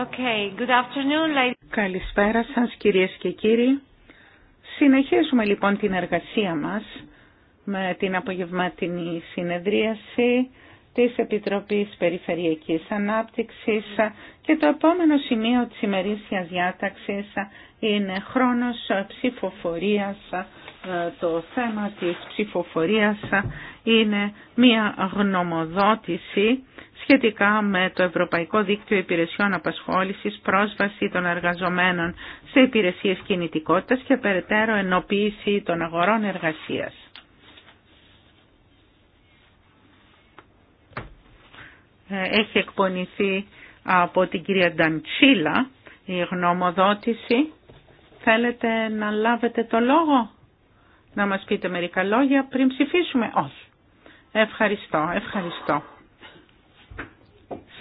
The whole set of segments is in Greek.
Okay, good afternoon, Καλησπέρα σας κυρίες και κύριοι. Συνεχίζουμε λοιπόν την εργασία μας με την απογευματινή συνεδρίαση της Επιτροπής Περιφερειακής Ανάπτυξης και το επόμενο σημείο της ημερήσιας διάταξης είναι χρόνος ψηφοφορίας. Ε, το θέμα της ψηφοφορίας είναι μια γνωμοδότηση σχετικά με το Ευρωπαϊκό Δίκτυο Υπηρεσιών Απασχόλησης, πρόσβαση των εργαζομένων σε υπηρεσίες κινητικότητας και περαιτέρω ενοποίηση των αγορών εργασίας. Ε, έχει εκπονηθεί από την κυρία Νταντσίλα η γνωμοδότηση. Θέλετε να λάβετε το λόγο, να μας πείτε μερικά λόγια πριν ψηφίσουμε. Όχι. Ευχαριστώ, ευχαριστώ.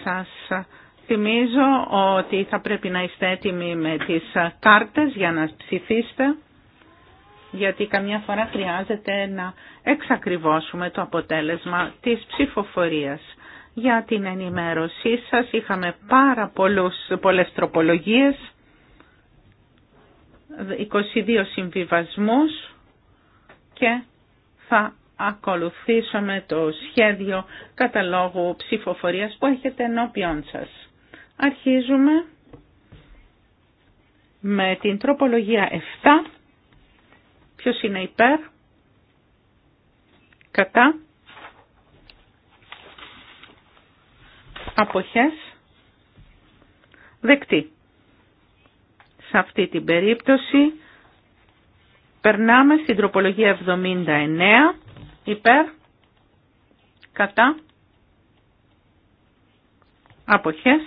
Σας θυμίζω ότι θα πρέπει να είστε έτοιμοι με τις κάρτες για να ψηφίσετε, γιατί καμιά φορά χρειάζεται να εξακριβώσουμε το αποτέλεσμα της ψηφοφορίας. Για την ενημέρωσή σας είχαμε πάρα πολλούς, πολλές τροπολογίες, 22 συμβιβασμούς και θα ακολουθήσουμε το σχέδιο καταλόγου ψηφοφορίας που έχετε ενώπιόν σας. Αρχίζουμε με την τροπολογία 7. Ποιος είναι υπέρ, κατά, αποχές, δεκτή. Σε αυτή την περίπτωση περνάμε στην τροπολογία 79 υπέρ, κατά, αποχές,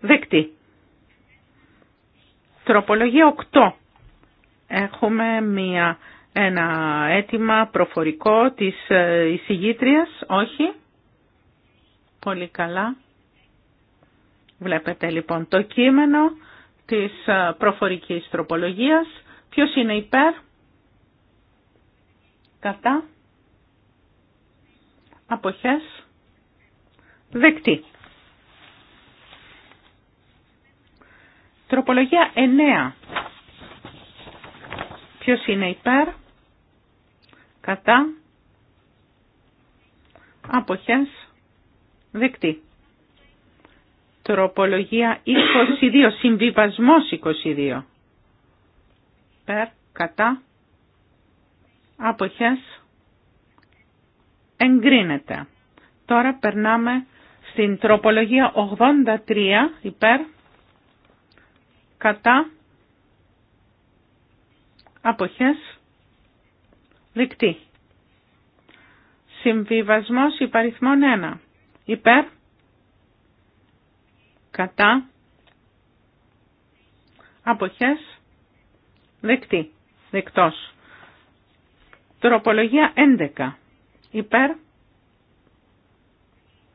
δεκτή. Τροπολογία 8. Έχουμε μια, ένα αίτημα προφορικό της ε, εισηγήτριας, όχι. Πολύ καλά. Βλέπετε λοιπόν το κείμενο της ε, προφορικής τροπολογίας. Ποιος είναι υπέρ, κατά αποχές δεκτή. Τροπολογία 9. Ποιος είναι υπέρ, κατά, αποχές, δεκτή. Τροπολογία 22, συμβιβασμός 22. Υπέρ, κατά, άποχες εγκρίνεται. Τώρα περνάμε στην τροπολογία 83 υπέρ κατά άποχες δεκτή. Συμβιβασμός υπαριθμών 1 υπέρ κατά άποχες δεκτή, δεκτός. Τροπολογία 11. Υπέρ.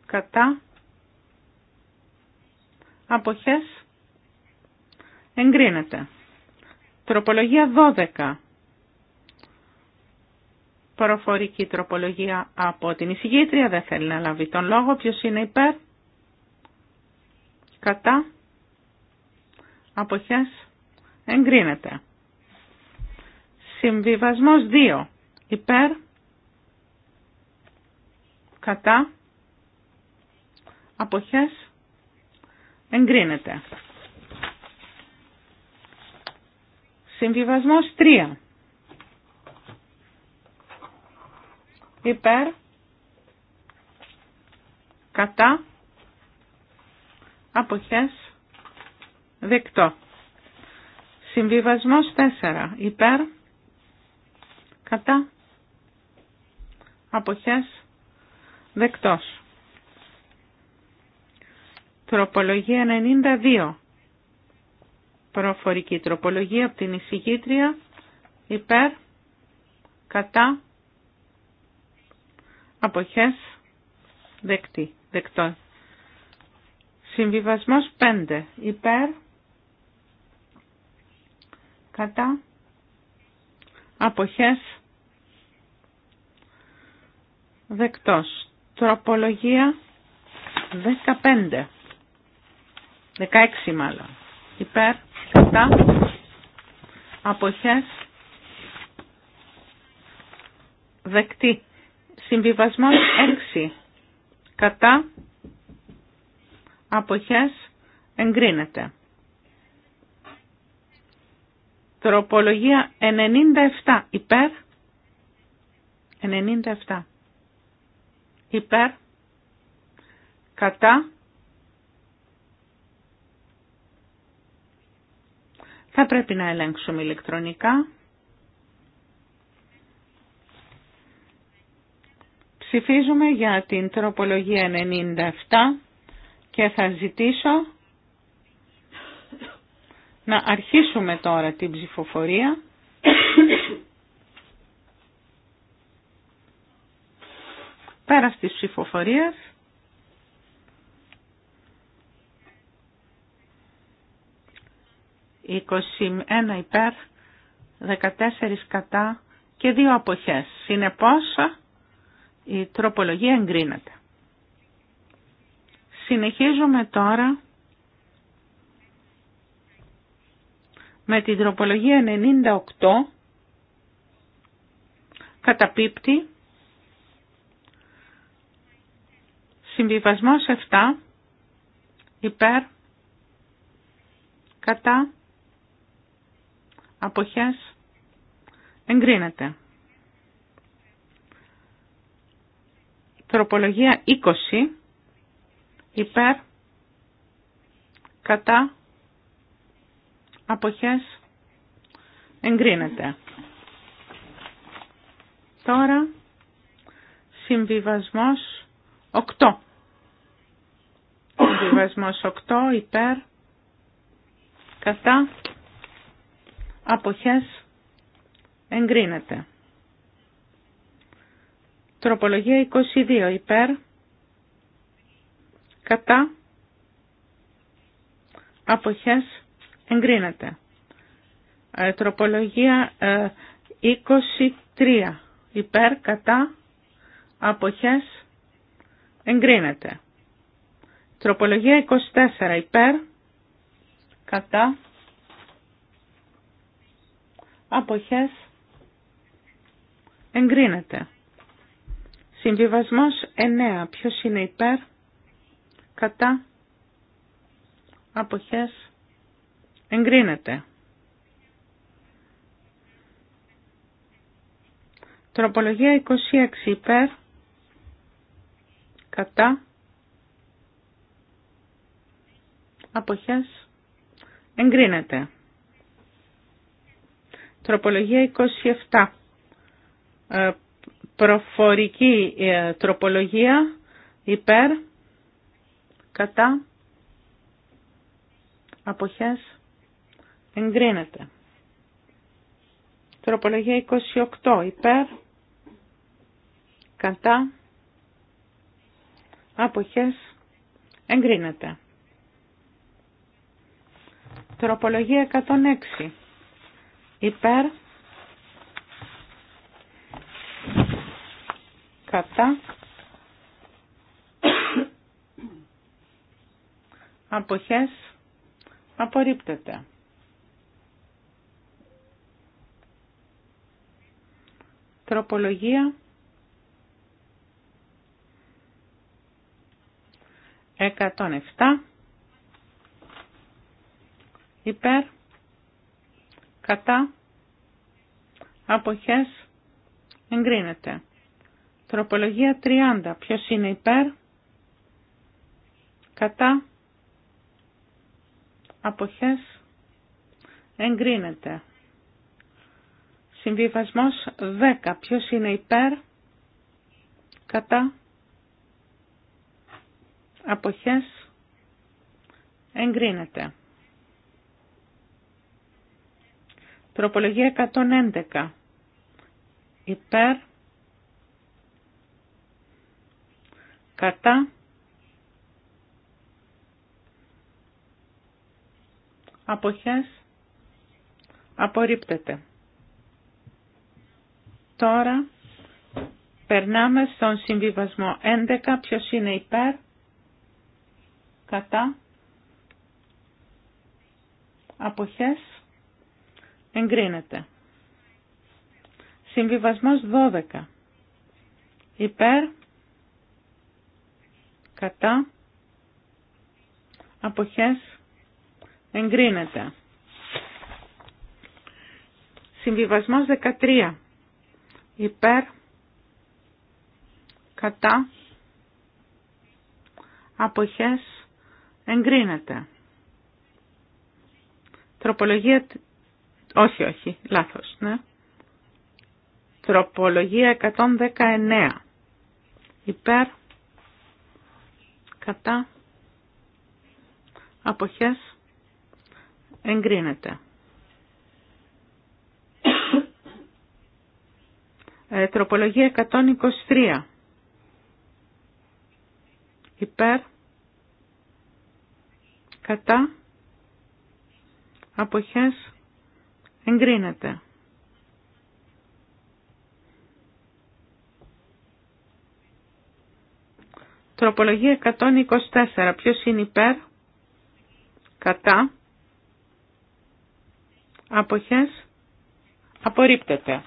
Κατά. Αποχές. Εγκρίνεται. Τροπολογία 12. Προφορική τροπολογία από την εισηγήτρια δεν θέλει να λάβει τον λόγο. Ποιος είναι υπέρ. Κατά. Αποχές. Εγκρίνεται. Συμβιβασμός 2 υπέρ, κατά, αποχές, εγκρίνεται. Συμβιβασμός 3. Υπέρ, κατά, αποχές, δεκτό. Συμβιβασμός 4. Υπέρ, κατά, αποχές δεκτός. Τροπολογία 92. Προφορική τροπολογία από την εισηγήτρια υπέρ, κατά, αποχές, δεκτή, δεκτό. Συμβιβασμός 5. Υπέρ, κατά, αποχές, Δεκτός. Τροπολογία 15. 16 μάλλον. Υπέρ, κατά, αποχές, δεκτή. Συμβιβασμός 6. Κατά, αποχές, εγκρίνεται. Τροπολογία 97. Υπέρ, 97 υπέρ, κατά. Θα πρέπει να ελέγξουμε ηλεκτρονικά. Ψηφίζουμε για την τροπολογία 97 και θα ζητήσω να αρχίσουμε τώρα την ψηφοφορία. Πέρα της ψηφοφορίας. «21 υπέρ, 14 κατά και 2 αποχές». Συνεπώς, η τροπολογία εγκρίνεται. Συνεχίζουμε τώρα με την τροπολογία 98, καταπίπτει Συμβιβασμός 7 υπέρ κατά αποχές εγκρίνεται. Τροπολογία 20 υπέρ κατά αποχές εγκρίνεται. Τώρα συμβιβασμός 8. Συμβιβασμός 8 υπέρ κατά αποχές εγκρίνεται. Τροπολογία 22 υπέρ κατά αποχές εγκρίνεται. Ε, τροπολογία 23 ε, υπέρ κατά αποχές Εγκρίνεται. Τροπολογία 24 υπέρ, κατά, αποχές, εγκρίνεται. Συμβιβασμός 9. Ποιος είναι υπέρ, κατά, αποχές, εγκρίνεται. Τροπολογία 26 υπέρ, κατά αποχές εγκρίνεται. Τροπολογία 27. Ε, προφορική ε, τροπολογία υπέρ κατά αποχές εγκρίνεται. Τροπολογία 28 υπέρ κατά αποχές εγκρίνεται. Τροπολογία 106. Υπέρ. Κατά. Αποχές. Απορρίπτεται. Τροπολογία 107 υπέρ κατά αποχές εγκρίνεται. Τροπολογία 30. Ποιος είναι υπέρ κατά αποχές εγκρίνεται. Συμβιβασμός 10. Ποιος είναι υπέρ κατά αποχές εγκρίνεται. Τροπολογία 111. Υπέρ, κατά, αποχές, απορρίπτεται. Τώρα περνάμε στον συμβιβασμό 11. Ποιος είναι υπέρ, κατά αποχές εγκρίνεται. Συμβιβασμός 12. Υπέρ, κατά, αποχές, εγκρίνεται. Συμβιβασμός 13. Υπέρ, κατά, αποχές, Εγκρίνεται. Τροπολογία... Όχι, όχι, λάθος, ναι. Τροπολογία 119. Υπέρ. Κατά. Αποχές. Εγκρίνεται. Ε, τροπολογία 123. Υπέρ κατά αποχές εγκρίνεται. Τροπολογία 124. Ποιος είναι υπέρ, κατά, αποχές, απορρίπτεται.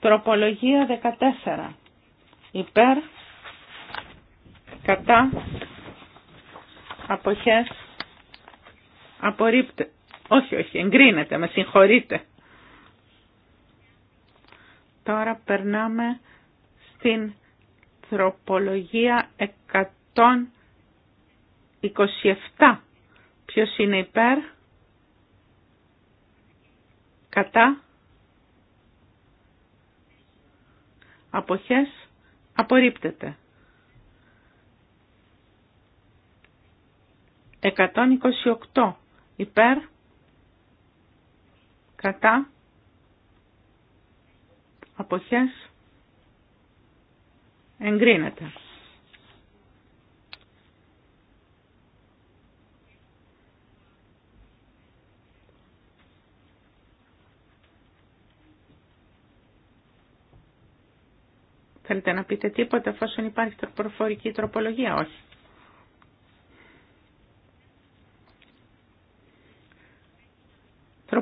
Τροπολογία 14. Υπέρ, κατά, αποχές απορρίπτε. Όχι, όχι, εγκρίνεται, με συγχωρείτε. Τώρα περνάμε στην τροπολογία 127. Ποιος είναι υπέρ, κατά, αποχές, απορρίπτεται. 128 υπέρ, κατά, αποχές, εγκρίνεται. Θέλετε να πείτε τίποτα εφόσον υπάρχει προφορική τροπολογία, όχι.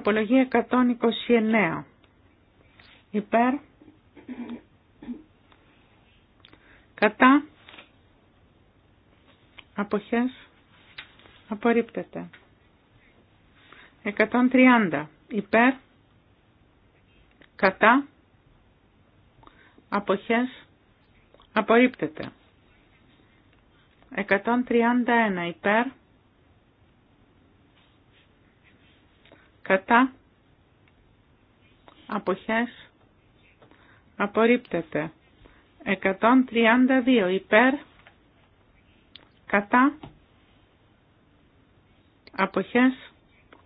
Απολογία 129. Υπέρ. Κατά. Αποχές. Απορρίπτεται. 130. Υπέρ. Κατά. Αποχές. Απορρίπτεται. 131. Υπέρ. κατά αποχές απορρίπτεται 132 υπέρ κατά αποχές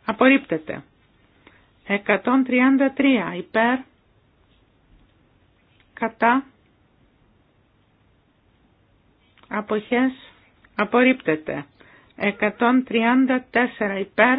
απορρίπτεται 133 υπέρ κατά αποχές απορρίπτεται 134 υπέρ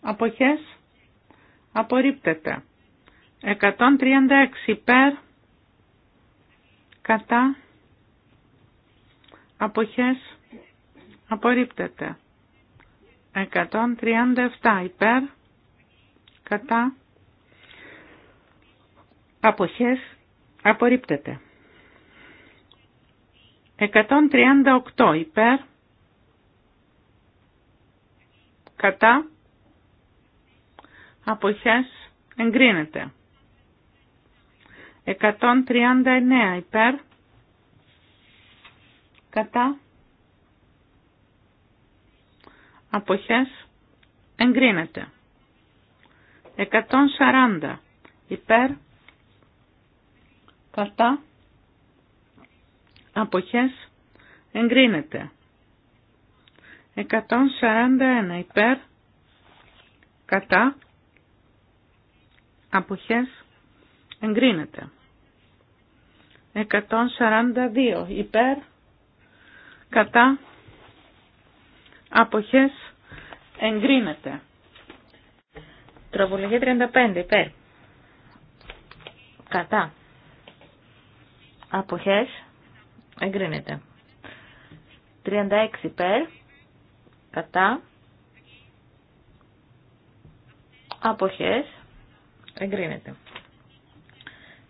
αποχές απορρίπτεται. 136 υπέρ κατά αποχές απορρίπτεται. 137 υπέρ κατά αποχές απορρίπτεται. 138 υπέρ κατά αποχές εγκρίνεται. 139 υπέρ, κατά, αποχές εγκρίνεται. 140 υπέρ, κατά, αποχές εγκρίνεται. 141 υπέρ, κατά, αποχές εγκρίνεται. 142 υπέρ κατά αποχές εγκρίνεται. Τροπολογία 35 υπέρ κατά αποχές εγκρίνεται. 36 υπέρ κατά αποχές Εγκρίνεται.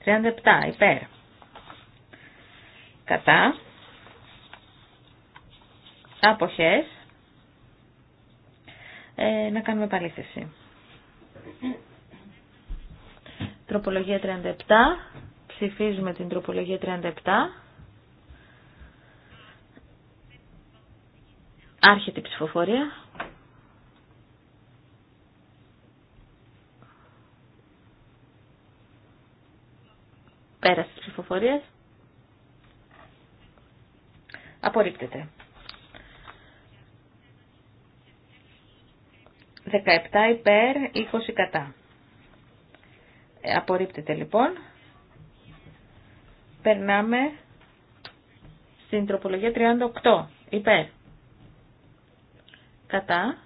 37. Υπέρ. Κατά. Αποχές. Ε, να κάνουμε θέση. Τροπολογία 37. Ψηφίζουμε την τροπολογία 37. Άρχεται η ψηφοφορία. Πέραση της ψηφοφορίας. Απορρίπτεται. 17 υπέρ, 20 κατά. Ε, απορρίπτεται λοιπόν. Περνάμε στην τροπολογία 38 υπέρ. Κατά.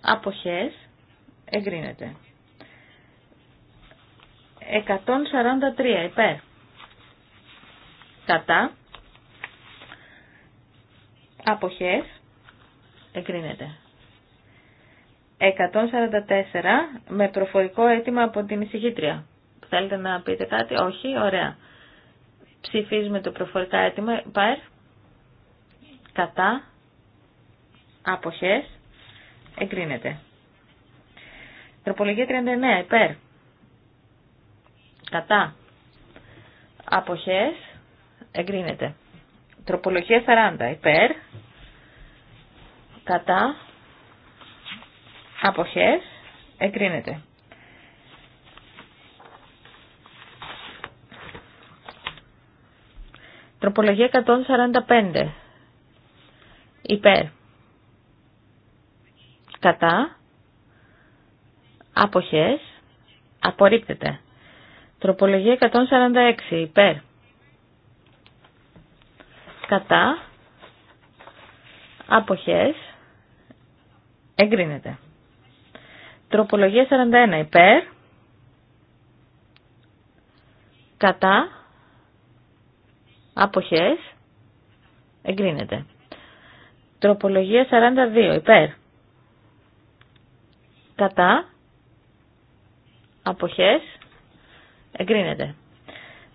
Αποχές. Εγκρίνεται. 143 υπέρ. Κατά. Αποχές. Εγκρίνεται. 144 με προφορικό αίτημα από την εισηγήτρια. Θέλετε να πείτε κάτι. Όχι. Ωραία. Ψηφίζουμε το προφορικά αίτημα. Υπέρ. Κατά. Αποχές. Εγκρίνεται. Τροπολογία 39 υπέρ. Κατά. Αποχές. Εγκρίνεται. Τροπολογία 40. Υπέρ. Κατά. Αποχές. Εγκρίνεται. Τροπολογία 145. Υπέρ. Κατά. Αποχές. Απορρίπτεται. Τροπολογία 146 υπέρ. Κατά. Αποχές. Εγκρίνεται. Τροπολογία 41 υπέρ. Κατά. Αποχές. Εγκρίνεται. Τροπολογία 42 υπέρ. Κατά. Αποχές Εγκρίνεται.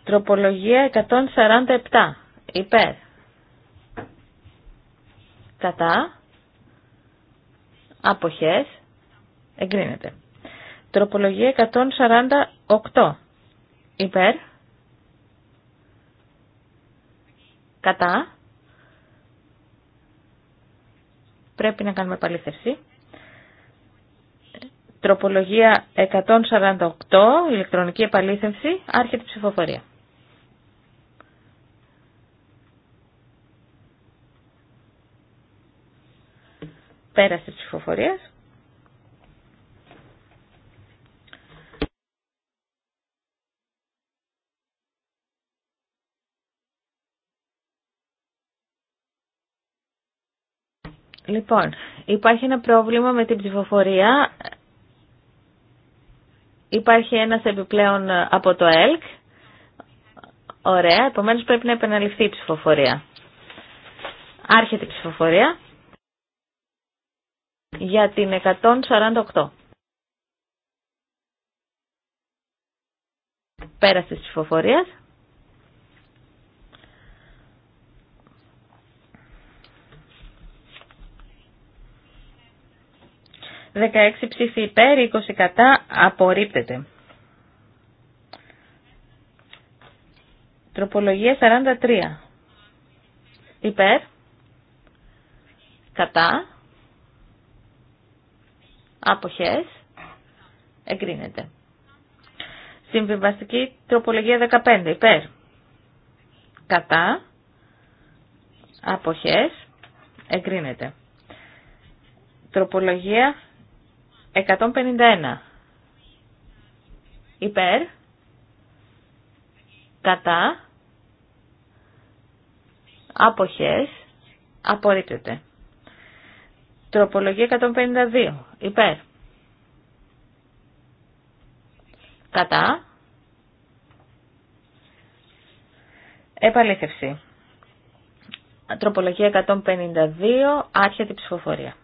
Τροπολογία 147. Υπέρ. Κατά. Αποχές. Εγκρίνεται. Τροπολογία 148. Υπέρ. Κατά. Πρέπει να κάνουμε παλήθευση. Τροπολογία 148, ηλεκτρονική επαλήθευση, άρχεται ψηφοφορία. Πέρασε τη ψηφοφορία. Λοιπόν, υπάρχει ένα πρόβλημα με την ψηφοφορία. Υπάρχει ένας επιπλέον ε, από το ΕΛΚ. Ωραία, επομένως πρέπει να επαναληφθεί η ψηφοφορία. Άρχεται η ψηφοφορία για την 148. Πέραση της ψηφοφορίας. 16 ψήφοι υπέρ, 20 κατά, απορρίπτεται. Τροπολογία 43. Υπέρ, κατά, αποχές, εγκρίνεται. Συμβιβαστική τροπολογία 15. Υπέρ, κατά, αποχές, εγκρίνεται. Τροπολογία 151. Υπέρ. Κατά. Αποχές. Απορρίπτεται. Τροπολογία 152. Υπέρ. Κατά. Επαλήθευση. Τροπολογία 152. Άρχεται η ψηφοφορία.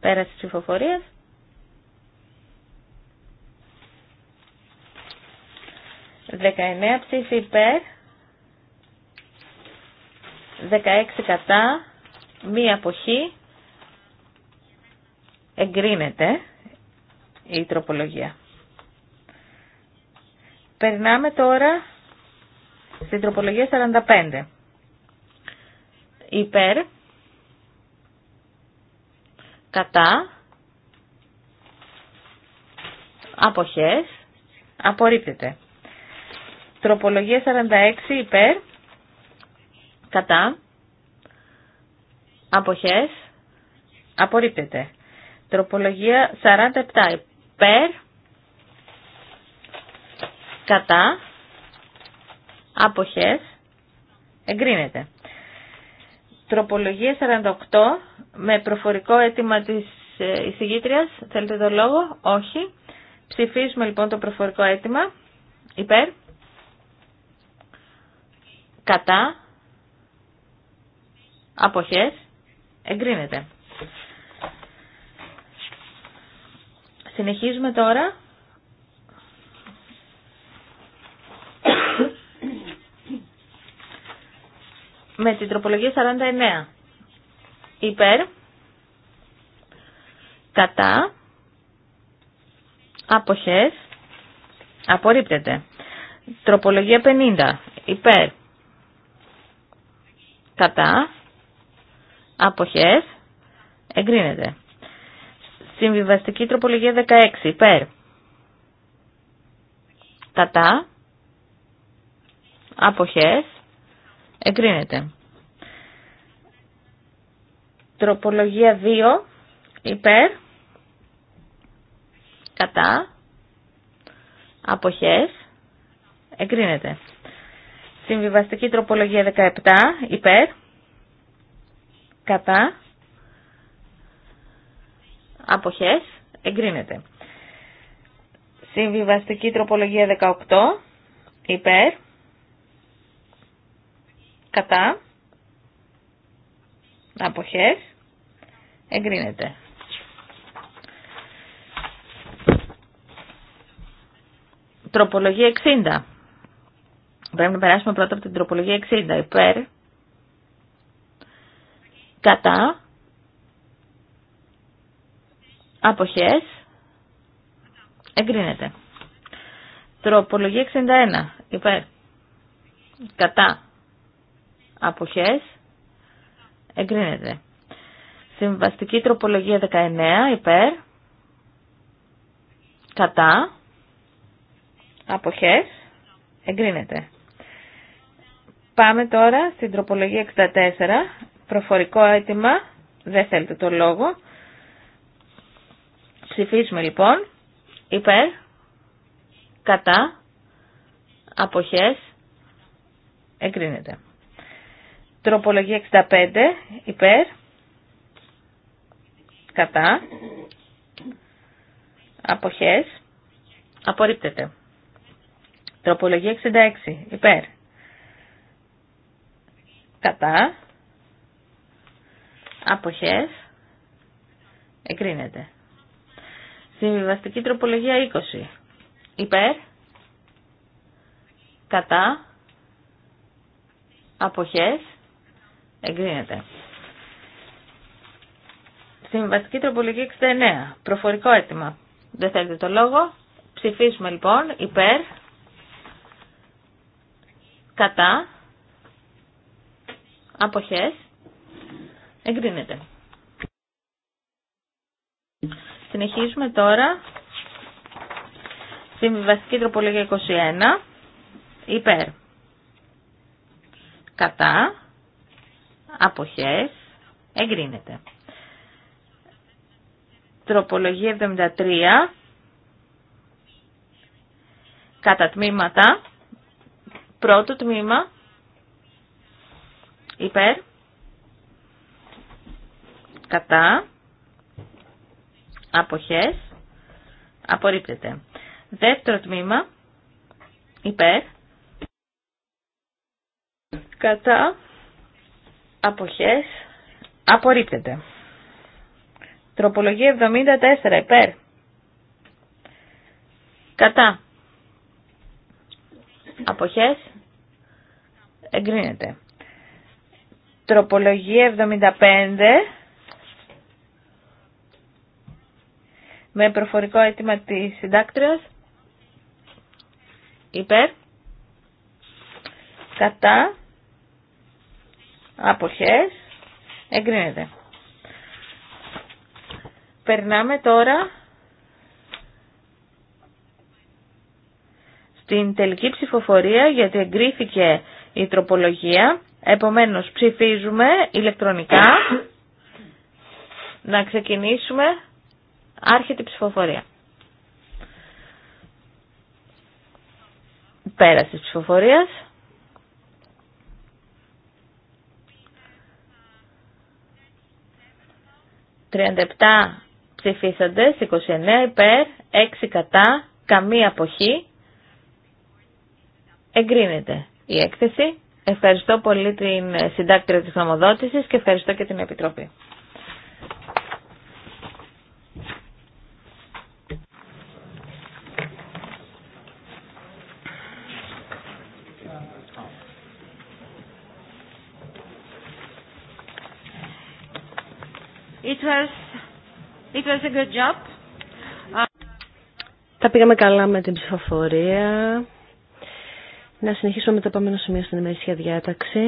Πέραση ψηφοφορίας. Δεκαεννέα ψήφοι υπέρ. 16 κατά, μία αποχή, εγκρίνεται η τροπολογία. Περνάμε τώρα στην τροπολογία 45. Υπέρ, κατά, αποχές, απορρίπτεται. Τροπολογία 46 υπέρ, κατά, αποχές, απορρίπτεται. Τροπολογία 47 υπέρ, κατά, αποχές, εγκρίνεται. Τροπολογία 48 με προφορικό αίτημα της ε, εισηγήτριας. Θέλετε το λόγο. Όχι. Ψηφίζουμε λοιπόν το προφορικό αίτημα. Υπέρ. Κατά. Αποχές. Εγκρίνεται. Συνεχίζουμε τώρα. Με την τροπολογία 49 υπέρ, κατά, αποχές, απορρίπτεται. Τροπολογία 50, υπέρ, κατά, αποχές, εγκρίνεται. Συμβιβαστική τροπολογία 16, υπέρ, κατά, αποχές, εγκρίνεται. Τροπολογία 2 υπέρ, κατά, αποχές, εγκρίνεται. Συμβιβαστική τροπολογία 17 υπέρ, κατά, αποχές, εγκρίνεται. Συμβιβαστική τροπολογία 18 υπέρ, κατά, Αποχές. Εγκρίνεται. Τροπολογία 60. Πρέπει να περάσουμε πρώτα από την τροπολογία 60. Υπέρ. Κατά. Αποχές. Εγκρίνεται. Τροπολογία 61. Υπέρ. Κατά. Αποχές εγκρίνεται. Συμβαστική τροπολογία 19 υπέρ, κατά, αποχές, εγκρίνεται. Πάμε τώρα στην τροπολογία 64, προφορικό αίτημα, δεν θέλετε το λόγο. Ψηφίσουμε λοιπόν, υπέρ, κατά, αποχές, εγκρίνεται. Τροπολογία 65 υπέρ. Κατά. Αποχές. Απορρίπτεται. Τροπολογία 66 υπέρ. Κατά. Αποχές. Εγκρίνεται. Συμβιβαστική τροπολογία 20. Υπέρ. Κατά. Αποχές. Εγκρίνεται. Συμβαστική τροπολογία 69. Προφορικό αίτημα. Δεν θέλετε το λόγο. Ψηφίσουμε λοιπόν υπέρ. Κατά. Αποχές. Εγκρίνεται. Συνεχίζουμε τώρα. Συμβιβαστική τροπολογία 21. Υπέρ. Κατά αποχές, εγκρίνεται. Τροπολογία 73, κατά τμήματα, πρώτο τμήμα, υπέρ, κατά, αποχές, απορρίπτεται. Δεύτερο τμήμα, υπέρ, κατά, αποχές απορρίπτεται. Τροπολογία 74 υπέρ. Κατά. Αποχές εγκρίνεται. Τροπολογία 75 με προφορικό αίτημα της συντάκτριας υπέρ. Κατά. Αποχές. Εγκρίνεται. Περνάμε τώρα στην τελική ψηφοφορία γιατί εγκρίθηκε η τροπολογία. Επομένως ψηφίζουμε ηλεκτρονικά να ξεκινήσουμε άρχεται ψηφοφορία. Πέραση ψηφοφορίας. 37 ψηφίσαντες, 29 υπέρ, 6 κατά, καμία αποχή. Εγκρίνεται η έκθεση. Ευχαριστώ πολύ την συντάκτρια της νομοδότησης και ευχαριστώ και την Επιτροπή. It was, it was a good job. Τα πήγαμε καλά με την ψηφοφορία. Να συνεχίσουμε με το επόμενο σημείο στην ημερήσια διάταξη.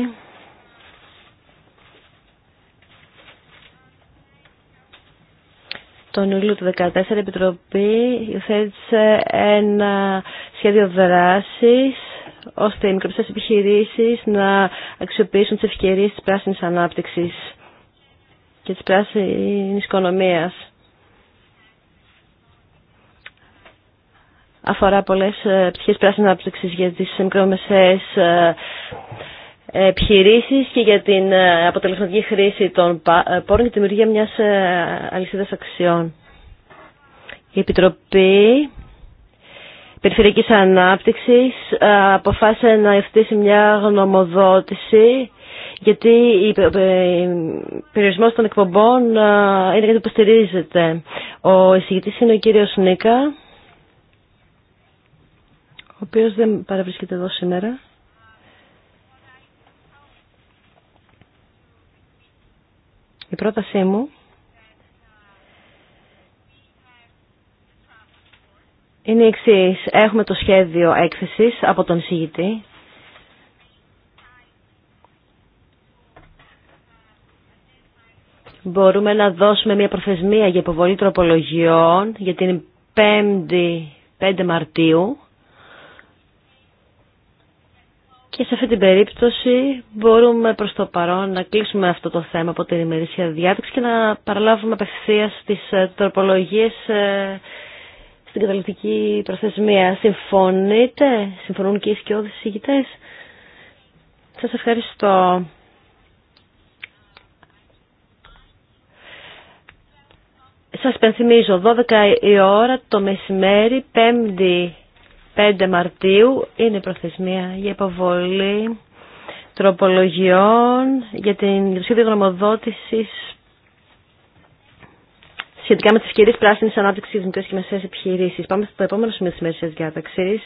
Τον Ιούλιο του 2014 η Επιτροπή υιοθέτησε ένα σχέδιο δράσης ώστε οι μικροπιστές επιχειρήσεις να αξιοποιήσουν τις ευκαιρίες της πράσινης ανάπτυξης και της πράσινης οικονομίας. Αφορά πολλές πτυχές ε, πράσινης ανάπτυξης για τις μικρομεσαίες ε, επιχειρήσεις και για την ε, αποτελεσματική χρήση των πόρων και τη δημιουργία μιας αλυσίδας αξιών. Η Επιτροπή Περιφερειακής Ανάπτυξης αποφάσισε να ευθύσει μια γνωμοδότηση γιατί ο ε, ε, περιορισμό των εκπομπών ε, είναι κάτι που Ο εισηγητής είναι ο κύριος Νίκα, ο οποίος δεν παραβρίσκεται εδώ σήμερα. Η πρότασή μου είναι η εξή. Έχουμε το σχέδιο έκθεσης από τον εισηγητή μπορούμε να δώσουμε μια προθεσμία για υποβολή τροπολογιών για την 5η 5 Μαρτίου και σε αυτή την περίπτωση μπορούμε προς το παρόν να κλείσουμε αυτό το θέμα από την ημερήσια διάταξη και να παραλάβουμε απευθείας τις ε, τροπολογίες ε, στην καταληκτική προθεσμία. Συμφωνείτε, συμφωνούν και οι σκιώδεις συγκητές. Σας ευχαριστώ. Σας πενθυμίζω, 12 η ώρα το μεσημέρι, 5η 5 Μαρτίου είναι προθεσμία για υποβολή τροπολογιών για την σχέδιο γνωμοδότηση σχετικά με τις κυρίες πράσινης ανάπτυξης της και μεσαίες επιχειρήσεις. Πάμε στο επόμενο σημείο της μέρης διάταξης.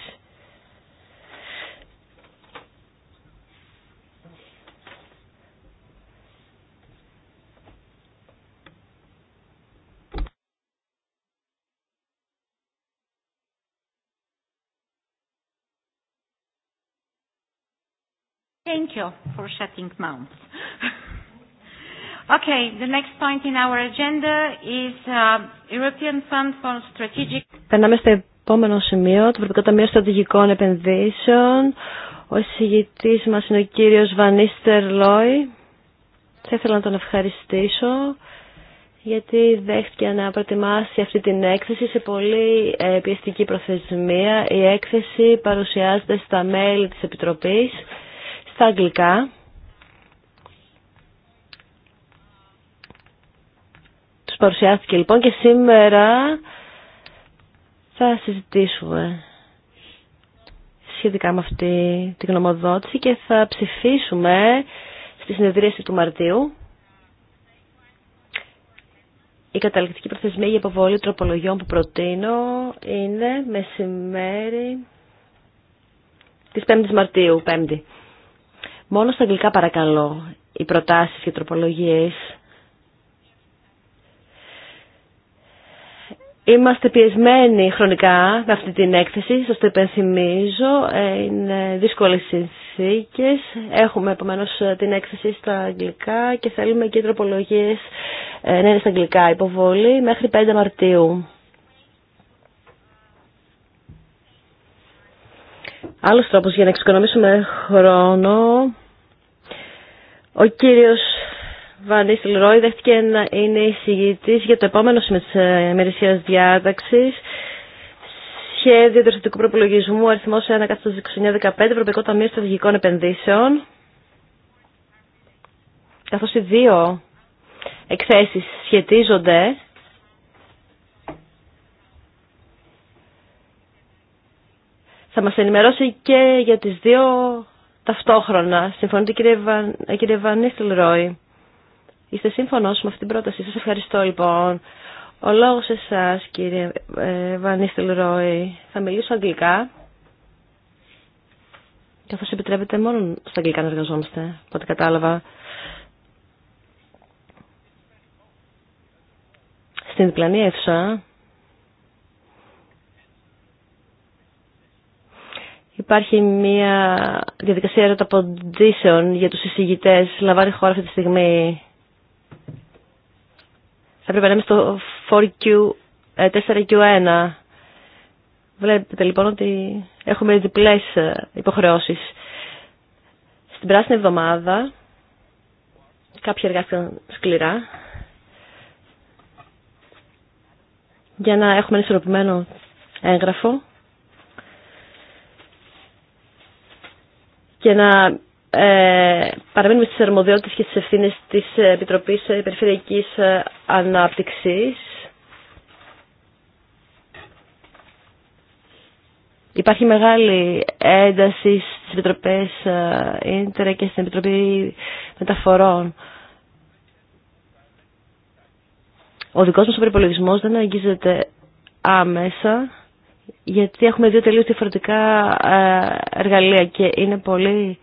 Thank you for shutting mouths. Okay, the next point in our agenda is uh, European Fund for Strategic. Περνάμε στο επόμενο σημείο, το Ευρωπαϊκό Ταμείο Στρατηγικών Επενδύσεων. Ο εισηγητής μας είναι ο κύριος Βανίστερ Λόι. Θα ήθελα να τον ευχαριστήσω γιατί δέχτηκε να προετοιμάσει αυτή την έκθεση σε πολύ ε, πιεστική προθεσμία. Η έκθεση παρουσιάζεται στα μέλη της Επιτροπής στα αγγλικά. Τους παρουσιάστηκε λοιπόν και σήμερα θα συζητήσουμε σχετικά με αυτή τη γνωμοδότηση και θα ψηφίσουμε στη συνεδρίαση του Μαρτίου. Η καταληκτική προθεσμία για υποβολή τροπολογιών που προτείνω είναι μεσημέρι της 5ης Μαρτίου, 5η. Μόνο στα αγγλικά παρακαλώ οι προτάσεις και οι τροπολογίες. Είμαστε πιεσμένοι χρονικά με αυτή την έκθεση, σας το υπενθυμίζω, ε, είναι δύσκολες συνθήκες. Έχουμε επομένως ε, την έκθεση στα αγγλικά και θέλουμε και οι τροπολογίες ε, να είναι στα αγγλικά υποβολή μέχρι 5 Μαρτίου. Άλλο τρόπο για να εξοικονομήσουμε χρόνο. Ο κύριο Βανίστη Λρόι δέχτηκε να είναι εισηγητή για το επόμενο σημείο τη ε, ημερησία διάταξης. Σχέδιο διορθωτικού προπολογισμού αριθμό 1 19-15 Ευρωπαϊκό Ταμείο Στρατηγικών Επενδύσεων. Καθώ οι δύο εκθέσει σχετίζονται θα μας ενημερώσει και για τις δύο ταυτόχρονα. Συμφωνείτε κύριε, Βαν, ε, Ρόι. Είστε σύμφωνος με αυτή την πρόταση. Σας ευχαριστώ λοιπόν. Ο λόγος εσάς κύριε ε, Ρόι. Θα μιλήσω αγγλικά. Καθώς επιτρέπετε μόνο στα αγγλικά να εργαζόμαστε, πότε κατάλαβα. Στην διπλανή αίθουσα Υπάρχει μια διαδικασία ερωταποντήσεων για τους εισηγητές. Λαμβάνει χώρα αυτή τη στιγμή. Θα πρέπει να είμαι στο 4Q, 4Q1. Ε, Βλέπετε λοιπόν ότι έχουμε διπλές ε, υποχρεώσεις. Στην πράσινη εβδομάδα κάποιοι εργάστηκαν σκληρά για να έχουμε ένα ισορροπημένο έγγραφο και να ε, παραμείνουμε στις αρμοδιότητες και στις ευθύνες της Επιτροπής Περιφερειακής Ανάπτυξης. Υπάρχει μεγάλη ένταση στις Επιτροπές ε, Ίντερα και στην Επιτροπή Μεταφορών. Ο δικός μας ο δεν αγγίζεται άμεσα γιατί έχουμε δύο τελείως διαφορετικά ε, εργαλεία και είναι πολύ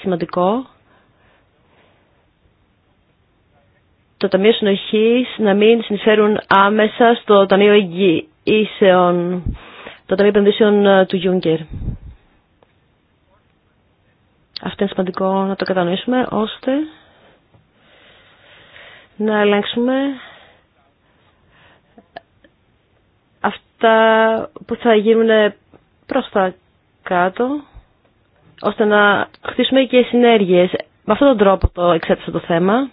σημαντικό το Ταμείο Συνοχής να μην συνεισφέρουν άμεσα στο Ταμείο Εγγύησεων, το Ταμείο Επενδύσεων ε, του Γιούγκερ. Αυτό είναι σημαντικό να το κατανοήσουμε ώστε να ελέγξουμε τα που θα γίνουν προς τα κάτω, ώστε να χτίσουμε και συνέργειες. Με αυτόν τον τρόπο το εξέτασα το θέμα.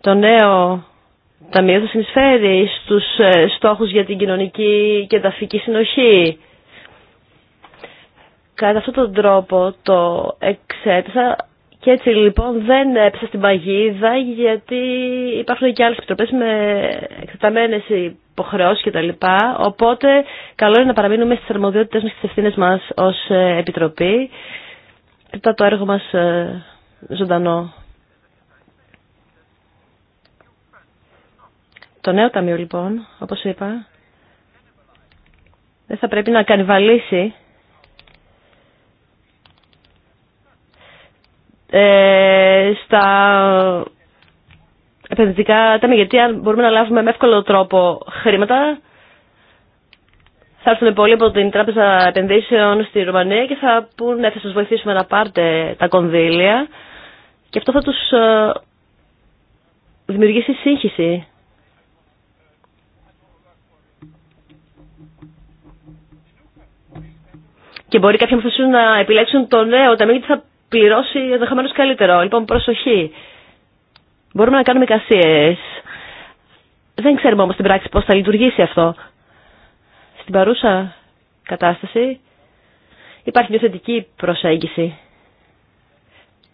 Το νέο ταμείο θα συνεισφέρει στους ε, στόχους για την κοινωνική και ταφική συνοχή. Κατά αυτόν τον τρόπο το εξέτασα και έτσι λοιπόν δεν έψα στην παγίδα γιατί υπάρχουν και άλλες επιτροπές με εκτεταμένες υποχρεώσεις κτλ. Οπότε καλό είναι να παραμείνουμε στις αρμοδιότητες μας και στις ευθύνες μας ως ε, επιτροπή. Κρατά το έργο μας ε, ζωντανό. Το νέο ταμείο λοιπόν, όπως είπα, δεν θα πρέπει να κανιβαλίσει Ε, στα επενδυτικά ταμεία. Γιατί αν μπορούμε να λάβουμε με εύκολο τρόπο χρήματα, θα έρθουν πολλοί από την Τράπεζα Επενδύσεων στη Ρουμανία και θα πούν «Ναι, θα σας βοηθήσουμε να πάρτε τα κονδύλια και αυτό θα τους ε, δημιουργήσει σύγχυση. Και μπορεί κάποιοι να να επιλέξουν το νέο ταμείο γιατί θα πληρώσει ενδεχομένω καλύτερο. Λοιπόν, προσοχή. Μπορούμε να κάνουμε κασίες. Δεν ξέρουμε όμω στην πράξη πώ θα λειτουργήσει αυτό. Στην παρούσα κατάσταση υπάρχει μια θετική προσέγγιση.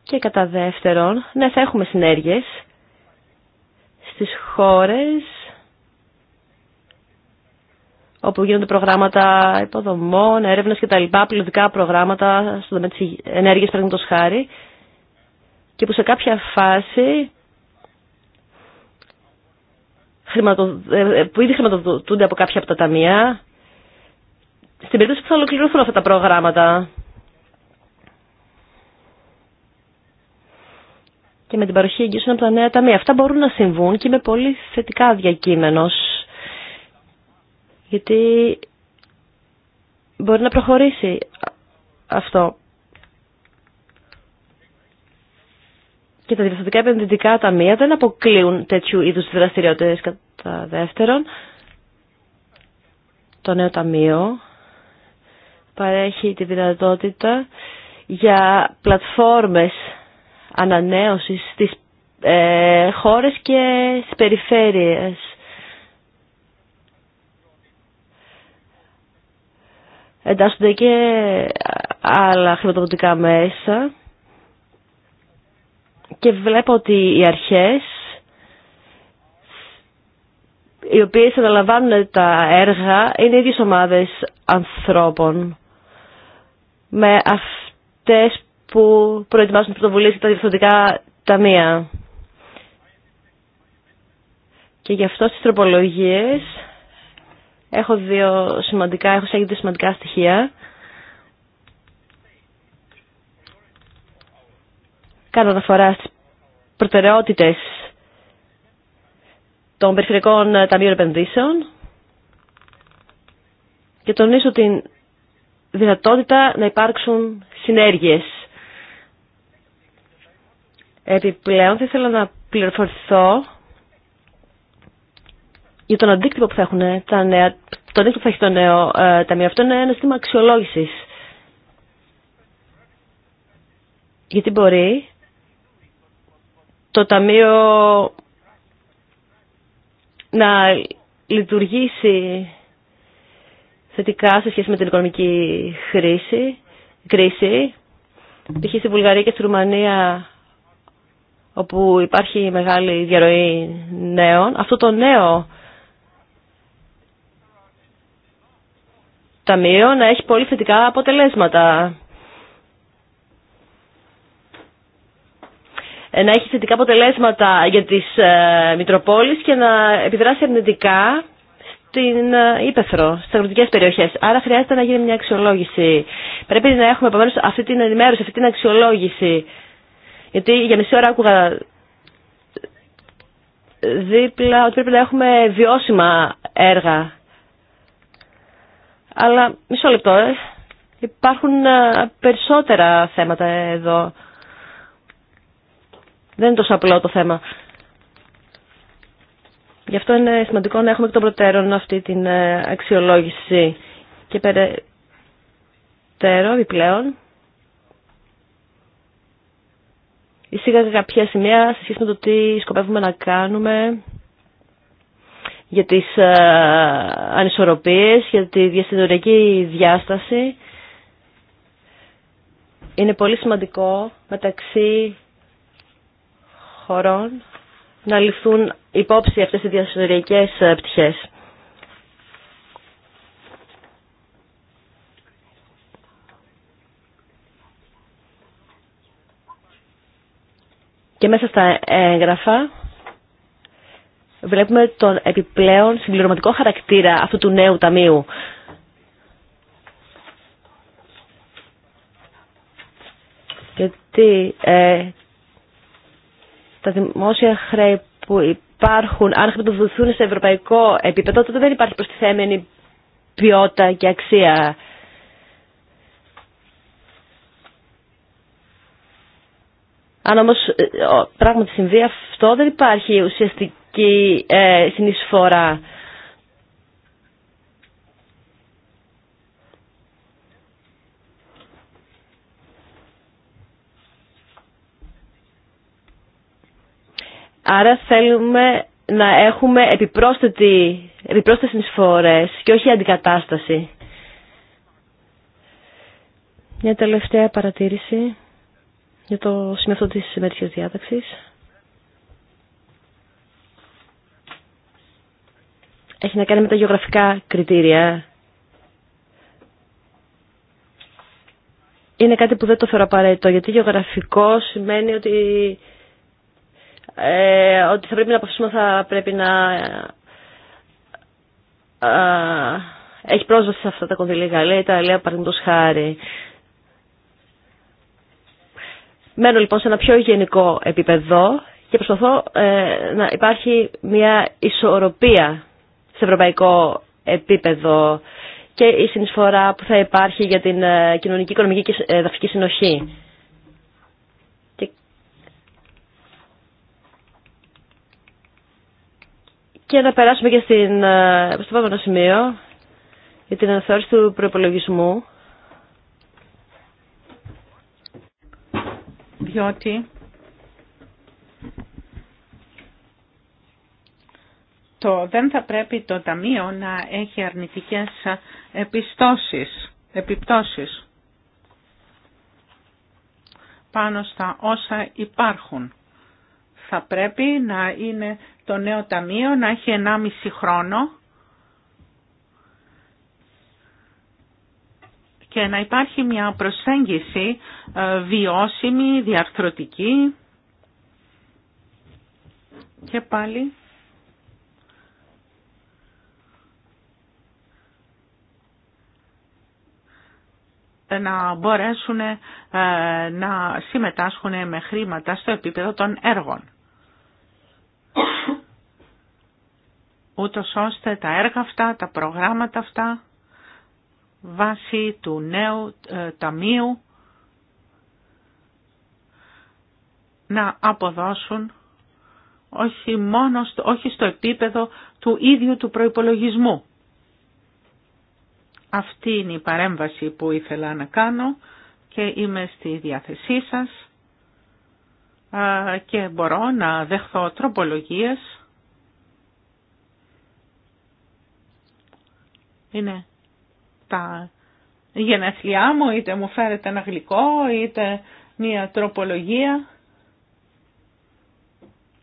Και κατά δεύτερον, ναι, θα έχουμε συνέργειε στις χώρες όπου γίνονται προγράμματα υποδομών, έρευνα κτλ. πληροδικά προγράμματα στον τομέα τη ενέργεια, παραδείγματο χάρη. Και που σε κάποια φάση ε, ε, που ήδη χρηματοδοτούνται από κάποια από τα ταμεία. Στην περίπτωση που θα ολοκληρωθούν αυτά τα προγράμματα. Και με την παροχή εγγύσεων από τα νέα ταμεία. Αυτά μπορούν να συμβούν και είμαι πολύ θετικά διακείμενος γιατί μπορεί να προχωρήσει αυτό. Και τα διευθυντικά επενδυτικά ταμεία δεν αποκλείουν τέτοιου είδους δραστηριότητες κατά δεύτερον. Το νέο ταμείο παρέχει τη δυνατότητα για πλατφόρμες ανανέωσης στις ε, χώρες και στις περιφέρειες. εντάσσονται και άλλα χρηματοδοτικά μέσα και βλέπω ότι οι αρχές οι οποίες αναλαμβάνουν τα έργα είναι οι ίδιες ομάδες ανθρώπων με αυτές που προετοιμάζουν πρωτοβουλίες για τα διευθυντικά ταμεία. Και γι' αυτό στις τροπολογίες Έχω δύο σημαντικά, έχω δύο σημαντικά στοιχεία. Κάνω αναφορά στις προτεραιότητες των περιφερειακών ταμείων επενδύσεων και τονίσω την δυνατότητα να υπάρξουν συνέργειες. Επιπλέον θα ήθελα να πληροφορηθώ για τον αντίκτυπο που θα έχουν τα νέα, το αντίκτυπο που θα έχει το νέο ε, ταμείο. Αυτό είναι ένα στήμα αξιολόγηση. Γιατί μπορεί το ταμείο να λειτουργήσει θετικά σε σχέση με την οικονομική χρήση, κρίση. Π.χ. στη Βουλγαρία και στη Ρουμανία όπου υπάρχει μεγάλη διαρροή νέων. Αυτό το νέο Ταμείο να έχει πολύ θετικά αποτελέσματα. Ε, να έχει θετικά αποτελέσματα για τις ε, Μητροπόλεις και να επιδράσει αρνητικά στην ε, Ήπεθρο, στις αγροτικές περιοχές. Άρα χρειάζεται να γίνει μια αξιολόγηση. Πρέπει να έχουμε επομένως αυτή την ενημέρωση, αυτή την αξιολόγηση. Γιατί για μισή ώρα άκουγα δίπλα ότι πρέπει να έχουμε βιώσιμα έργα. Αλλά μισό λεπτό, ε. υπάρχουν ε, περισσότερα θέματα εδώ. Δεν είναι τόσο απλό το θέμα. Γι' αυτό είναι σημαντικό να έχουμε εκ των προτέρων αυτή την ε, αξιολόγηση. Και περαιτέρω, επιπλέον, εισήγαγα κάποια σημεία σε σχέση με το τι σκοπεύουμε να κάνουμε για τις ε, ανισορροπίες, για τη διασυνοριακή διάσταση. Είναι πολύ σημαντικό μεταξύ χωρών να ληφθούν υπόψη αυτές οι διαστορεικές ε, πτυχές. Και μέσα στα έγγραφα βλέπουμε τον επιπλέον συμπληρωματικό χαρακτήρα αυτού του νέου ταμείου. Γιατί ε, τα δημόσια χρέη που υπάρχουν, αν χρηματοδοτηθούν σε ευρωπαϊκό επίπεδο, τότε δεν υπάρχει προστιθέμενη ποιότητα και αξία. Αν όμως ε, πράγματι συμβεί αυτό, δεν υπάρχει ουσιαστική κοινωνική ε, συνεισφορά. Άρα θέλουμε να έχουμε επιπρόσθετη, επιπρόσθετες συνεισφορές και όχι αντικατάσταση. Μια τελευταία παρατήρηση για το σημείο αυτό της σημερινής διάταξης. έχει να κάνει με τα γεωγραφικά κριτήρια. Είναι κάτι που δεν το θεωρώ απαραίτητο, γιατί γεωγραφικό σημαίνει ότι, ε, ότι θα πρέπει να αποφασίσουμε θα πρέπει να ε, έχει πρόσβαση σε αυτά τα κονδυλία Γαλλία, Ιταλία, παραδείγματο χάρη. Μένω λοιπόν σε ένα πιο γενικό επίπεδο και προσπαθώ ε, να υπάρχει μια ισορροπία σε ευρωπαϊκό επίπεδο και η συνεισφορά που θα υπάρχει για την ε, κοινωνική, οικονομική και ε, δαφική συνοχή. Και να περάσουμε και στην, ε, στο επόμενο σημείο για την αναθεώρηση του προπολογισμού. Διότι το, δεν θα πρέπει το Ταμείο να έχει αρνητικές επιστώσεις, επιπτώσεις πάνω στα όσα υπάρχουν. Θα πρέπει να είναι το νέο Ταμείο να έχει 1,5 χρόνο και να υπάρχει μια προσέγγιση ε, βιώσιμη, διαρθρωτική και πάλι να μπορέσουν ε, να συμμετάσχουν με χρήματα στο επίπεδο των έργων. Ούτως ώστε τα έργα αυτά, τα προγράμματα αυτά, βάσει του νέου ε, ταμείου, να αποδώσουν όχι μόνο στο, όχι στο επίπεδο του ίδιου του προϋπολογισμού, αυτή είναι η παρέμβαση που ήθελα να κάνω και είμαι στη διάθεσή σας και μπορώ να δεχθώ τροπολογίες. Είναι τα γενέθλιά μου, είτε μου φέρετε ένα γλυκό, είτε μία τροπολογία.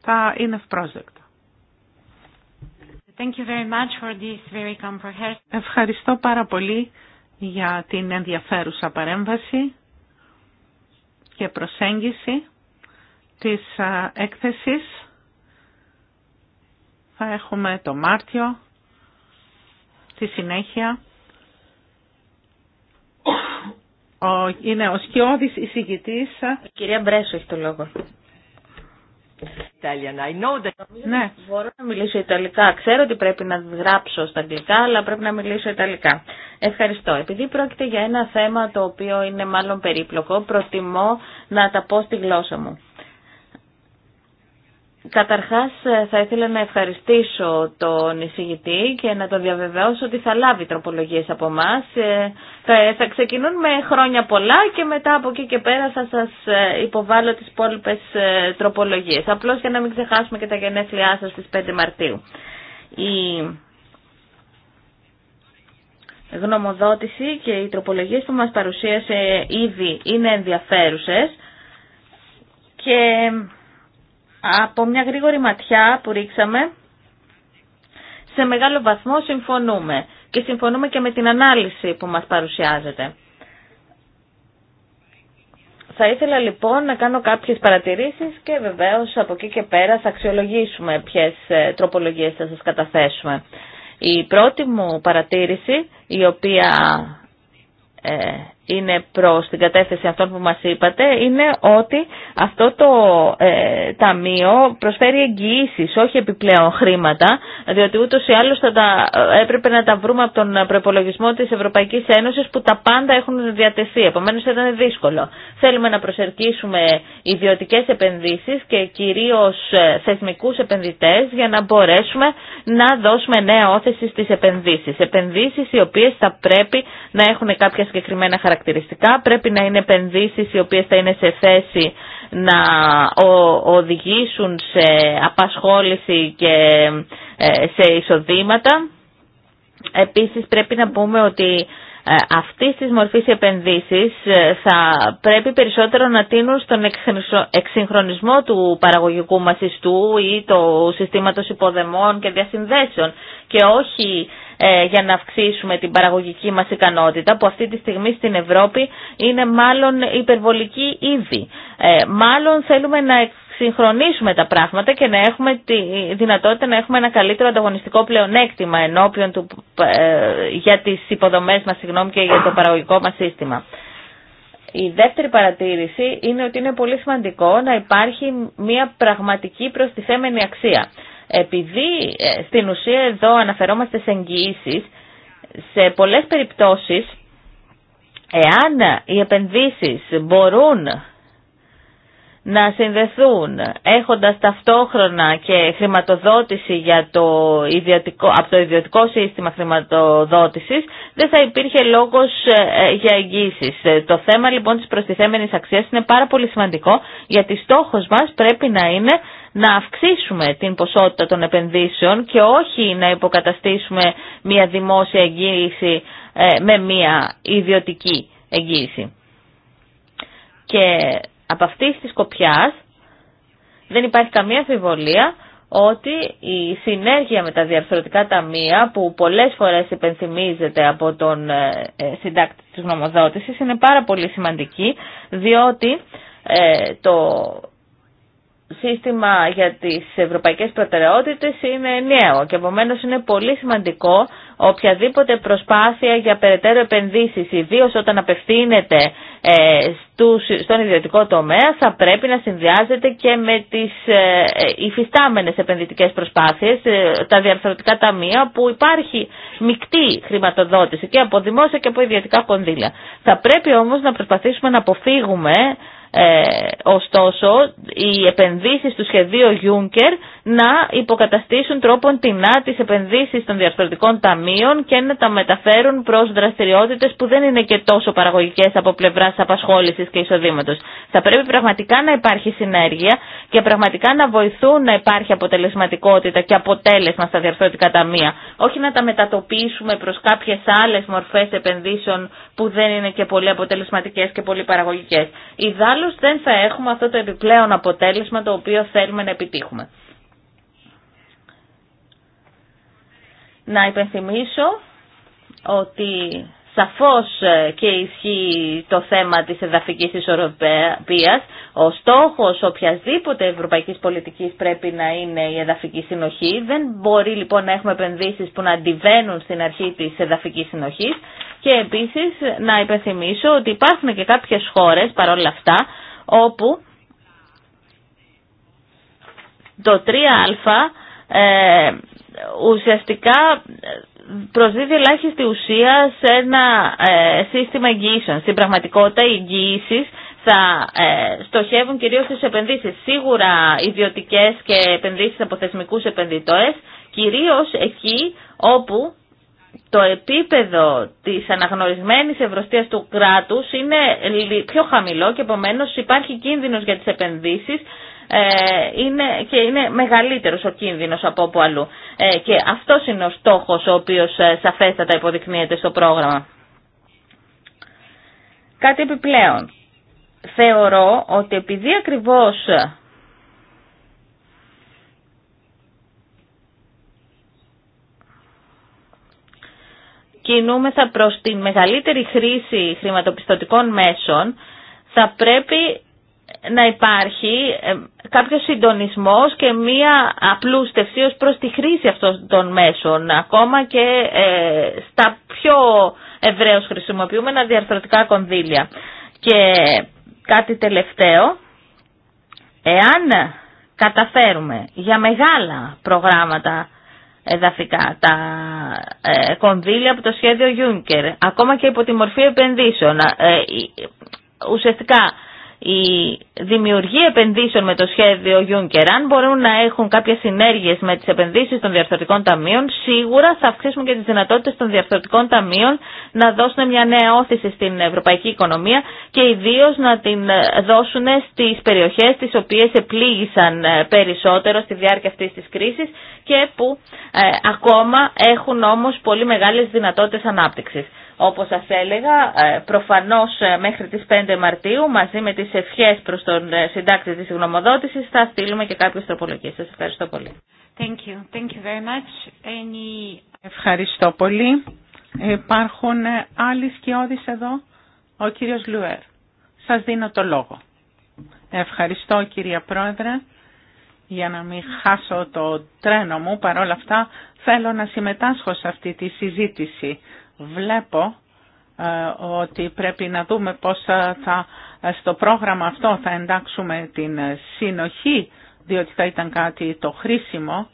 Τα είναι project. Thank you very much for this very Ευχαριστώ πάρα πολύ για την ενδιαφέρουσα παρέμβαση και προσέγγιση της έκθεσης. Θα έχουμε το Μάρτιο, στη συνέχεια. είναι ο σκιώδης εισηγητής. Η κυρία Μπρέσο έχει το λόγο. Italian. I know that... Ναι, μπορώ να μιλήσω Ιταλικά. Ξέρω ότι πρέπει να γράψω στα αγγλικά, αλλά πρέπει να μιλήσω Ιταλικά. Ευχαριστώ. Επειδή πρόκειται για ένα θέμα το οποίο είναι μάλλον περίπλοκο, προτιμώ να τα πω στη γλώσσα μου. Καταρχάς ε, θα ήθελα να ευχαριστήσω τον εισηγητή και να τον διαβεβαιώσω ότι θα λάβει τροπολογίες από εμά. Θα ξεκινούν με χρόνια πολλά και μετά από εκεί και πέρα θα σας ε, υποβάλω τις υπόλοιπε ε, τροπολογίες. Απλώς για να μην ξεχάσουμε και τα γενέθλιά σας στις 5 Μαρτίου. Η γνωμοδότηση και οι τροπολογίες που μας παρουσίασε ήδη είναι ενδιαφέρουσες και από μια γρήγορη ματιά που ρίξαμε, σε μεγάλο βαθμό συμφωνούμε και συμφωνούμε και με την ανάλυση που μας παρουσιάζεται. Θα ήθελα λοιπόν να κάνω κάποιες παρατηρήσεις και βεβαίως από εκεί και πέρα θα αξιολογήσουμε ποιες ε, τροπολογίες θα σας καταθέσουμε. Η πρώτη μου παρατήρηση, η οποία ε, είναι προς την κατεύθυνση αυτών που μας είπατε είναι ότι αυτό το ε, ταμείο προσφέρει εγγυήσεις, όχι επιπλέον χρήματα, διότι ούτως ή άλλως θα ε, έπρεπε να τα βρούμε από τον προπολογισμό της Ευρωπαϊκής Ένωσης που τα πάντα έχουν διατεθεί. Επομένως ήταν δύσκολο. Θέλουμε να προσερκίσουμε ιδιωτικές επενδύσεις και κυρίως ε, θεσμικούς επενδυτές για να μπορέσουμε να δώσουμε νέα όθεση στις επενδύσεις. Επενδύσεις οι οποίες θα πρέπει να έχουν κάποια συγκεκριμένα χαρακτηριστικά χαρακτηριστικά. Πρέπει να είναι επενδύσεις οι οποίες θα είναι σε θέση να οδηγήσουν σε απασχόληση και ε, σε εισοδήματα. Επίσης πρέπει να πούμε ότι ε, αυτή της μορφή επενδύσεις ε, θα πρέπει περισσότερο να τίνουν στον εξυγχρονισμό του παραγωγικού μας ιστού ή του συστήματος υποδεμών και διασυνδέσεων και όχι ε, για να αυξήσουμε την παραγωγική μας ικανότητα που αυτή τη στιγμή στην Ευρώπη είναι μάλλον υπερβολική ήδη. Ε, μάλλον θέλουμε να συγχρονίσουμε τα πράγματα και να έχουμε τη δυνατότητα να έχουμε ένα καλύτερο ανταγωνιστικό πλεονέκτημα ενώπιον του, ε, για τις υποδομές μας συγγνώμη, και για το παραγωγικό μας σύστημα. Η δεύτερη παρατήρηση είναι ότι είναι πολύ σημαντικό να υπάρχει μια πραγματική προστιθέμενη αξία. Επειδή ε, στην ουσία εδώ αναφερόμαστε σε εγγυήσει, σε πολλές περιπτώσεις, εάν οι επενδύσεις μπορούν να συνδεθούν έχοντας ταυτόχρονα και χρηματοδότηση για το από το ιδιωτικό σύστημα χρηματοδότησης δεν θα υπήρχε λόγος ε, για εγγύσεις. Το θέμα λοιπόν της προστιθέμενης αξίας είναι πάρα πολύ σημαντικό γιατί στόχος μας πρέπει να είναι να αυξήσουμε την ποσότητα των επενδύσεων και όχι να υποκαταστήσουμε μια δημόσια εγγύηση ε, με μια ιδιωτική εγγύηση. Και από αυτή τη σκοπιά δεν υπάρχει καμία αφιβολία ότι η συνέργεια με τα διαρθρωτικά ταμεία που πολλές φορές υπενθυμίζεται από τον ε, ε, συντάκτη της νομοδότησης είναι πάρα πολύ σημαντική διότι το σύστημα για τις ευρωπαϊκές προτεραιότητες είναι νέο και επομένως είναι πολύ σημαντικό οποιαδήποτε προσπάθεια για περαιτέρω επενδύσεις, ιδίως όταν απευθύνεται ε, στον ιδιωτικό τομέα, θα πρέπει να συνδυάζεται και με τις ε, υφιστάμενες επενδυτικές προσπάθειες, ε, τα διαρθρωτικά ταμεία που υπάρχει μεικτή χρηματοδότηση και από δημόσια και από ιδιωτικά κονδύλια. Θα πρέπει όμως να προσπαθήσουμε να αποφύγουμε ε, ωστόσο, οι επενδύσεις του σχεδίου Juncker να υποκαταστήσουν τρόπον τεινά τις επενδύσεις των διαρθρωτικών ταμείων και να τα μεταφέρουν προς δραστηριότητες που δεν είναι και τόσο παραγωγικές από πλευράς απασχόλησης και εισοδήματος. Θα πρέπει πραγματικά να υπάρχει συνέργεια και πραγματικά να βοηθούν να υπάρχει αποτελεσματικότητα και αποτέλεσμα στα διαρθρωτικά ταμεία. Όχι να τα μετατοπίσουμε προς κάποιες άλλες μορφές επενδύσεων που δεν είναι και πολύ αποτελεσματικές και πολύ παραγωγικές τέλος δεν θα έχουμε αυτό το επιπλέον αποτέλεσμα το οποίο θέλουμε να επιτύχουμε. Να υπενθυμίσω ότι Σαφώς ε, και ισχύει το θέμα της εδαφικής ισορροπίας. Ο στόχος οποιασδήποτε ευρωπαϊκής πολιτικής πρέπει να είναι η εδαφική συνοχή. Δεν μπορεί λοιπόν να έχουμε επενδύσεις που να αντιβαίνουν στην αρχή της εδαφικής συνοχής. Και επίσης να υπενθυμίσω ότι υπάρχουν και κάποιες χώρες παρόλα αυτά όπου το 3α ε, ουσιαστικά προσδίδει ελάχιστη ουσία σε ένα ε, σύστημα εγγύησεων. Στην πραγματικότητα οι εγγύησει θα ε, στοχεύουν κυρίως στις επενδύσεις. Σίγουρα ιδιωτικές και επενδύσεις από θεσμικούς επενδυτές, κυρίως εκεί όπου το επίπεδο της αναγνωρισμένης ευρωστίας του κράτους είναι πιο χαμηλό και επομένως υπάρχει κίνδυνος για τις επενδύσεις ε, είναι, και είναι μεγαλύτερος ο κίνδυνος από όπου αλλού. Ε, και αυτός είναι ο στόχος ο οποίος ε, σαφέστατα υποδεικνύεται στο πρόγραμμα. Κάτι επιπλέον. Θεωρώ ότι επειδή ακριβώς κινούμεθα προς τη μεγαλύτερη χρήση χρηματοπιστωτικών μέσων, θα πρέπει να υπάρχει ε, κάποιος συντονισμός και μία απλούστευση ως προς τη χρήση αυτών των μέσων, ακόμα και ε, στα πιο ευρέως χρησιμοποιούμενα διαρθρωτικά κονδύλια. Και κάτι τελευταίο, εάν καταφέρουμε για μεγάλα προγράμματα εδαφικά, τα ε, κονδύλια από το σχέδιο Juncker, ακόμα και υπό τη μορφή επενδύσεων, ουσιαστικά η δημιουργία επενδύσεων με το σχέδιο Juncker, αν μπορούν να έχουν κάποιες συνέργειες με τις επενδύσεις των διαφθορτικών ταμείων, σίγουρα θα αυξήσουν και τις δυνατότητες των διαφθορτικών ταμείων να δώσουν μια νέα όθηση στην ευρωπαϊκή οικονομία και ιδίω να την δώσουν στις περιοχές τις οποίες επλήγησαν ε, περισσότερο στη διάρκεια αυτής της κρίσης και που ε, ακόμα έχουν όμως πολύ μεγάλες δυνατότητες ανάπτυξης. Όπως σας έλεγα, ε, προφανώς ε, μέχρι τις 5 Μαρτίου, μαζί με τις ευχές προς τον ε, συντάκτη της γνωμοδότησης, θα στείλουμε και κάποιες τροπολογίες. Σας ευχαριστώ πολύ. Thank you. Thank you very much. Ευχαριστώ πολύ. Υπάρχουν άλλοι σκιώδεις εδώ. Ο κύριος Λουέρ. Σας δίνω το λόγο. Ευχαριστώ κυρία Πρόεδρε. Για να μην χάσω το τρένο μου, παρόλα αυτά θέλω να συμμετάσχω σε αυτή τη συζήτηση βλέπω ε, ότι πρέπει να δούμε πώς θα, στο πρόγραμμα αυτό θα εντάξουμε την συνοχή, διότι θα ήταν κάτι το χρήσιμο.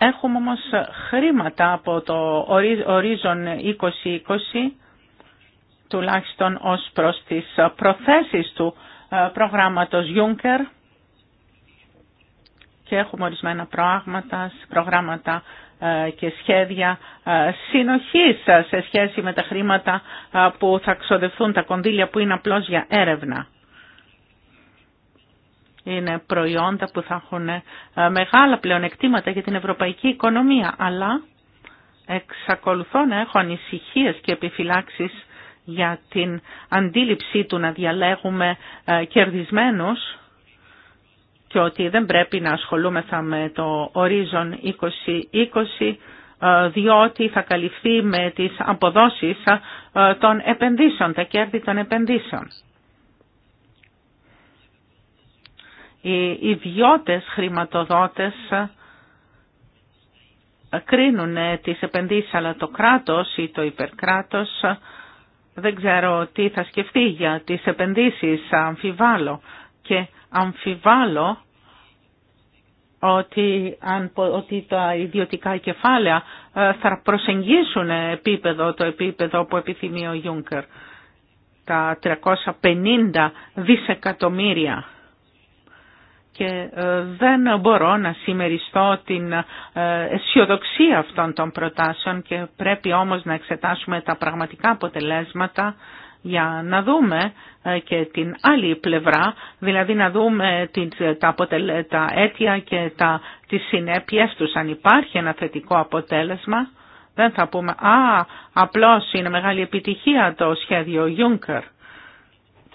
Έχουμε όμως χρήματα από το ορίζον 2020, τουλάχιστον ως προς τις προθέσεις του ε, προγράμματος Juncker και έχουμε ορισμένα προγράμματα, προγράμματα ε, και σχέδια ε, συνοχής ε, σε σχέση με τα χρήματα που θα ξοδευτούν, τα κονδύλια που είναι απλώς για έρευνα. Είναι προϊόντα που θα έχουν μεγάλα πλεονεκτήματα για την ευρωπαϊκή οικονομία, αλλά εξακολουθώ να έχω ανησυχίες και επιφυλάξεις για την αντίληψή του να διαλέγουμε κερδισμένους και ότι δεν πρέπει να ασχολούμεθα με το Horizon 2020 ε, διότι θα καλυφθεί με τις αποδόσεις ε, των επενδύσεων, τα κέρδη των επενδύσεων. Οι ιδιώτες χρηματοδότες ε, κρίνουν τις επενδύσεις αλλά το κράτος ή το υπερκράτος δεν ξέρω τι θα σκεφτεί για τις επενδύσεις, αμφιβάλλω και αμφιβάλλω ότι, αν, ότι τα ιδιωτικά κεφάλαια ε, θα προσεγγίσουν επίπεδο, το επίπεδο που επιθυμεί ο Γιούγκερ. Τα 350 δισεκατομμύρια. Και ε, δεν μπορώ να συμμεριστώ την ε, αισιοδοξία αυτών των προτάσεων και πρέπει όμως να εξετάσουμε τα πραγματικά αποτελέσματα για να δούμε ε, και την άλλη πλευρά, δηλαδή να δούμε ε, τα, αποτελε... τα αίτια και τα... τις συνέπειες τους. Αν υπάρχει ένα θετικό αποτέλεσμα, δεν θα πούμε «Α, απλώς είναι μεγάλη επιτυχία το σχέδιο Juncker».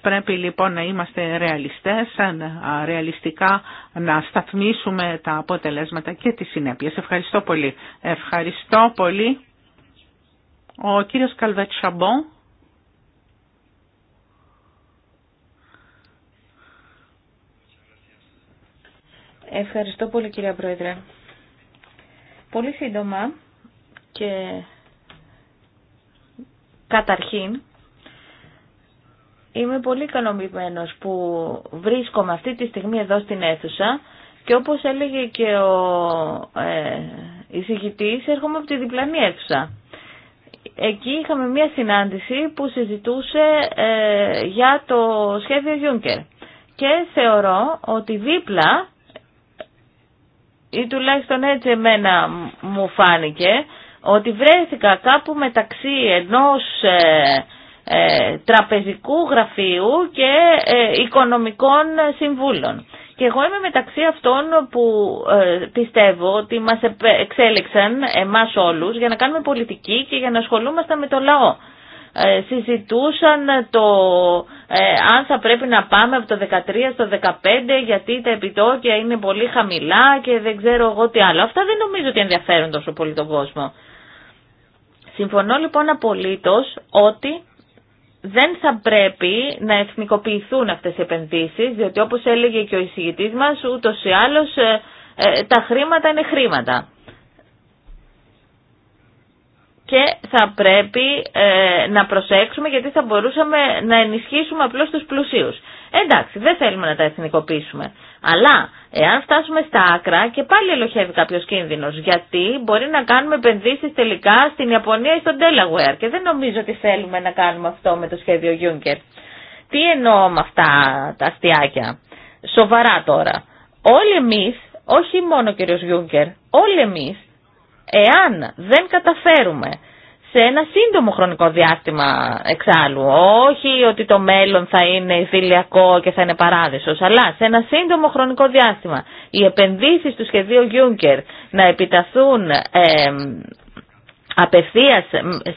Πρέπει λοιπόν να είμαστε ρεαλιστές, ε, ρεαλιστικά να σταθμίσουμε τα αποτελέσματα και τις συνέπειες. Ευχαριστώ πολύ. Ευχαριστώ πολύ. Ο κύριος Σαμπό. Ευχαριστώ πολύ κυρία Πρόεδρε. Πολύ σύντομα και καταρχήν είμαι πολύ ικανοποιημένος που βρίσκομαι αυτή τη στιγμή εδώ στην αίθουσα και όπως έλεγε και ο ε, εισηγητής έρχομαι από τη διπλανή αίθουσα. Εκεί είχαμε μία συνάντηση που συζητούσε ε, για το σχέδιο Juncker. Και θεωρώ ότι δίπλα ή τουλάχιστον έτσι εμένα μου φάνηκε, ότι βρέθηκα κάπου μεταξύ ενός ε, ε, τραπεζικού γραφείου και ε, οικονομικών συμβούλων. Και εγώ είμαι μεταξύ αυτών που πιστεύω ότι μας εξέλεξαν εμάς όλους για να κάνουμε πολιτική και για να ασχολούμαστε με το λαό. Ε, συζητούσαν το ε, αν θα πρέπει να πάμε από το 13 στο 15 γιατί τα επιτόκια είναι πολύ χαμηλά και δεν ξέρω εγώ τι άλλο. Αυτά δεν νομίζω ότι ενδιαφέρουν τόσο πολύ τον κόσμο. Συμφωνώ λοιπόν απολύτως ότι δεν θα πρέπει να εθνικοποιηθούν αυτές οι επενδύσεις, διότι όπως έλεγε και ο εισηγητής μας, ούτως ή άλλως ε, τα χρήματα είναι χρήματα και θα πρέπει ε, να προσέξουμε γιατί θα μπορούσαμε να ενισχύσουμε απλώς τους πλουσίους. Εντάξει, δεν θέλουμε να τα εθνικοποιήσουμε. Αλλά εάν φτάσουμε στα άκρα και πάλι ελοχεύει κάποιο κίνδυνο. Γιατί μπορεί να κάνουμε επενδύσει τελικά στην Ιαπωνία ή στον Delaware. Και δεν νομίζω ότι θέλουμε να κάνουμε αυτό με το σχέδιο Juncker. Τι εννοώ με αυτά τα αστιάκια. Σοβαρά τώρα. Όλοι εμεί, όχι μόνο ο κ. Juncker, όλοι εμεί Εάν δεν καταφέρουμε σε ένα σύντομο χρονικό διάστημα εξάλλου. Όχι ότι το μέλλον θα είναι θηλιακό και θα είναι παράδεισος, αλλά σε ένα σύντομο χρονικό διάστημα οι επενδύσεις του σχεδίου Juncker να επιταθούν ε, απευθείας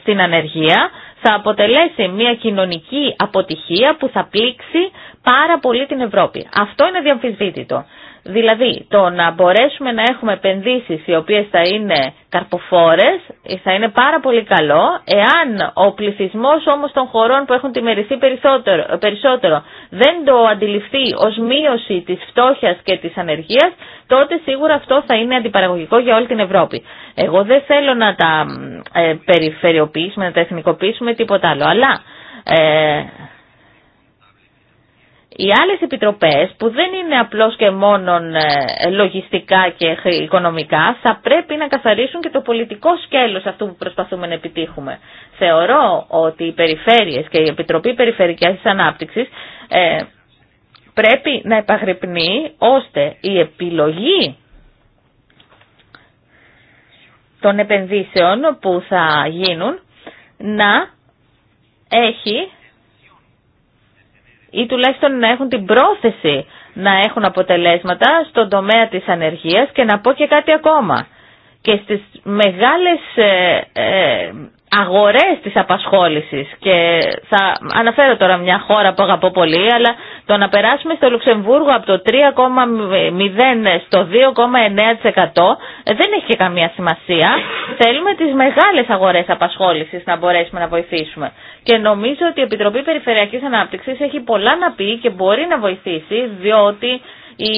στην ανεργία θα αποτελέσει μια κοινωνική αποτυχία που θα πλήξει πάρα πολύ την Ευρώπη. Αυτό είναι διαμφισβήτητο. Δηλαδή, το να μπορέσουμε να έχουμε επενδύσεις οι οποίες θα είναι καρποφόρες θα είναι πάρα πολύ καλό. Εάν ο πληθυσμός όμως των χωρών που έχουν τη περισσότερο, περισσότερο δεν το αντιληφθεί ως μείωση της φτώχειας και της ανεργίας, τότε σίγουρα αυτό θα είναι αντιπαραγωγικό για όλη την Ευρώπη. Εγώ δεν θέλω να τα ε, περιφερειοποιήσουμε, να τα εθνικοποιήσουμε, τίποτα άλλο. Αλλά... Ε, οι άλλες επιτροπές που δεν είναι απλώς και μόνον ε, λογιστικά και οικονομικά θα πρέπει να καθαρίσουν και το πολιτικό σκέλος αυτού που προσπαθούμε να επιτύχουμε. Θεωρώ ότι οι περιφέρειες και η Επιτροπή Περιφερειακής Ανάπτυξης ε, πρέπει να επαγρυπνεί ώστε η επιλογή των επενδύσεων που θα γίνουν να έχει ή τουλάχιστον να έχουν την πρόθεση να έχουν αποτελέσματα στον τομέα της ανεργίας και να πω και κάτι ακόμα. Και στις μεγάλες ε, ε, αγορές της απασχόλησης και θα αναφέρω τώρα μια χώρα που αγαπώ πολύ αλλά το να περάσουμε στο Λουξεμβούργο από το 3,0 στο 2,9% ε, δεν έχει και καμία σημασία θέλουμε τις μεγάλες αγορές απασχόλησης να μπορέσουμε να βοηθήσουμε και νομίζω ότι η Επιτροπή Περιφερειακής Ανάπτυξης έχει πολλά να πει και μπορεί να βοηθήσει διότι οι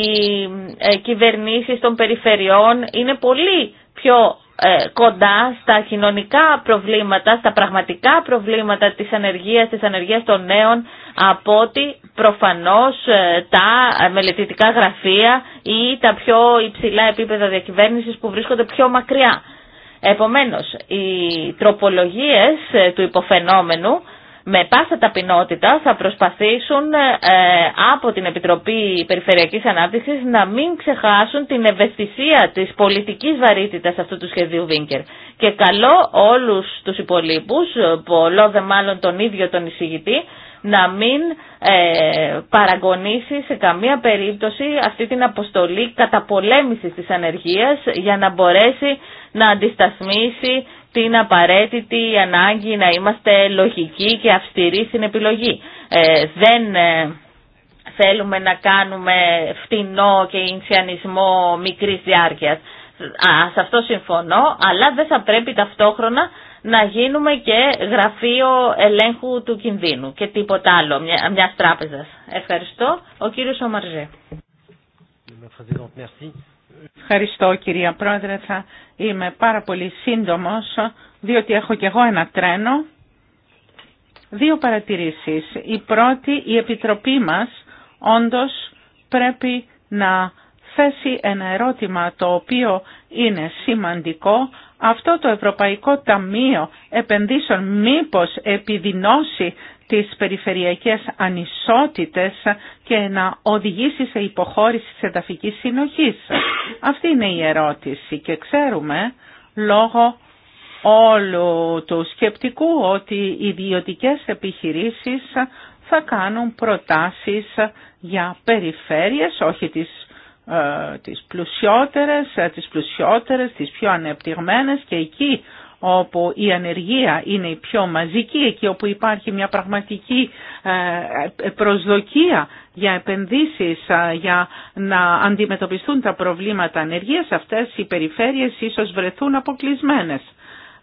ε, κυβερνήσεις των περιφερειών είναι πολύ πιο ε, κοντά στα κοινωνικά προβλήματα, στα πραγματικά προβλήματα της ανεργίας, της ανεργίας των νέων από ότι προφανώς ε, τα μελετητικά γραφεία ή τα πιο υψηλά επίπεδα διακυβέρνησης που βρίσκονται πιο μακριά. Επομένως, οι τροπολογίες του υποφαινόμενου με πάσα ταπεινότητα θα προσπαθήσουν ε, ε, από την Επιτροπή Περιφερειακής Ανάπτυξης να μην ξεχάσουν την ευαισθησία της πολιτικής βαρύτητας αυτού του σχεδίου Βίνκερ. Και καλό όλους τους υπολείπους, πολλό δε μάλλον τον ίδιο τον εισηγητή, να μην ε, παραγωνίσει σε καμία περίπτωση αυτή την αποστολή καταπολέμησης της ανεργίας για να μπορέσει να αντισταθμίσει την απαραίτητη ανάγκη να είμαστε λογικοί και αυστηροί στην επιλογή. Ε, δεν ε, θέλουμε να κάνουμε φτηνό και ινσιανισμό μικρής διάρκειας. Α, σε αυτό συμφωνώ, αλλά δεν θα πρέπει ταυτόχρονα να γίνουμε και γραφείο ελέγχου του κινδύνου και τίποτα άλλο, μια, μιας τράπεζας. Ευχαριστώ. Ο κύριος Ομαρζέ. Ευχαριστώ κυρία Πρόεδρε, θα είμαι πάρα πολύ σύντομος, διότι έχω κι εγώ ένα τρένο. Δύο παρατηρήσεις. Η πρώτη, η Επιτροπή μας όντως πρέπει να θέσει ένα ερώτημα το οποίο είναι σημαντικό. Αυτό το Ευρωπαϊκό Ταμείο Επενδύσεων μήπως επιδεινώσει τις περιφερειακές ανισότητες και να οδηγήσει σε υποχώρηση της εδαφικής συνοχής. Αυτή είναι η ερώτηση και ξέρουμε λόγω όλου του σκεπτικού ότι οι ιδιωτικές επιχειρήσεις θα κάνουν προτάσεις για περιφέρειες, όχι τις, ε, τις πλουσιότερες, ε, τις πλουσιότερες, τις πιο ανεπτυγμένες και εκεί όπου η ανεργία είναι η πιο μαζική, εκεί όπου υπάρχει μια πραγματική ε, προσδοκία για επενδύσεις, ε, για να αντιμετωπιστούν τα προβλήματα ανεργίας, αυτές οι περιφέρειες ίσως βρεθούν αποκλεισμένες.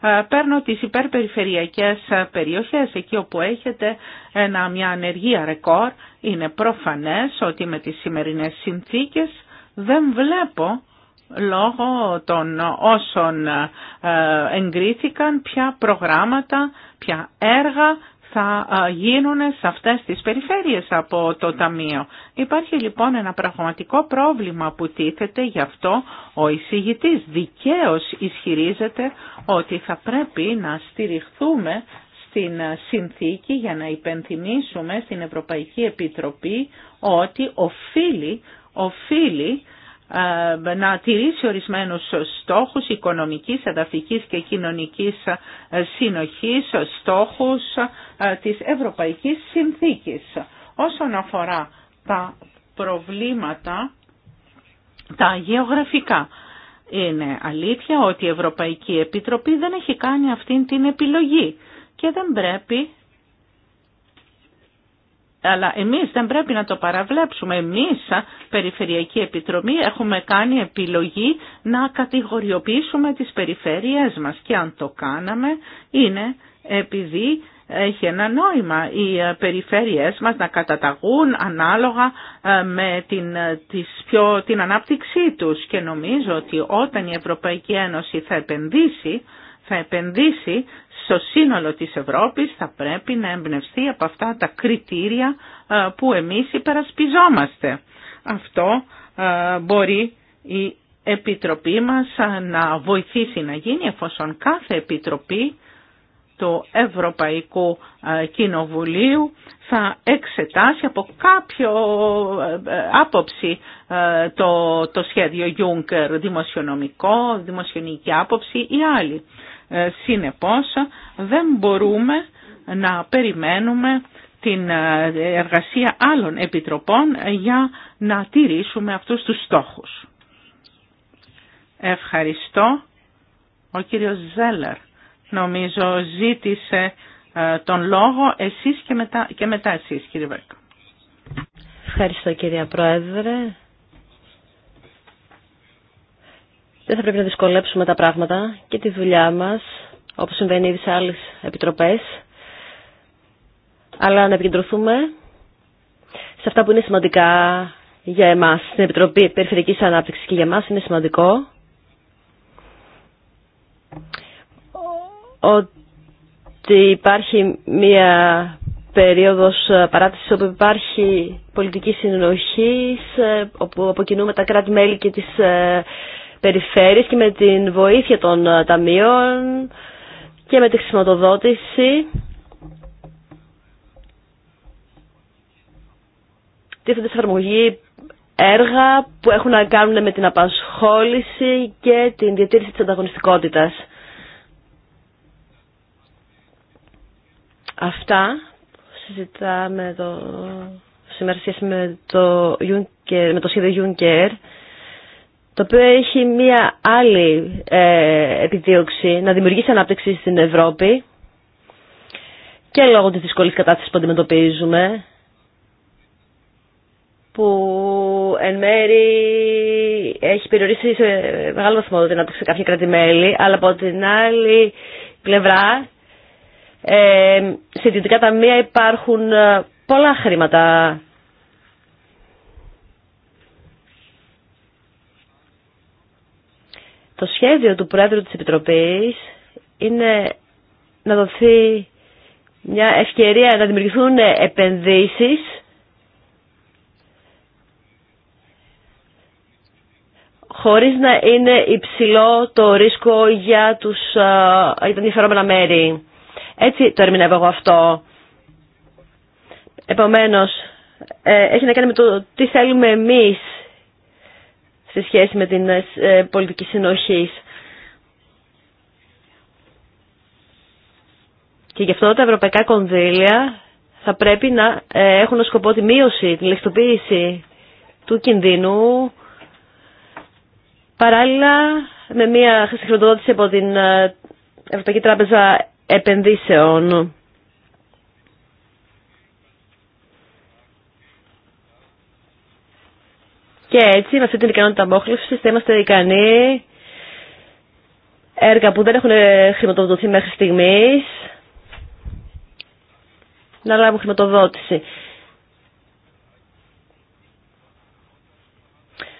Ε, παίρνω τις υπερπεριφερειακές περιοχές, εκεί όπου έχετε ένα, μια ανεργία ρεκόρ, είναι προφανές ότι με τις σημερινές συνθήκες δεν βλέπω λόγω των όσων ε, εγκρίθηκαν, ποια προγράμματα, ποια έργα θα ε, γίνουν σε αυτές τις περιφέρειες από το Ταμείο. Υπάρχει λοιπόν ένα πραγματικό πρόβλημα που τίθεται, γι' αυτό ο εισηγητής δικαίως ισχυρίζεται ότι θα πρέπει να στηριχθούμε στην ε, συνθήκη για να υπενθυμίσουμε στην Ευρωπαϊκή Επιτροπή ότι οφείλει, οφείλει ε, να τηρήσει ορισμένους στόχους οικονομικής, εδαφικής και κοινωνικής ε, συνοχής, στόχους ε, της Ευρωπαϊκής Συνθήκης. Όσον αφορά τα προβλήματα, τα γεωγραφικά, είναι αλήθεια ότι η Ευρωπαϊκή Επιτροπή δεν έχει κάνει αυτήν την επιλογή και δεν πρέπει αλλά εμείς δεν πρέπει να το παραβλέψουμε. Εμείς, Περιφερειακή Επιτροπή, έχουμε κάνει επιλογή να κατηγοριοποιήσουμε τις περιφέρειές μας και αν το κάναμε είναι επειδή έχει ένα νόημα οι περιφέρειές μας να καταταγούν ανάλογα ε, με την, ε, τις πιο, την ανάπτυξή τους και νομίζω ότι όταν η Ευρωπαϊκή Ένωση θα επενδύσει θα επενδύσει στο σύνολο της Ευρώπης θα πρέπει να εμπνευστεί από αυτά τα κριτήρια ε, που εμείς υπερασπιζόμαστε. Αυτό ε, μπορεί η Επιτροπή μας ε, να βοηθήσει να γίνει εφόσον κάθε Επιτροπή του Ευρωπαϊκού Κοινοβουλίου θα εξετάσει από κάποιο άποψη το, το σχέδιο Juncker, δημοσιονομικό, δημοσιονομική άποψη ή άλλη. Ε, συνεπώς δεν μπορούμε να περιμένουμε την ε, εργασία άλλων επιτροπών για να τηρήσουμε αυτούς τους στόχους. Ευχαριστώ. Ο κύριος Ζέλλερ νομίζω ζήτησε ε, τον λόγο εσείς και μετά, και μετά εσείς κύριε Βέρκο. Ευχαριστώ κυρία Πρόεδρε. Δεν θα πρέπει να δυσκολέψουμε τα πράγματα και τη δουλειά μας, όπως συμβαίνει ήδη σε άλλες επιτροπές, αλλά να επικεντρωθούμε σε αυτά που είναι σημαντικά για εμάς. Στην Επιτροπή Περιφερειακής Ανάπτυξης και για εμάς είναι σημαντικό ότι υπάρχει μία περίοδος παράτησης όπου υπάρχει πολιτική συνοχή, όπου αποκινούμε τα κράτη-μέλη και τις ε, και με την βοήθεια των ε, ταμείων και με τη χρηματοδότηση Τίθενται σε εφαρμογή έργα που έχουν να κάνουν με την απασχόληση και την διατήρηση της ανταγωνιστικότητας. Αυτά συζητάμε το... σήμερα σχέση με το, με το σχέδιο Juncker το οποίο έχει μία άλλη ε, επιδίωξη να δημιουργήσει ανάπτυξη στην Ευρώπη και λόγω της δυσκολής κατάστασης που αντιμετωπίζουμε που εν μέρη έχει περιορίσει σε μεγάλο βαθμό την ανάπτυξη σε κάποια αλλά από την άλλη πλευρά ε, σε ιδιωτικά ταμεία υπάρχουν ε, πολλά χρήματα Το σχέδιο του Πρόεδρου της Επιτροπής είναι να δοθεί μια ευκαιρία να δημιουργηθούν επενδύσεις χωρίς να είναι υψηλό το ρίσκο για, τους, τα ενδιαφερόμενα μέρη. Έτσι το ερμηνεύω εγώ αυτό. Επομένως, ε, έχει να κάνει με το τι θέλουμε εμείς σε σχέση με την ε, ε, πολιτική συνοχής. Και γι' αυτό τα ευρωπαϊκά κονδύλια θα πρέπει να ε, έχουν ως σκοπό τη μείωση, την λεκτοποίηση του κινδύνου παράλληλα με μια συγχρονοδότηση από την Ευρωπαϊκή Τράπεζα Επενδύσεων. Και έτσι, με αυτή την ικανότητα μόχλευσης, θα είμαστε ικανοί έργα που δεν έχουν χρηματοδοτηθεί μέχρι στιγμής να λάβουν χρηματοδότηση.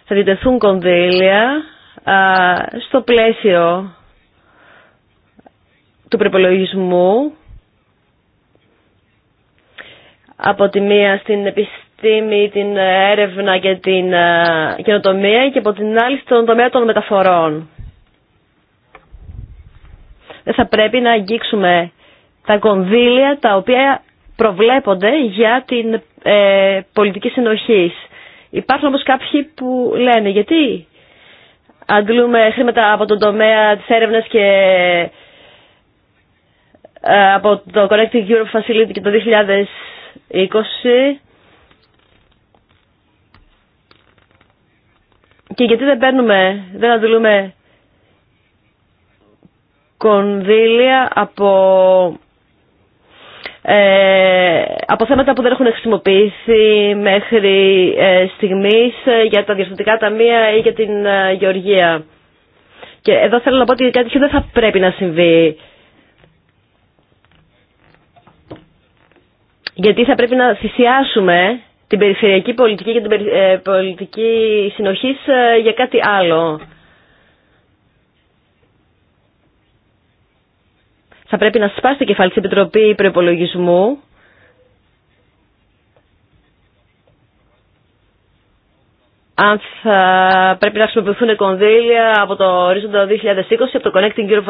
Θα διτεθούν κονδύλια στο πλαίσιο του προπολογισμού από τη μία στην τίμη την ε, έρευνα και την ε, καινοτομία και από την άλλη στον τομέα των μεταφορών. Δεν θα πρέπει να αγγίξουμε τα κονδύλια τα οποία προβλέπονται για την ε, πολιτική συνοχή. Υπάρχουν όμως κάποιοι που λένε γιατί αντλούμε χρήματα από τον τομέα της έρευνας και από το Connecting Europe Facility και το 2020 Και γιατί δεν παίρνουμε, δεν αντιλούμε κονδύλια από, ε, από θέματα που δεν έχουν χρησιμοποιήσει μέχρι ε, στιγμής ε, για τα διευθυντικά ταμεία ή για την ε, γεωργία. Και εδώ θέλω να πω ότι κάτι δεν θα πρέπει να συμβεί. Γιατί θα πρέπει να θυσιάσουμε την περιφερειακή πολιτική και την ε, πολιτική συνοχής ε, για κάτι άλλο. Θα πρέπει να σπάσει το κεφάλι Επιτροπή Προϋπολογισμού αν θα πρέπει να χρησιμοποιηθούν κονδύλια από το ορίζοντα 2020, από το Connecting Europe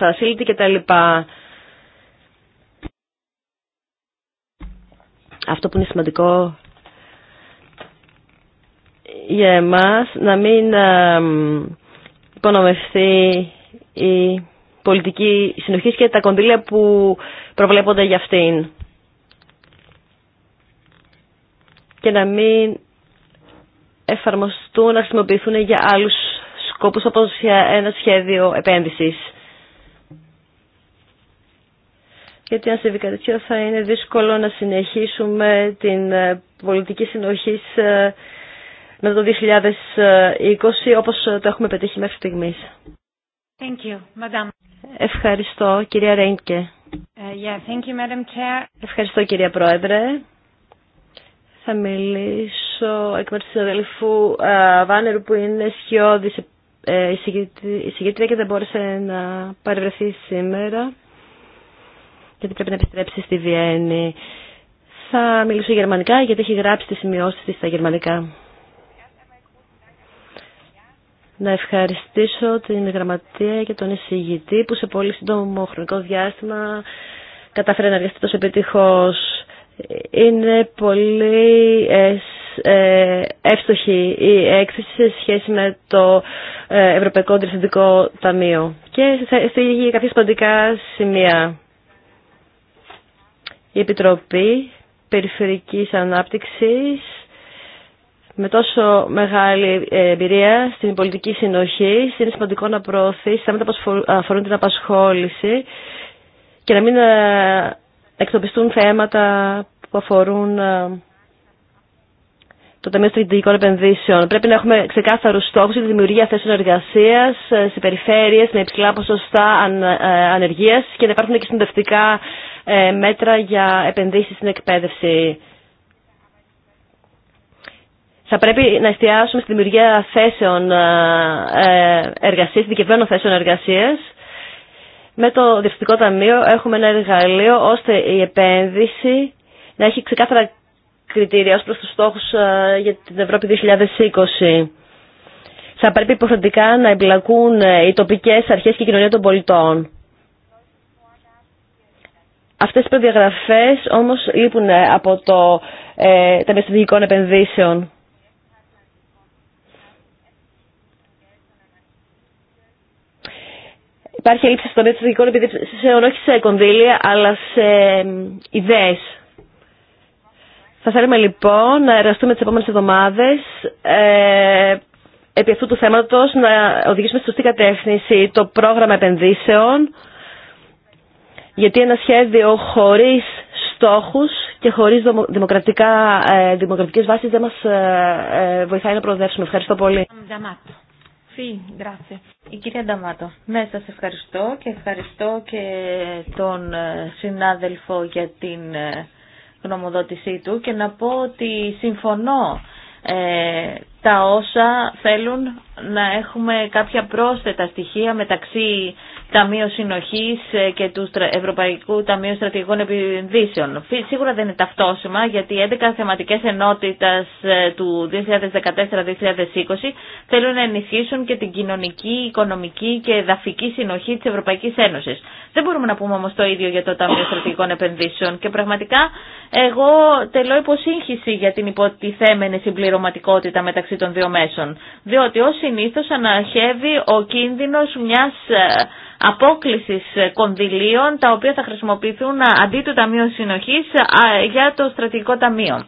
Facility κτλ. Αυτό που είναι σημαντικό για εμάς να μην ε, υπονομευθεί η πολιτική συνοχή και τα κονδύλια που προβλέπονται για αυτήν. Και να μην εφαρμοστούν, να χρησιμοποιηθούν για άλλους σκόπους όπως ένα σχέδιο επένδυσης. Γιατί αν συμβεί κάτι τέτοιο θα είναι δύσκολο να συνεχίσουμε την ε, πολιτική συνοχής ε, με το 2020 όπως το έχουμε πετύχει μέχρι στιγμής. Ευχαριστώ, κυρία Ρέιντκε. Ε, Ευχαριστώ, κυρία Πρόεδρε. Θα μιλήσω εκ μέρους της αδελφού ε, Βάνερου που είναι σιώδη ε, εισηγήτρια και δεν μπόρεσε να παρευρεθεί σήμερα γιατί πρέπει να επιστρέψει στη Βιέννη. Θα μιλήσω γερμανικά γιατί έχει γράψει τις σημειώσεις της στα γερμανικά να ευχαριστήσω την Γραμματεία και τον εισηγητή που σε πολύ σύντομο χρονικό διάστημα κατάφερε να εργαστεί τόσο επιτυχώς. Είναι πολύ ε, ε, εύστοχη η έκθεση σε σχέση με το ε, Ευρωπαϊκό Διευθυντικό Ταμείο και σε κάποια σημαντικά σημεία. Η Επιτροπή Περιφερικής Ανάπτυξης με τόσο μεγάλη ε, εμπειρία στην πολιτική συνοχή, είναι σημαντικό να προωθήσει θέματα που αφορούν την απασχόληση και να μην ε, εκτοπιστούν θέματα που αφορούν ε, το Ταμείο Στρατηγικών Επενδύσεων. Πρέπει να έχουμε ξεκάθαρου στόχου για τη δημιουργία θέσεων εργασία σε περιφέρειε με υψηλά ποσοστά ανεργία και να υπάρχουν και συνδευτικά μέτρα για επενδύσει στην εκπαίδευση θα πρέπει να εστιάσουμε στη δημιουργία θέσεων ε, ε, εργασίας, δικαιωμένων θέσεων εργασίας. Με το Διευθυντικό Ταμείο έχουμε ένα εργαλείο ώστε η επένδυση να έχει ξεκάθαρα κριτήρια ως προς τους στόχους ε, για την Ευρώπη 2020. Θα πρέπει υποθετικά να εμπλακούν οι τοπικές αρχές και η κοινωνία των πολιτών. Αυτές οι προδιαγραφές όμως λείπουν από το ε, Επενδύσεων. Υπάρχει έλλειψη στον τομέα στρατηγικών επιδείξεων όχι σε κονδύλια αλλά σε ιδέες. Θα θέλαμε λοιπόν να εργαστούμε τι επόμενε εβδομάδε, ε, επί αυτού του θέματος να οδηγήσουμε στη σωστή κατεύθυνση το πρόγραμμα επενδύσεων γιατί ένα σχέδιο χωρί στόχους και χωρίς δημοκρατικά, ε, δημοκρατικές βάσεις δεν μας ε, ε, βοηθάει να προοδεύσουμε. Ευχαριστώ πολύ. Η κυρία Νταμάτο. Ναι, σας ευχαριστώ και ευχαριστώ και τον συνάδελφο για την γνωμοδότησή του και να πω ότι συμφωνώ τα όσα θέλουν να έχουμε κάποια πρόσθετα στοιχεία μεταξύ Ταμείο συνοχή και του Ευρωπαϊκού Ταμείου Στρατηγικών Επενδύσεων. Σίγουρα δεν είναι ταυτόσημα γιατί οι 11 θεματικέ ενότητε του 2014-2020 θέλουν να ενισχύσουν και την κοινωνική, οικονομική και εδαφική συνοχή τη Ευρωπαϊκή Ένωση. Δεν μπορούμε να πούμε όμω το ίδιο για το Ταμείο Στρατηγικών Επενδύσεων και πραγματικά εγώ τελώ υποσύγχυση για την υποτιθέμενη συμπληρωματικότητα μεταξύ των δύο μέσων. Διότι ω συνήθω αναχεύει ο κίνδυνο μια. Ε, Απόκληση ε, κονδυλίων τα οποία θα χρησιμοποιηθούν ε, αντί του Ταμείου συνοχή ε, για το Στρατηγικό Ταμείο.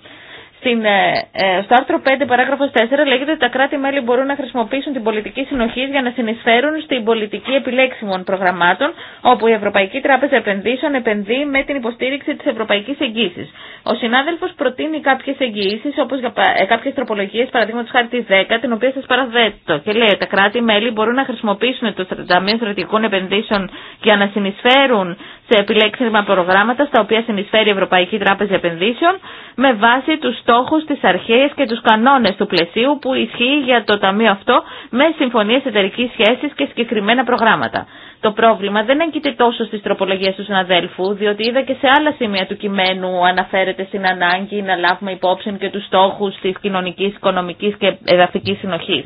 Στην, ε, ε, στο άρθρο 5 παράγραφος 4 λέγεται ότι τα κράτη-μέλη μπορούν να χρησιμοποιήσουν την πολιτική συνοχή για να συνεισφέρουν στην πολιτική επιλέξιμων προγραμμάτων όπου η Ευρωπαϊκή Τράπεζα Επενδύσεων επενδύει με την υποστήριξη της Ευρωπαϊκής Εγγύησης. Ο συνάδελφος προτείνει κάποιες εγγυήσεις όπως για, ε, κάποιες τροπολογίες παραδείγματος χάρη τη 10 την οποία σας παραδέτω και λέει τα κράτη-μέλη μπορούν να χρησιμοποιήσουν το Ταμείο Στρατηγικών Επενδύσεων για να συνεισφέρουν σε επιλέξιμα προγράμματα στα οποία συνεισφέρει η Ευρωπαϊκή Τράπεζα Επενδύσεων με βάση του στόχου, τι αρχέ και του κανόνε του πλαισίου που ισχύει για το Ταμείο αυτό με συμφωνίε εταιρική σχέση και συγκεκριμένα προγράμματα. Το πρόβλημα δεν έγκυται τόσο στι τροπολογίε του συναδέλφου, διότι είδα και σε άλλα σημεία του κειμένου αναφέρεται στην ανάγκη να λάβουμε υπόψη και του στόχου τη κοινωνική, οικονομική και εδαφική συνοχή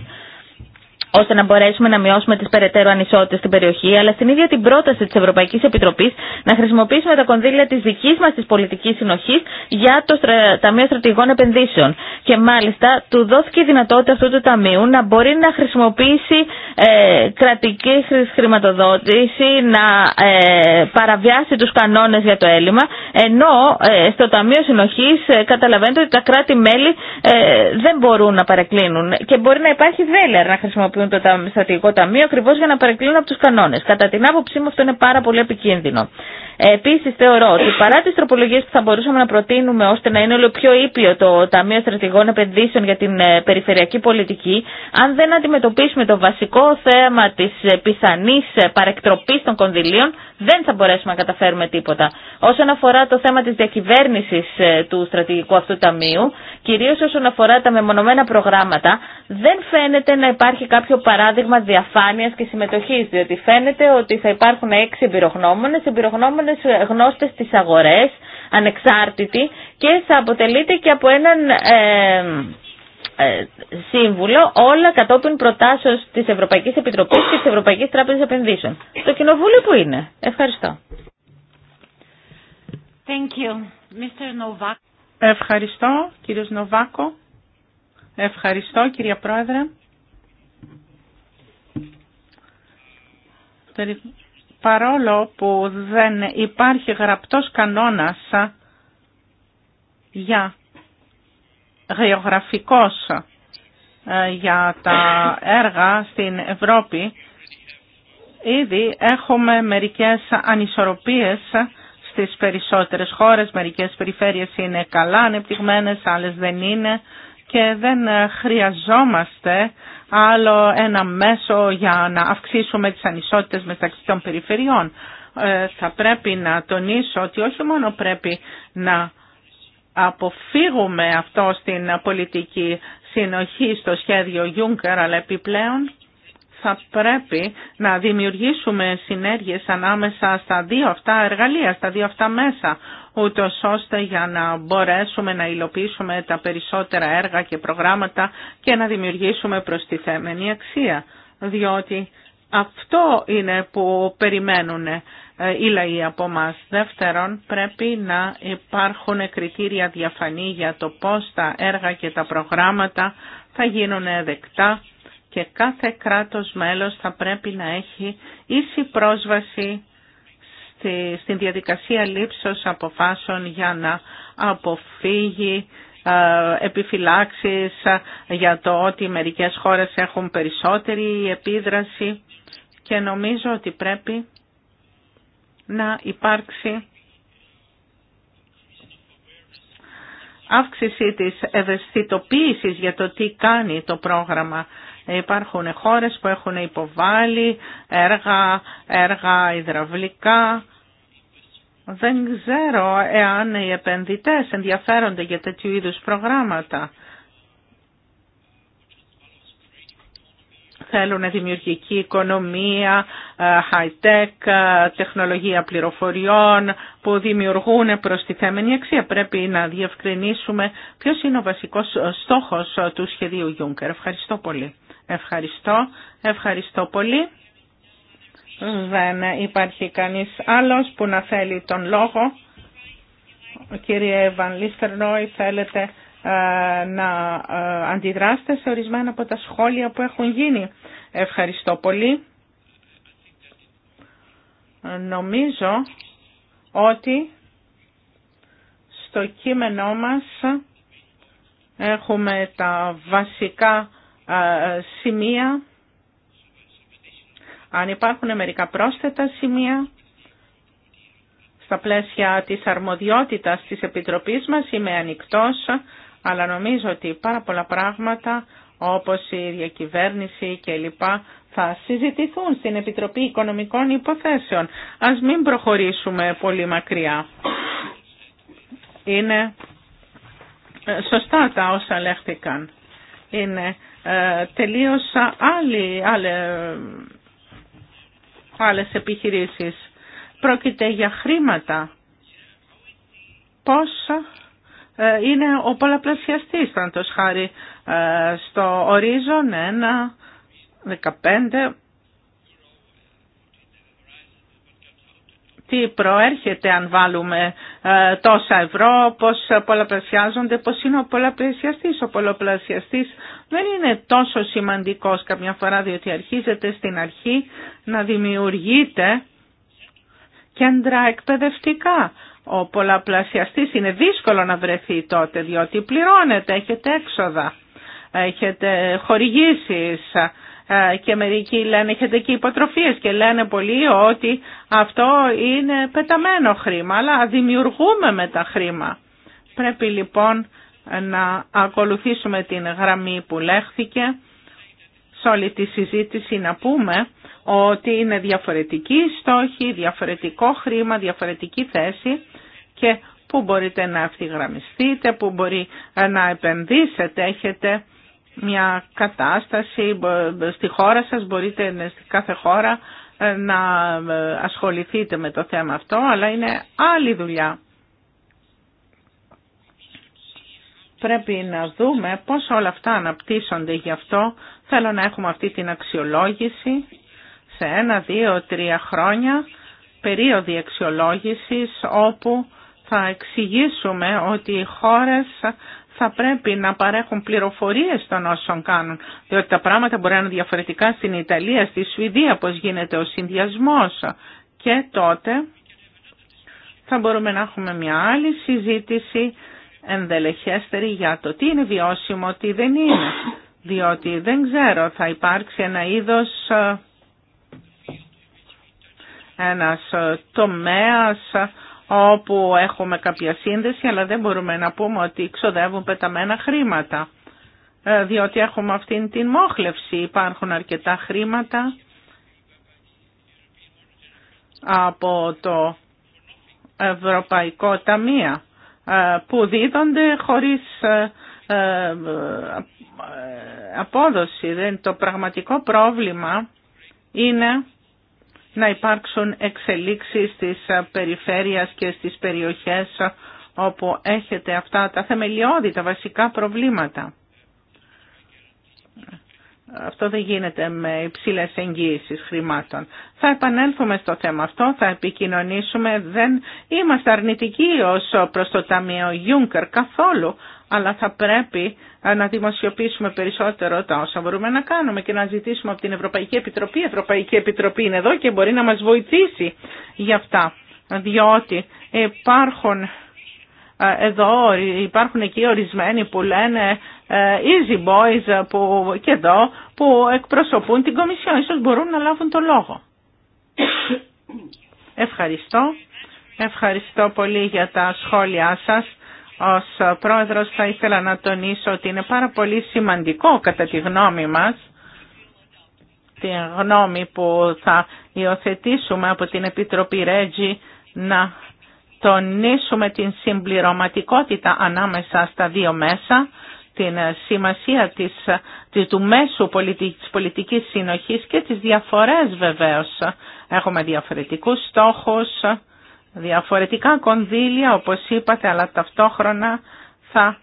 ώστε να μπορέσουμε να μειώσουμε τι περαιτέρω ανισότητε στην περιοχή, αλλά στην ίδια την πρόταση τη Ευρωπαϊκή Επιτροπή να χρησιμοποιήσουμε τα κονδύλια τη δική μα τη πολιτική συνοχή για το Ταμείο Στρατηγών Επενδύσεων. Και μάλιστα του δόθηκε η δυνατότητα αυτού του ταμείου να μπορεί να χρησιμοποιήσει ε, κρατική χρηματοδότηση, να ε, παραβιάσει τους κανόνες για το έλλειμμα, ενώ ε, στο Ταμείο Συνοχής ε, καταλαβαίνετε ότι τα κράτη-μέλη ε, δεν μπορούν να παρεκκλίνουν και μπορεί να υπάρχει βέλη να χρησιμοποιούν χρησιμοποιούν το στρατηγικό ταμείο ακριβώ για να παρεκκλίνουν από του κανόνε. Κατά την άποψή μου αυτό είναι πάρα πολύ επικίνδυνο. Επίσης θεωρώ ότι παρά τις τροπολογίες που θα μπορούσαμε να προτείνουμε ώστε να είναι όλο πιο ήπιο το Ταμείο Στρατηγών Επενδύσεων για την ε, Περιφερειακή Πολιτική, αν δεν αντιμετωπίσουμε το βασικό θέμα της ε, πιθανής ε, παρεκτροπής των κονδυλίων, δεν θα μπορέσουμε να καταφέρουμε τίποτα. Όσον αφορά το θέμα της διακυβέρνησης του στρατηγικού αυτού ταμείου, κυρίως όσον αφορά τα μεμονωμένα προγράμματα, δεν φαίνεται να υπάρχει κάποιο παράδειγμα διαφάνειας και συμμετοχής, διότι φαίνεται ότι θα υπάρχουν έξι εμπειρογνώμονες, εμπειρογνώμονες εμπειρογνώμονες γνώστες στις αγορές, ανεξάρτητοι και θα αποτελείται και από έναν ε, ε, σύμβουλο όλα κατόπιν προτάσεως της Ευρωπαϊκής Επιτροπής και της Ευρωπαϊκής Τράπεζας Επενδύσεων. Το κοινοβούλιο που είναι. Ευχαριστώ. Thank you. Mr. Novak. Ευχαριστώ κύριος Νοβάκο. Ευχαριστώ κυρία Πρόεδρε παρόλο που δεν υπάρχει γραπτός κανόνας για γεωγραφικός ε, για τα έργα στην Ευρώπη, ήδη έχουμε μερικές ανισορροπίες στις περισσότερες χώρες. Μερικές περιφέρειες είναι καλά ανεπτυγμένες, άλλες δεν είναι και δεν ε, χρειαζόμαστε άλλο ένα μέσο για να αυξήσουμε τις ανισότητες μεταξύ των περιφερειών. Ε, θα πρέπει να τονίσω ότι όχι μόνο πρέπει να αποφύγουμε αυτό στην πολιτική συνοχή στο σχέδιο Juncker, αλλά επιπλέον θα πρέπει να δημιουργήσουμε συνέργειες ανάμεσα στα δύο αυτά εργαλεία, στα δύο αυτά μέσα, ούτω ώστε για να μπορέσουμε να υλοποιήσουμε τα περισσότερα έργα και προγράμματα και να δημιουργήσουμε προστιθέμενη αξία, διότι αυτό είναι που περιμένουν ε, οι λαοί από μας. Δεύτερον, πρέπει να υπάρχουν κριτήρια διαφανή για το πώς τα έργα και τα προγράμματα θα γίνουν δεκτά και κάθε κράτος μέλος θα πρέπει να έχει ίση πρόσβαση στην διαδικασία λήψεως αποφάσεων για να αποφύγει ε, επιφυλάξεις ε, για το ότι μερικές χώρες έχουν περισσότερη επίδραση και νομίζω ότι πρέπει να υπάρξει αύξηση της ευαισθητοποίησης για το τι κάνει το πρόγραμμα. Υπάρχουν χώρες που έχουν υποβάλει έργα, έργα υδραυλικά δεν ξέρω εάν οι επενδυτές ενδιαφέρονται για τέτοιου είδους προγράμματα. Θέλουν δημιουργική οικονομία, ε, high-tech, ε, τεχνολογία πληροφοριών που δημιουργούν προστιθέμενη αξία. Πρέπει να διευκρινίσουμε ποιος είναι ο βασικός στόχος του σχεδίου Juncker. Ευχαριστώ πολύ. Ευχαριστώ. Ευχαριστώ πολύ. Δεν υπάρχει κανείς άλλος που να θέλει τον λόγο. Κύριε Βαν Λίστερνόη, θέλετε ε, να ε, αντιδράσετε σε ορισμένα από τα σχόλια που έχουν γίνει. Ευχαριστώ πολύ. Νομίζω ότι στο κείμενό μας έχουμε τα βασικά ε, σημεία αν υπάρχουν μερικά πρόσθετα σημεία στα πλαίσια της αρμοδιότητας της Επιτροπής μας είμαι ανοιχτός, αλλά νομίζω ότι πάρα πολλά πράγματα όπως η διακυβέρνηση κλπ. θα συζητηθούν στην Επιτροπή Οικονομικών Υποθέσεων. Ας μην προχωρήσουμε πολύ μακριά. Είναι ε, σωστά τα όσα λέχθηκαν. Είναι ε, τελείως άλλη, άλλη άλλες επιχειρήσεις. Πρόκειται για χρήματα. Πώς ε, είναι ο πολλαπλασιαστής, θα το χάρη, ε, στο ορίζον 1, 15, τι προέρχεται αν βάλουμε ε, τόσα ευρώ, πώς πολλαπλασιάζονται, πώς είναι ο πολλαπλασιαστής. Ο πολλαπλασιαστής δεν είναι τόσο σημαντικός καμιά φορά διότι αρχίζεται στην αρχή να δημιουργείται κέντρα εκπαιδευτικά. Ο πολλαπλασιαστής είναι δύσκολο να βρεθεί τότε διότι πληρώνεται, έχετε έξοδα, έχετε χορηγήσεις, ε, και μερικοί λένε έχετε και υποτροφίες και λένε πολύ ότι αυτό είναι πεταμένο χρήμα, αλλά δημιουργούμε με τα χρήμα. Πρέπει λοιπόν να ακολουθήσουμε την γραμμή που λέχθηκε σε όλη τη συζήτηση να πούμε ότι είναι διαφορετική στόχη, διαφορετικό χρήμα, διαφορετική θέση και που μπορείτε να ευθυγραμμιστείτε, που μπορεί να επενδύσετε, έχετε μια κατάσταση στη χώρα σας, μπορείτε ναι, στη κάθε χώρα ε, να ε, ασχοληθείτε με το θέμα αυτό, αλλά είναι άλλη δουλειά. Πρέπει να δούμε πώς όλα αυτά αναπτύσσονται γι' αυτό. Θέλω να έχουμε αυτή την αξιολόγηση σε ένα, δύο, τρία χρόνια, περίοδη αξιολόγησης όπου θα εξηγήσουμε ότι οι χώρες θα πρέπει να παρέχουν πληροφορίες των όσων κάνουν, διότι τα πράγματα μπορεί να είναι διαφορετικά στην Ιταλία, στη Σουηδία, πώς γίνεται ο συνδυασμός και τότε θα μπορούμε να έχουμε μια άλλη συζήτηση ενδελεχέστερη για το τι είναι βιώσιμο, τι δεν είναι. Διότι δεν ξέρω, θα υπάρξει ένα είδος, ε, ένας τομέας όπου έχουμε κάποια σύνδεση, αλλά δεν μπορούμε να πούμε ότι ξοδεύουν πεταμένα χρήματα, ε, διότι έχουμε αυτήν την μόχλευση. Υπάρχουν αρκετά χρήματα από το Ευρωπαϊκό Ταμείο ε, που δίδονται χωρίς ε, απόδοση. Το πραγματικό πρόβλημα είναι να υπάρξουν εξελίξεις στις περιφέρειες και στις περιοχές όπου έχετε αυτά τα θεμελιώδη, τα βασικά προβλήματα. Αυτό δεν γίνεται με υψηλέ εγγύησει χρημάτων. Θα επανέλθουμε στο θέμα αυτό, θα επικοινωνήσουμε. Δεν είμαστε αρνητικοί ω προς το Ταμείο Juncker καθόλου, αλλά θα πρέπει ε, να δημοσιοποιήσουμε περισσότερο τα όσα μπορούμε να κάνουμε και να ζητήσουμε από την Ευρωπαϊκή Επιτροπή. Η Ευρωπαϊκή Επιτροπή είναι εδώ και μπορεί να μας βοηθήσει για αυτά, διότι υπάρχουν... Ε, εδώ υπάρχουν εκεί ορισμένοι που λένε ε, easy boys που, και εδώ που εκπροσωπούν την Κομισιόν. Ίσως μπορούν να λάβουν το λόγο. Ευχαριστώ. Ευχαριστώ πολύ για τα σχόλιά σας. Ως πρόεδρος θα ήθελα να τονίσω ότι είναι πάρα πολύ σημαντικό κατά τη γνώμη μας τη γνώμη που θα υιοθετήσουμε από την Επιτροπή Ρέτζη να τονίσουμε την συμπληρωματικότητα ανάμεσα στα δύο μέσα, την σημασία της, του μέσου πολιτικής, πολιτικής συνοχής και τις διαφορές βεβαίως. Έχουμε διαφορετικούς στόχους διαφορετικά κονδύλια, όπως είπατε, αλλά ταυτόχρονα θα,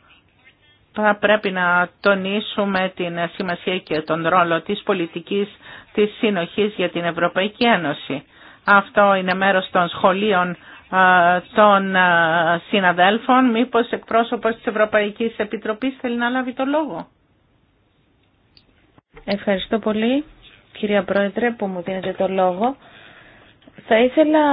θα πρέπει να τονίσουμε την σημασία και τον ρόλο της πολιτικής της συνοχής για την Ευρωπαϊκή Ένωση. Αυτό είναι μέρος των σχολείων των συναδέλφων. Μήπως εκπρόσωπος της Ευρωπαϊκής Επιτροπής θέλει να λάβει το λόγο. Ευχαριστώ πολύ, κυρία Πρόεδρε, που μου δίνετε το λόγο. Θα ήθελα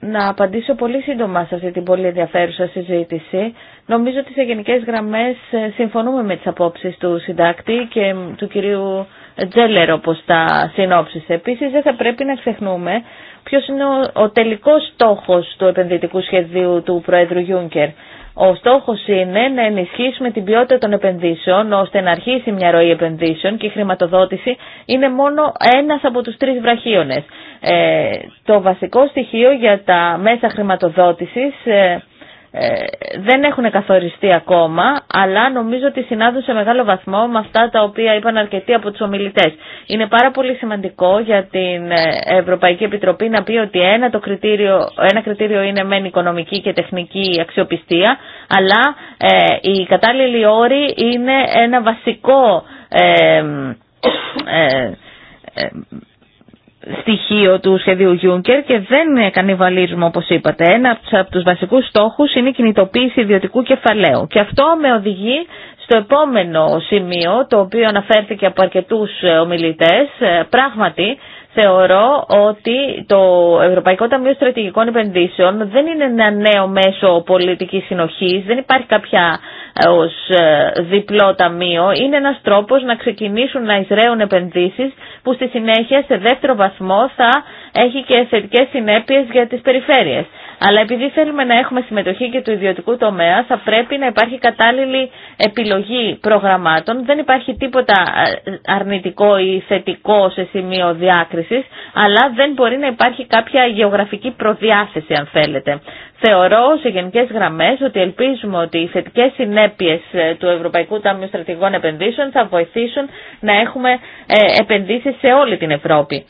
να απαντήσω πολύ σύντομα σε αυτή την πολύ ενδιαφέρουσα συζήτηση. Νομίζω ότι σε γενικές γραμμές ε, συμφωνούμε με τις απόψεις του συντάκτη και του κυρίου Τζέλερ όπως τα συνόψισε. Επίσης δεν θα πρέπει να ξεχνούμε ποιος είναι ο, τελικός στόχος του επενδυτικού σχεδίου του Προέδρου Γιούνκερ. Ο στόχο είναι να ενισχύσουμε την ποιότητα των επενδύσεων ώστε να αρχίσει μια ροή επενδύσεων και η χρηματοδότηση είναι μόνο ένα από του τρει βραχίονες. Ε, το βασικό στοιχείο για τα μέσα χρηματοδότηση. Ε, ε, δεν έχουν καθοριστεί ακόμα, αλλά νομίζω ότι συνάδουν σε μεγάλο βαθμό με αυτά τα οποία είπαν αρκετοί από τους ομιλητές. Είναι πάρα πολύ σημαντικό για την ε, Ευρωπαϊκή Επιτροπή να πει ότι ένα, το κριτήριο, ένα κριτήριο είναι μεν οικονομική και τεχνική αξιοπιστία, αλλά ε, οι κατάλληλοι όροι είναι ένα βασικό... Ε, ε, ε στοιχείο του σχεδίου Juncker και δεν κανιβαλίζουμε όπως είπατε. Ένα από τους βασικούς στόχους είναι η κινητοποίηση ιδιωτικού κεφαλαίου και αυτό με οδηγεί στο επόμενο σημείο το οποίο αναφέρθηκε από αρκετούς ε, ομιλητές. Ε, πράγματι θεωρώ ότι το Ευρωπαϊκό Ταμείο Στρατηγικών Επενδύσεων δεν είναι ένα νέο μέσο πολιτικής συνοχής, δεν υπάρχει κάποια ε, ως ε, διπλό ταμείο, είναι ένας τρόπος να ξεκινήσουν να εισραίουν επενδύσεις που στη συνέχεια σε δεύτερο βαθμό θα έχει και θετικές συνέπειες για τις περιφέρειες. Αλλά επειδή θέλουμε να έχουμε συμμετοχή και του ιδιωτικού τομέα, θα πρέπει να υπάρχει κατάλληλη επιλογή προγραμμάτων. Δεν υπάρχει τίποτα ε, αρνητικό ή θετικό σε σημείο διάκρισης, αλλά δεν μπορεί να υπάρχει κάποια γεωγραφική προδιάθεση, αν θέλετε. Θεωρώ σε γενικέ γραμμέ ότι ελπίζουμε ότι οι θετικέ συνέπειε ε, του Ευρωπαϊκού Ταμείου Στρατηγών Επενδύσεων θα βοηθήσουν να έχουμε ε, επενδύσει σε όλη την Ευρώπη.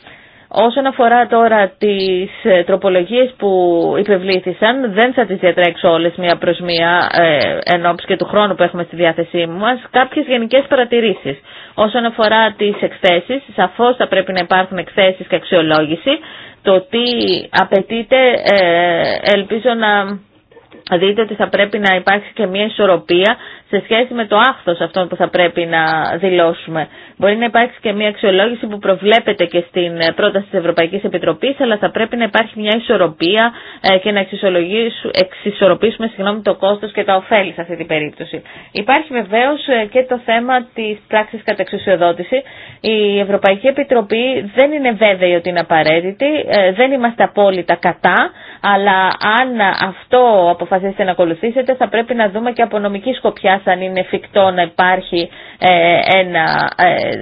Όσον αφορά τώρα τις ε, τροπολογίες που υπευλήθησαν, δεν θα τις διατρέξω όλες μία προς μία ε, και του χρόνου που έχουμε στη διάθεσή μας, κάποιες γενικές παρατηρήσεις. Όσον αφορά τις εκθέσεις, σαφώς θα πρέπει να υπάρχουν εκθέσεις και αξιολόγηση. Το τι απαιτείται ε, ελπίζω να δείτε ότι θα πρέπει να υπάρξει και μια ισορροπία σε σχέση με το άχθος αυτών που θα πρέπει να δηλώσουμε. Μπορεί να υπάρξει και μια αξιολόγηση που προβλέπεται και στην πρόταση της Ευρωπαϊκής Επιτροπής, αλλά θα πρέπει να υπάρχει μια ισορροπία ε, και να εξισορροπήσουμε συγγνώμη, το κόστος και τα ωφέλη σε αυτή την περίπτωση. Υπάρχει βεβαίως ε, και το θέμα της πράξης κατά εξουσιοδότηση. Η Ευρωπαϊκή Επιτροπή δεν είναι βέβαιη ότι είναι απαραίτητη, ε, δεν είμαστε απόλυτα κατά, αλλά αν αυτό αποφασίσετε να ακολουθήσετε θα πρέπει να δούμε και από νομική σκοπιά αν είναι εφικτό να υπάρχει ε, ένα, ε,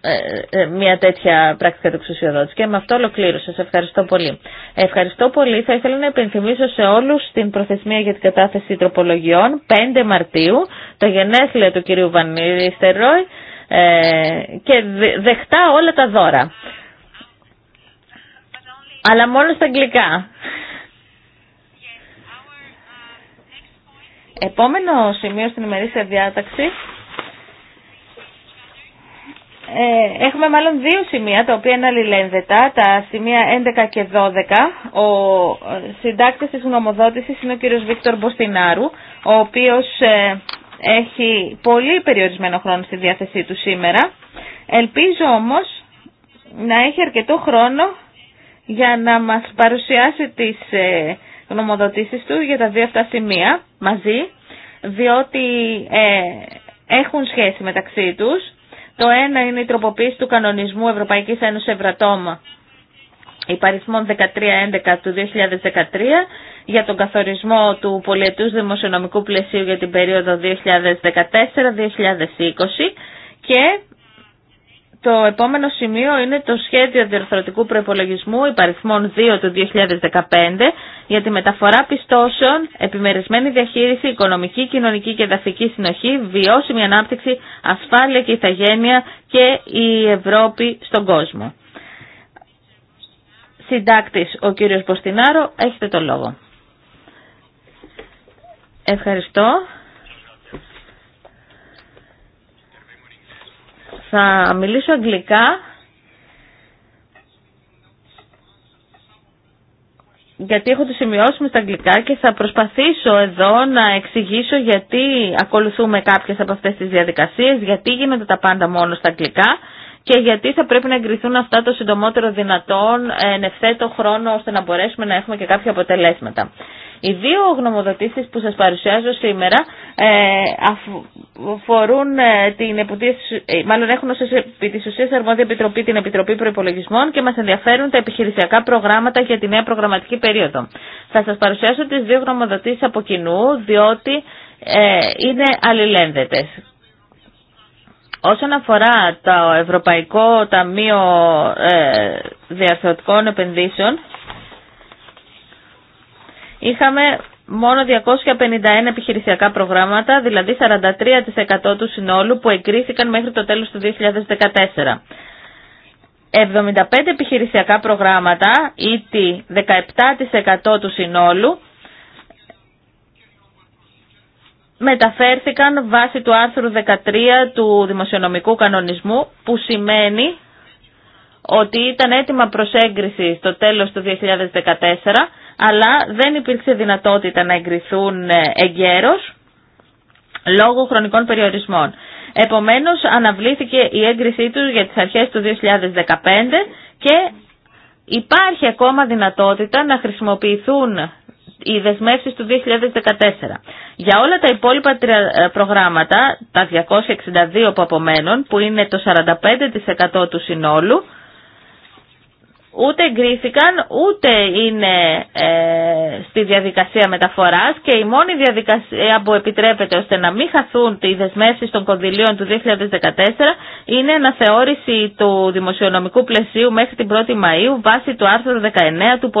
ε, μια τέτοια πράξη κατεξουσιοδότηση. Και με αυτό ολοκλήρωσα. Σας ευχαριστώ πολύ. Ευχαριστώ πολύ. Θα ήθελα να επενθυμίσω σε όλους την προθεσμία για την κατάθεση τροπολογιών 5 Μαρτίου, το γενέθλιο του κυρίου ε, και δεχτά όλα τα δώρα αλλά μόνο στα αγγλικά. Επόμενο σημείο στην ημερήσια διάταξη. Ε, έχουμε μάλλον δύο σημεία τα οποία είναι αλληλένδετα, τα σημεία 11 και 12. Ο συντάκτης της γνωμοδότησης είναι ο κύριος Βίκτορ Μποστινάρου, ο οποίος ε, έχει πολύ περιορισμένο χρόνο στη διάθεσή του σήμερα. Ελπίζω όμως να έχει αρκετό χρόνο για να μας παρουσιάσει τις ε, γνωμοδοτήσεις του για τα δύο αυτά σημεία μαζί, διότι ε, έχουν σχέση μεταξύ τους. Το ένα είναι η τροποποίηση του κανονισμού Ευρωπαϊκής Ένωσης Ευρατόμα υπαρισμό 1311 του 2013 για τον καθορισμό του πολιετούς δημοσιονομικού πλαισίου για την περίοδο 2014-2020 και το επόμενο σημείο είναι το σχέδιο διορθωτικού προπολογισμού υπαριθμών 2 του 2015 για τη μεταφορά πιστώσεων, επιμερισμένη διαχείριση, οικονομική, κοινωνική και δαφική συνοχή, βιώσιμη ανάπτυξη, ασφάλεια και ηθαγένεια και η Ευρώπη στον κόσμο. Συντάκτης ο κύριος Ποστινάρο, έχετε το λόγο. Ευχαριστώ. Θα μιλήσω αγγλικά γιατί έχω το σημειώσει μου στα αγγλικά και θα προσπαθήσω εδώ να εξηγήσω γιατί ακολουθούμε κάποιες από αυτές τις διαδικασίες, γιατί γίνονται τα πάντα μόνο στα αγγλικά και γιατί θα πρέπει να εγκριθούν αυτά το συντομότερο δυνατόν εν ευθέτω χρόνο ώστε να μπορέσουμε να έχουμε και κάποια αποτελέσματα. Οι δύο γνωμοδοτήσεις που σας παρουσιάζω σήμερα ε, αφορούν ε, την ε, μάλλον έχουν ως επί αρμόδια επιτροπή την Επιτροπή Προϋπολογισμών και μας ενδιαφέρουν τα επιχειρησιακά προγράμματα για τη νέα προγραμματική περίοδο. Θα σας παρουσιάσω τις δύο γνωμοδοτήσεις από κοινού, διότι ε, είναι αλληλένδετες. Όσον αφορά το Ευρωπαϊκό Ταμείο Διαρθρωτικών Επενδύσεων, είχαμε μόνο 251 επιχειρησιακά προγράμματα, δηλαδή 43% του συνόλου που εγκρίθηκαν μέχρι το τέλος του 2014. 75 επιχειρησιακά προγράμματα, ήτι 17% του συνόλου, μεταφέρθηκαν βάσει του άρθρου 13 του Δημοσιονομικού Κανονισμού, που σημαίνει ότι ήταν έτοιμα προς έγκριση στο τέλος του 2014 αλλά δεν υπήρξε δυνατότητα να εγκριθούν ε, εγκαίρως λόγω χρονικών περιορισμών. Επομένως αναβλήθηκε η έγκρισή τους για τις αρχές του 2015 και υπάρχει ακόμα δυνατότητα να χρησιμοποιηθούν οι δεσμεύσεις του 2014. Για όλα τα υπόλοιπα ε, προγράμματα, τα 262 που απομένουν, που είναι το 45% του συνόλου, ούτε εγκρίθηκαν ούτε είναι ε, στη διαδικασία μεταφοράς και η μόνη διαδικασία που επιτρέπεται ώστε να μην χαθούν οι δεσμεύσει των κονδυλίων του 2014 είναι αναθεώρηση του δημοσιονομικού πλαισίου μέχρι την 1η Μαΐου βάσει του άρθρου 19 του,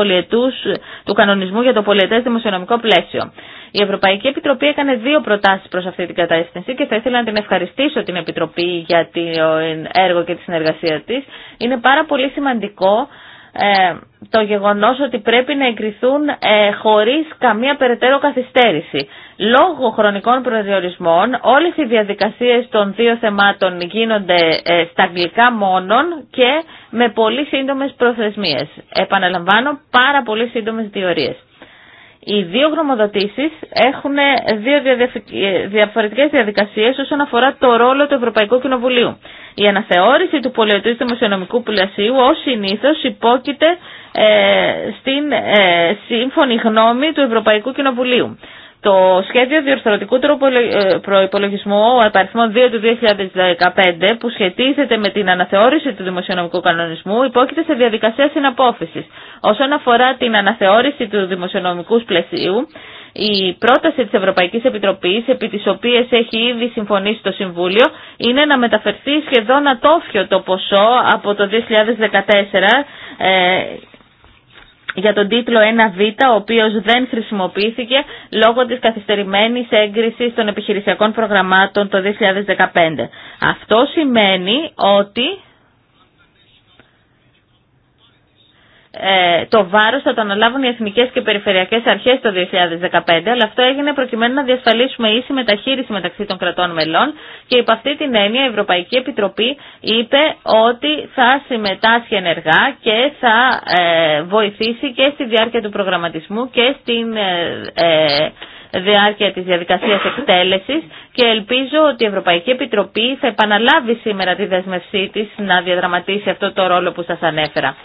του κανονισμού για το πολιετές δημοσιονομικό πλαίσιο. Η Ευρωπαϊκή Επιτροπή έκανε δύο προτάσεις προς αυτή την κατεύθυνση και θα ήθελα να την ευχαριστήσω την Επιτροπή για το έργο και τη συνεργασία της. Είναι πάρα πολύ σημαντικό ε, το γεγονός ότι πρέπει να εγκριθούν ε, χωρίς καμία περαιτέρω καθυστέρηση. Λόγω χρονικών προδιορισμών όλες οι διαδικασίες των δύο θεμάτων γίνονται ε, στα αγγλικά μόνον και με πολύ σύντομες προθεσμίες. Επαναλαμβάνω πάρα πολύ σύντομες διορίες. Οι δύο γνωμοδοτήσεις έχουν δύο ε, διαφορετικές διαδικασίες όσον αφορά το ρόλο του Ευρωπαϊκού Κοινοβουλίου. Η αναθεώρηση του πολιτικού δημοσιονομικού πλαισίου ως συνήθως υπόκειται ε, στην ε, σύμφωνη γνώμη του Ευρωπαϊκού Κοινοβουλίου. Το σχέδιο διορθωτικού ε, προπολογισμού αριθμό 2 του 2015 που σχετίζεται με την αναθεώρηση του δημοσιονομικού κανονισμού υπόκειται σε διαδικασία συναπόφησης. Όσον αφορά την αναθεώρηση του δημοσιονομικού πλαισίου, η πρόταση της Ευρωπαϊκής Επιτροπής, επί της οποίας έχει ήδη συμφωνήσει το Συμβούλιο, είναι να μεταφερθεί σχεδόν ατόφιο το ποσό από το 2014 για τον τίτλο 1Β, ο οποίος δεν χρησιμοποιήθηκε λόγω της καθυστερημένης έγκρισης των επιχειρησιακών προγραμμάτων το 2015. Αυτό σημαίνει ότι Ε, το βάρος θα το αναλάβουν οι εθνικές και περιφερειακές αρχές το 2015, αλλά αυτό έγινε προκειμένου να διασφαλίσουμε ίση μεταχείριση μεταξύ των κρατών μελών και υπ' αυτή την έννοια η Ευρωπαϊκή Επιτροπή είπε ότι θα συμμετάσχει ενεργά και θα ε, βοηθήσει και στη διάρκεια του προγραμματισμού και στη ε, διάρκεια της διαδικασίας εκτέλεσης και ελπίζω ότι η Ευρωπαϊκή Επιτροπή θα επαναλάβει σήμερα τη δεσμευσή της να διαδραματίσει αυτό το ρόλο που σας ανέφερα.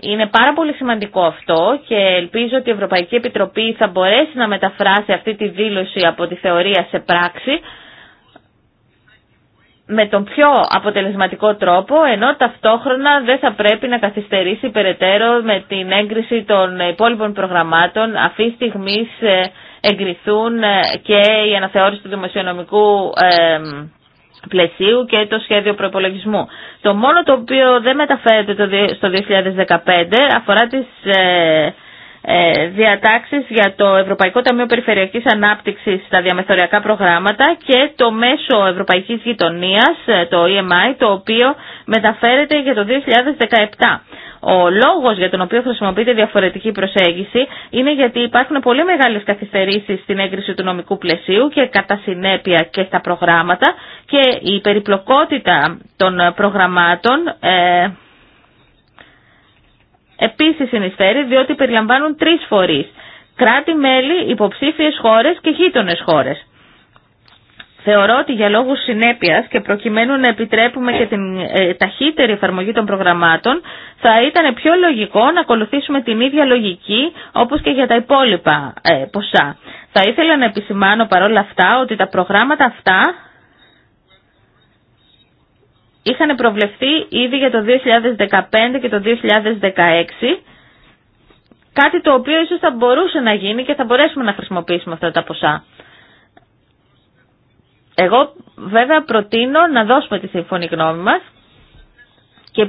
Είναι πάρα πολύ σημαντικό αυτό και ελπίζω ότι η Ευρωπαϊκή Επιτροπή θα μπορέσει να μεταφράσει αυτή τη δήλωση από τη θεωρία σε πράξη με τον πιο αποτελεσματικό τρόπο, ενώ ταυτόχρονα δεν θα πρέπει να καθυστερήσει περαιτέρω με την έγκριση των υπόλοιπων προγραμμάτων. Αυτή τη στιγμή ε, εγκριθούν ε, και η αναθεώρηση του δημοσιονομικού ε, πλαισίου και το σχέδιο προπολογισμού. Το μόνο το οποίο δεν μεταφέρεται στο 2015 αφορά τις ε, ε, διατάξεις για το Ευρωπαϊκό Ταμείο Περιφερειακής Ανάπτυξης στα διαμεθοριακά προγράμματα και το μέσο Ευρωπαϊκής Γειτονίας, ε, το EMI, το οποίο μεταφέρεται για το 2017. Ο λόγος για τον οποίο χρησιμοποιείται διαφορετική προσέγγιση είναι γιατί υπάρχουν πολύ μεγάλες καθυστερήσει στην έγκριση του νομικού πλαισίου και κατά συνέπεια και στα προγράμματα και η περιπλοκότητα των προγραμμάτων ε, επίσης συνεισφέρει διότι περιλαμβάνουν τρεις φορεί κρατη κράτη-μέλη, υποψήφιες χώρες και γείτονες χώρες. Θεωρώ ότι για λόγους συνέπειας και προκειμένου να επιτρέπουμε και την ε, ταχύτερη εφαρμογή των προγραμμάτων θα ήταν πιο λογικό να ακολουθήσουμε την ίδια λογική όπως και για τα υπόλοιπα ε, ποσά. Θα ήθελα να επισημάνω παρόλα αυτά ότι τα προγράμματα αυτά είχαν προβλεφθεί ήδη για το 2015 και το 2016 κάτι το οποίο ίσως θα μπορούσε να γίνει και θα μπορέσουμε να χρησιμοποιήσουμε αυτά τα ποσά. Εγώ βέβαια προτείνω να δώσουμε τη σύμφωνη γνώμη μας και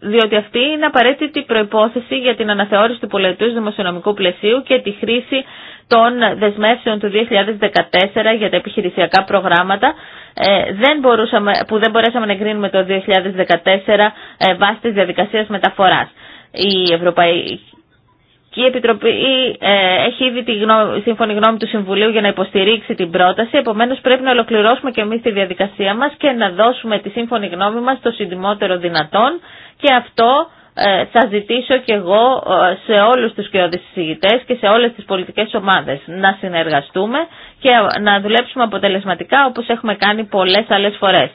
διότι αυτή είναι απαραίτητη προϋπόθεση για την αναθεώρηση του πολιτού δημοσιονομικού πλαισίου και τη χρήση των δεσμεύσεων του 2014 για τα επιχειρησιακά προγράμματα ε, δεν μπορούσαμε, που δεν μπορέσαμε να εγκρίνουμε το 2014 ε, βάσει της διαδικασίας μεταφοράς. Η Ευρωπαϊκή και η Επιτροπή ε, έχει ήδη τη σύμφωνη γνώμη του Συμβουλίου για να υποστηρίξει την πρόταση. Επομένω, πρέπει να ολοκληρώσουμε και εμεί τη διαδικασία μα και να δώσουμε τη σύμφωνη γνώμη μα το συντημότερο δυνατόν. Και αυτό ε, θα ζητήσω και εγώ ε, σε όλους τους κοιόδης συζητητές και σε όλες τις πολιτικές ομάδες να συνεργαστούμε και να δουλέψουμε αποτελεσματικά όπως έχουμε κάνει πολλέ άλλε φορέ.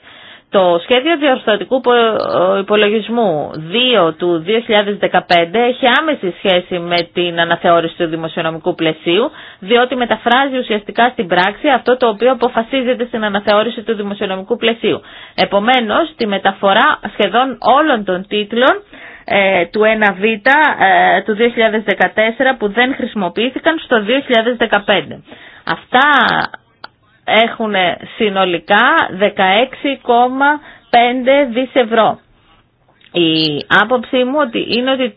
Το σχέδιο διορθωτικού υπολογισμού 2 του 2015 έχει άμεση σχέση με την αναθεώρηση του δημοσιονομικού πλαισίου, διότι μεταφράζει ουσιαστικά στην πράξη αυτό το οποίο αποφασίζεται στην αναθεώρηση του δημοσιονομικού πλαισίου. Επομένως, τη μεταφορά σχεδόν όλων των τίτλων ε, του 1β ε, του 2014 που δεν χρησιμοποιήθηκαν στο 2015. Αυτά έχουν συνολικά 16,5 δις ευρώ. Η άποψή μου ότι είναι ότι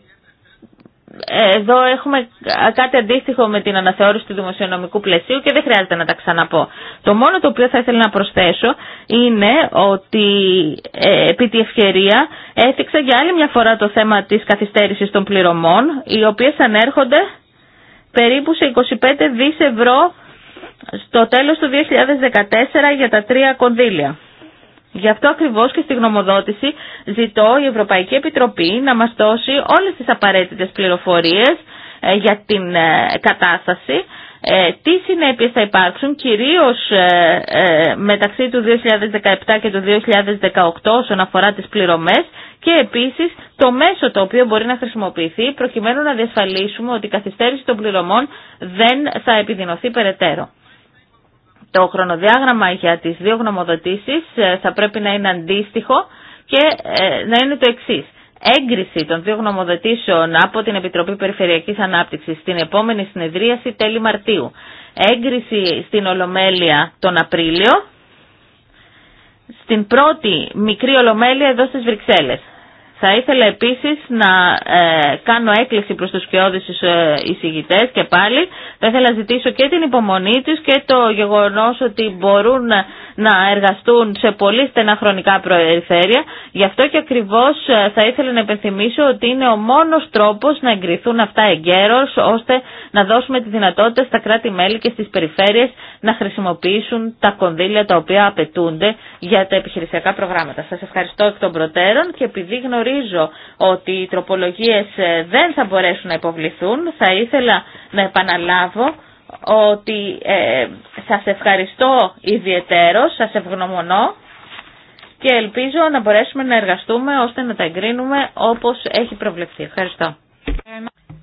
εδώ έχουμε κάτι αντίστοιχο με την αναθεώρηση του δημοσιονομικού πλαισίου και δεν χρειάζεται να τα ξαναπώ. Το μόνο το οποίο θα ήθελα να προσθέσω είναι ότι ε, επί τη ευκαιρία έθιξα για άλλη μια φορά το θέμα της καθυστέρησης των πληρωμών, οι οποίες ανέρχονται περίπου σε 25 δις ευρώ στο τέλος του 2014 για τα τρία κονδύλια. Γι' αυτό ακριβώς και στη γνωμοδότηση ζητώ η Ευρωπαϊκή Επιτροπή να μας δώσει όλες τις απαραίτητες πληροφορίες ε, για την ε, κατάσταση ε, τι συνέπειες θα υπάρξουν κυρίως ε, ε, μεταξύ του 2017 και του 2018 όσον αφορά τις πληρωμές και επίσης το μέσο το οποίο μπορεί να χρησιμοποιηθεί προκειμένου να διασφαλίσουμε ότι η καθυστέρηση των πληρωμών δεν θα επιδεινωθεί περαιτέρω. Το χρονοδιάγραμμα για τις δύο γνωμοδοτήσεις θα πρέπει να είναι αντίστοιχο και να είναι το εξής έγκριση των δύο γνωμοδοτήσεων από την Επιτροπή Περιφερειακής Ανάπτυξης στην επόμενη συνεδρίαση τέλη Μαρτίου. Έγκριση στην Ολομέλεια τον Απρίλιο, στην πρώτη μικρή Ολομέλεια εδώ στις Βρυξέλλες. Θα ήθελα επίσης να ε, κάνω έκκληση προς τους κοιόδης ε, εισηγητές και πάλι. Θα ήθελα να ζητήσω και την υπομονή τους και το γεγονός ότι μπορούν να εργαστούν σε πολύ στενά χρονικά προεριφέρεια. Γι' αυτό και ακριβώς ε, θα ήθελα να υπενθυμίσω ότι είναι ο μόνος τρόπος να εγκριθούν αυτά εγκαίρως ώστε να δώσουμε τη δυνατότητα στα κράτη-μέλη και στις περιφέρειες να χρησιμοποιήσουν τα κονδύλια τα οποία απαιτούνται για τα επιχειρησιακά προγράμματα. Σας ευχαριστώ εκ των προτέρων και επειδή γνωρίζω Γνωρίζω ότι οι τροπολογίες ε, δεν θα μπορέσουν να υποβληθούν. Θα ήθελα να επαναλάβω ότι ε, σας ευχαριστώ ιδιαιτέρως, σας ευγνωμονώ και ελπίζω να μπορέσουμε να εργαστούμε ώστε να τα εγκρίνουμε όπως έχει προβλεφθεί. Ευχαριστώ.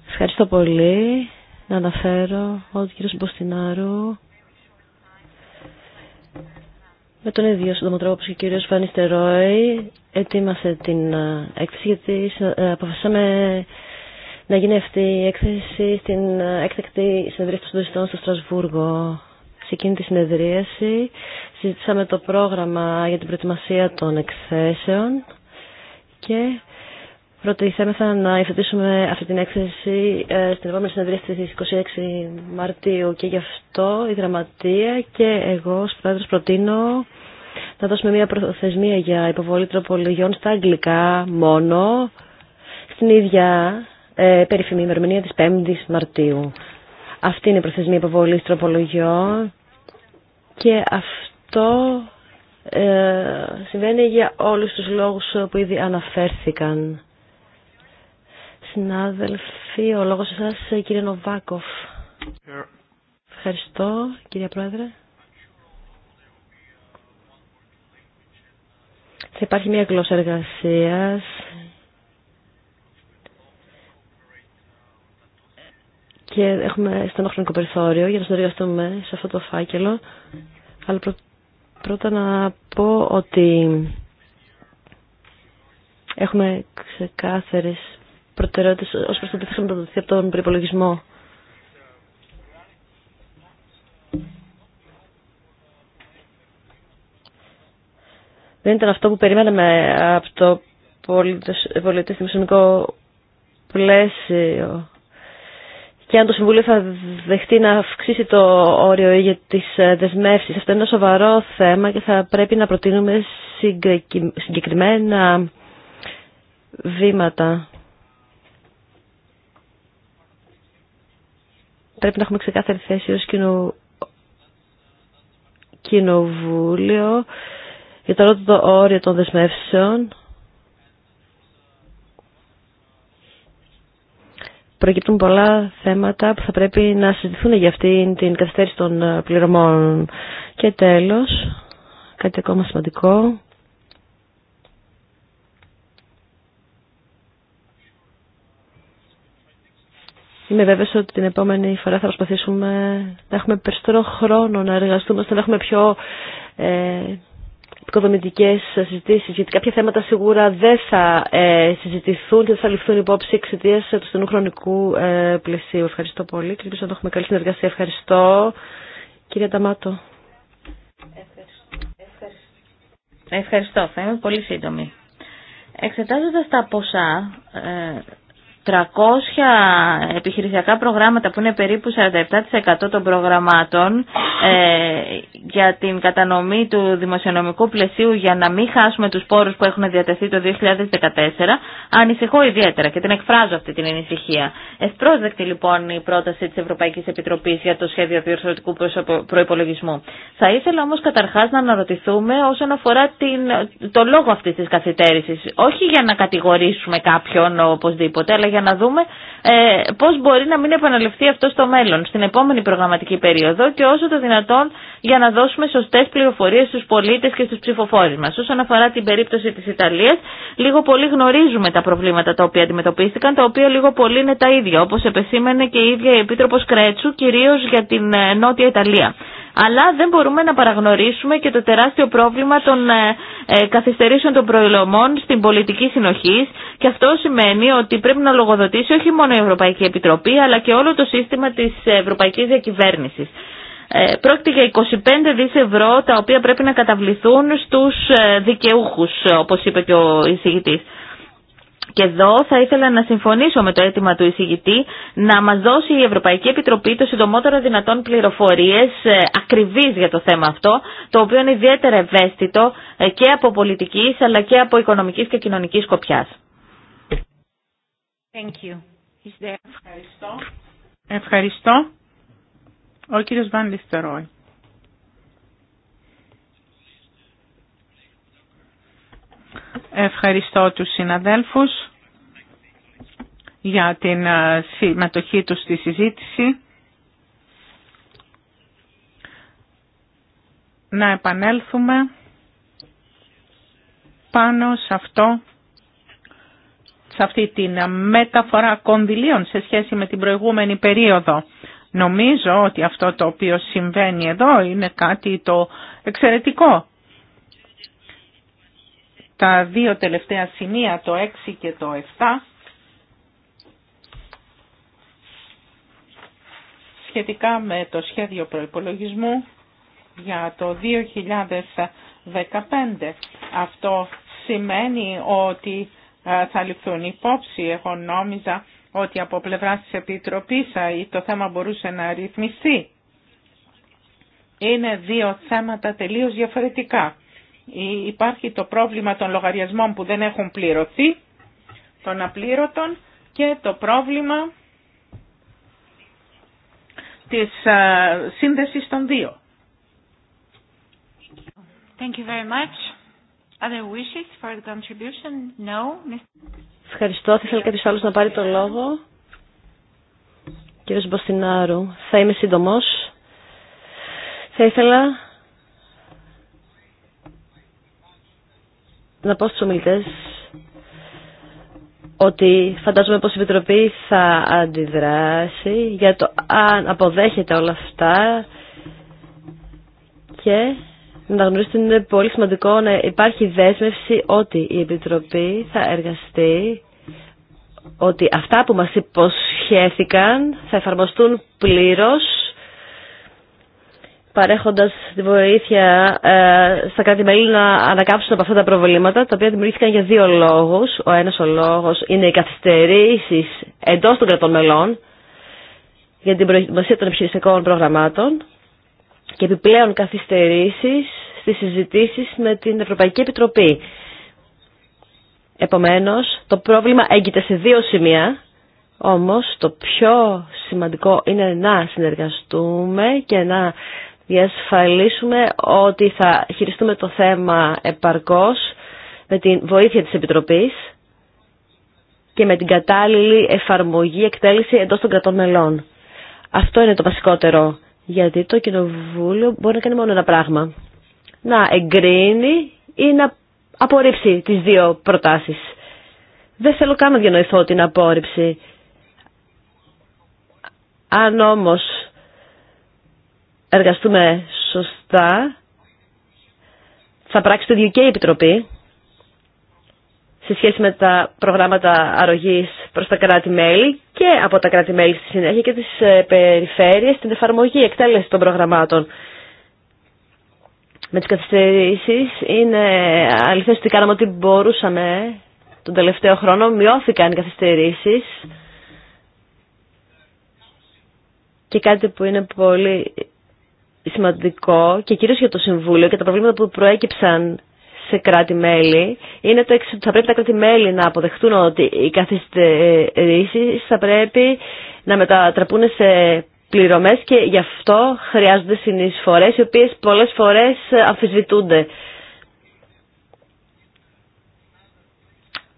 Ευχαριστώ πολύ. Να αναφέρω ότι ο κύριος Μποστινάρου με τον ίδιο σύντομο τρόπο και ο κύριο Φανιστερόη ετοίμασε την ε, έκθεση γιατί ε, αποφασίσαμε να γίνει αυτή η έκθεση στην ε, έκτακτη συνεδρία των συντονιστών στο Στρασβούργο. Σε εκείνη τη συνεδρίαση συζητήσαμε το πρόγραμμα για την προετοιμασία των εκθέσεων και προτιθέμεθα να υφετήσουμε αυτή την έκθεση στην επόμενη συνεδρία στις 26 Μαρτίου και γι' αυτό η Γραμματεία και εγώ ως Πρόεδρος προτείνω να δώσουμε μια προθεσμία για υποβολή τροπολογιών στα αγγλικά μόνο στην ίδια ε, περίφημη ημερομηνία της 5ης Μαρτίου. Αυτή είναι η προθεσμία υποβολής τροπολογιών και αυτό ε, συμβαίνει για όλους τους λόγους που ήδη αναφέρθηκαν. Συνάδελφοι, ο λόγος σας κύριε Νοβάκοφ. Ευχαριστώ κύριε Πρόεδρε. Θα υπάρχει μια γλώσσα εργασίας και έχουμε στενό χρονικό περιθώριο για να συνεργαστούμε σε αυτό το φάκελο. Αλλά πρώτα να πω ότι έχουμε ξεκάθαρες προτεραιότητες ως προς το τι θα δοθεί από τον περιπολογισμό. δεν ήταν αυτό που περιμέναμε από το πολιτισμικό πλαίσιο και αν το Συμβούλιο θα δεχτεί να αυξήσει το όριο για τις ε, δεσμεύσεις. Αυτό είναι ένα σοβαρό θέμα και θα πρέπει να προτείνουμε συγκεκριμένα βήματα. Πρέπει να έχουμε ξεκάθαρη θέση ως κοινοβούλιο για το πρώτο όριο των δεσμεύσεων προκύπτουν πολλά θέματα που θα πρέπει να συζητηθούν για αυτήν την καθυστέρηση των ε, πληρωμών. Και τέλος, κάτι ακόμα σημαντικό. Είμαι βέβαιος ότι την επόμενη φορά θα προσπαθήσουμε να έχουμε περισσότερο χρόνο να εργαστούμε, ώστε να έχουμε πιο ε, επικοδομητικές συζητήσεις, γιατί κάποια θέματα σίγουρα δεν θα ε, συζητηθούν και δεν θα ληφθούν υπόψη εξαιτία του στενού χρονικού ε, πλαισίου. Ευχαριστώ πολύ και ελπίζω να έχουμε καλή συνεργασία. Ευχαριστώ. Κυρία Ταμάτο. Ευχαριστώ. Ευχαριστώ. Θα είμαι πολύ σύντομη. Εξετάζοντας τα ποσά, ε, 300 επιχειρησιακά προγράμματα που είναι περίπου 47% των προγραμμάτων ε, για την κατανομή του δημοσιονομικού πλαισίου για να μην χάσουμε τους πόρους που έχουν διατεθεί το 2014 ανησυχώ ιδιαίτερα και την εκφράζω αυτή την ανησυχία. Ευπρόσδεκτη λοιπόν η πρόταση της Ευρωπαϊκής Επιτροπής για το σχέδιο διορθωτικού προϋπολογισμού. Θα ήθελα όμως καταρχάς να αναρωτηθούμε όσον αφορά την, το λόγο αυτής της καθυτέρησης. Όχι για να κατηγορήσουμε κάποιον οπωσδήποτε, αλλά για να δούμε ε, πώς μπορεί να μην επαναληφθεί αυτό στο μέλλον, στην επόμενη προγραμματική περίοδο και όσο το δυνατόν για να δώσουμε σωστέ πληροφορίε στου πολίτε και στους ψηφοφόρου μα. Όσον αφορά την περίπτωση τη Ιταλία, λίγο πολύ γνωρίζουμε τα προβλήματα τα οποία αντιμετωπίστηκαν, τα οποία λίγο πολύ είναι τα ίδια, όπω επεσήμενε και η ίδια η επίτροπο Κρέτσου, κυρίω για την ε, Νότια Ιταλία. Αλλά δεν μπορούμε να παραγνωρίσουμε και το τεράστιο πρόβλημα των ε, ε, καθυστερήσεων των προϊλωμών στην πολιτική συνοχή και αυτό σημαίνει ότι πρέπει να λογοδοτήσει όχι μόνο η Ευρωπαϊκή Επιτροπή αλλά και όλο το σύστημα τη Ευρωπαϊκή διακυβέρνηση. Ε, πρόκειται για 25 δις ευρώ τα οποία πρέπει να καταβληθούν στους ε, δικαιούχους όπως είπε και ο εισηγητής. Και εδώ θα ήθελα να συμφωνήσω με το αίτημα του εισηγητή να μας δώσει η Ευρωπαϊκή Επιτροπή το συντομότερο δυνατόν πληροφορίες ε, ακριβής για το θέμα αυτό, το οποίο είναι ιδιαίτερα ευαίσθητο και από πολιτικής αλλά και από οικονομικής και κοινωνικής σκοπιάς. Ευχαριστώ. Ευχαριστώ. Ο κύριο Βαν Ευχαριστώ τους συναδέλφους για την ε, συμμετοχή τους στη συζήτηση. Να επανέλθουμε πάνω σε αυτό, σε αυτή την μεταφορά κονδυλίων σε σχέση με την προηγούμενη περίοδο. Νομίζω ότι αυτό το οποίο συμβαίνει εδώ είναι κάτι το εξαιρετικό. Τα δύο τελευταία σημεία, το 6 και το 7, σχετικά με το σχέδιο προϋπολογισμού για το 2015. Αυτό σημαίνει ότι ε, θα ληφθούν υπόψη. Εγώ νόμιζα ότι από πλευρά της Επιτροπής το θέμα μπορούσε να ρυθμιστεί. Είναι δύο θέματα τελείως διαφορετικά. Ε, υπάρχει το πρόβλημα των λογαριασμών που δεν έχουν πληρωθεί, των απλήρωτων και το πρόβλημα της ε, σύνδεσης των δύο. Thank you very much. Other wishes for contribution? No. Ευχαριστώ. Θα ήθελα κάποιος άλλος να πάρει το λόγο. Κύριος Μποστινάρου, θα είμαι σύντομος. Θα ήθελα να πω στους ομιλητές ότι φαντάζομαι πως η Επιτροπή θα αντιδράσει για το αν αποδέχεται όλα αυτά και να γνωρίσετε είναι πολύ σημαντικό να υπάρχει δέσμευση ότι η Επιτροπή θα εργαστεί ότι αυτά που μας υποσχέθηκαν θα εφαρμοστούν πλήρως παρέχοντας τη βοήθεια ε, στα κράτη-μέλη να ανακάψουν από αυτά τα προβλήματα, τα οποία δημιουργήθηκαν για δύο λόγους. Ο ένας ο λόγος είναι οι καθυστερήσεις εντός των κρατών μελών για την προετοιμασία των επιχειρησιακών προγραμμάτων και επιπλέον καθυστερήσεις στις συζητήσεις με την Ευρωπαϊκή Επιτροπή. Επομένως, το πρόβλημα έγκυται σε δύο σημεία, όμως το πιο σημαντικό είναι να συνεργαστούμε και να διασφαλίσουμε ότι θα χειριστούμε το θέμα επαρκώς με την βοήθεια της Επιτροπής και με την κατάλληλη εφαρμογή, εκτέλεση εντός των κρατών μελών. Αυτό είναι το βασικότερο. Γιατί το κοινοβούλιο μπορεί να κάνει μόνο ένα πράγμα. Να εγκρίνει ή να απορρίψει τις δύο προτάσεις. Δεν θέλω καν να διανοηθώ την απόρριψη. Αν όμως εργαστούμε σωστά, θα πράξει το ίδιο και η Επιτροπή σε σχέση με τα προγράμματα αρρωγής προς τα κράτη-μέλη και από τα κράτη-μέλη στη συνέχεια και τις ε, περιφέρειες, στην εφαρμογή, εκτέλεση των προγραμμάτων. Με τις καθυστερήσεις είναι αληθές ότι κάναμε ό,τι μπορούσαμε τον τελευταίο χρόνο. Μειώθηκαν οι καθυστερήσεις και κάτι που είναι πολύ σημαντικό και κυρίως για το Συμβούλιο και τα προβλήματα που προέκυψαν σε κράτη-μέλη είναι το εξή. Θα πρέπει τα κράτη-μέλη να αποδεχτούν ότι οι καθυστερήσει θα πρέπει να μετατραπούν σε πληρωμές και γι' αυτό χρειάζονται συνεισφορές οι οποίες πολλές φορές αμφισβητούνται.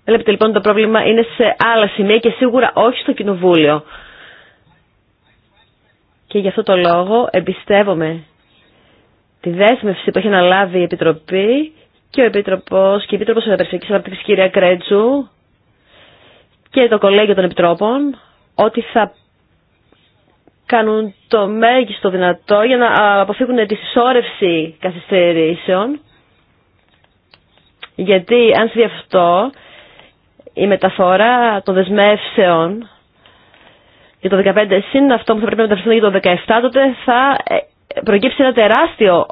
Βλέπετε λοιπόν το πρόβλημα είναι σε άλλα σημεία και σίγουρα όχι στο Κοινοβούλιο. Και γι' αυτό το λόγο εμπιστεύομαι τη δέσμευση που έχει αναλάβει η Επιτροπή και ο Επίτροπος και η Επίτροπος Ευρωπαϊκής Αναπτύξης κυρία Κρέτζου και το Κολέγιο των Επιτρόπων ότι θα κάνουν το μέγιστο δυνατό για να αποφύγουν τη συσσόρευση καθυστερήσεων γιατί αν συμβεί αυτό η μεταφορά των δεσμεύσεων για το 2015 συν αυτό που θα πρέπει να μεταφερθούν για το 2017 τότε θα ε, προκύψει ένα τεράστιο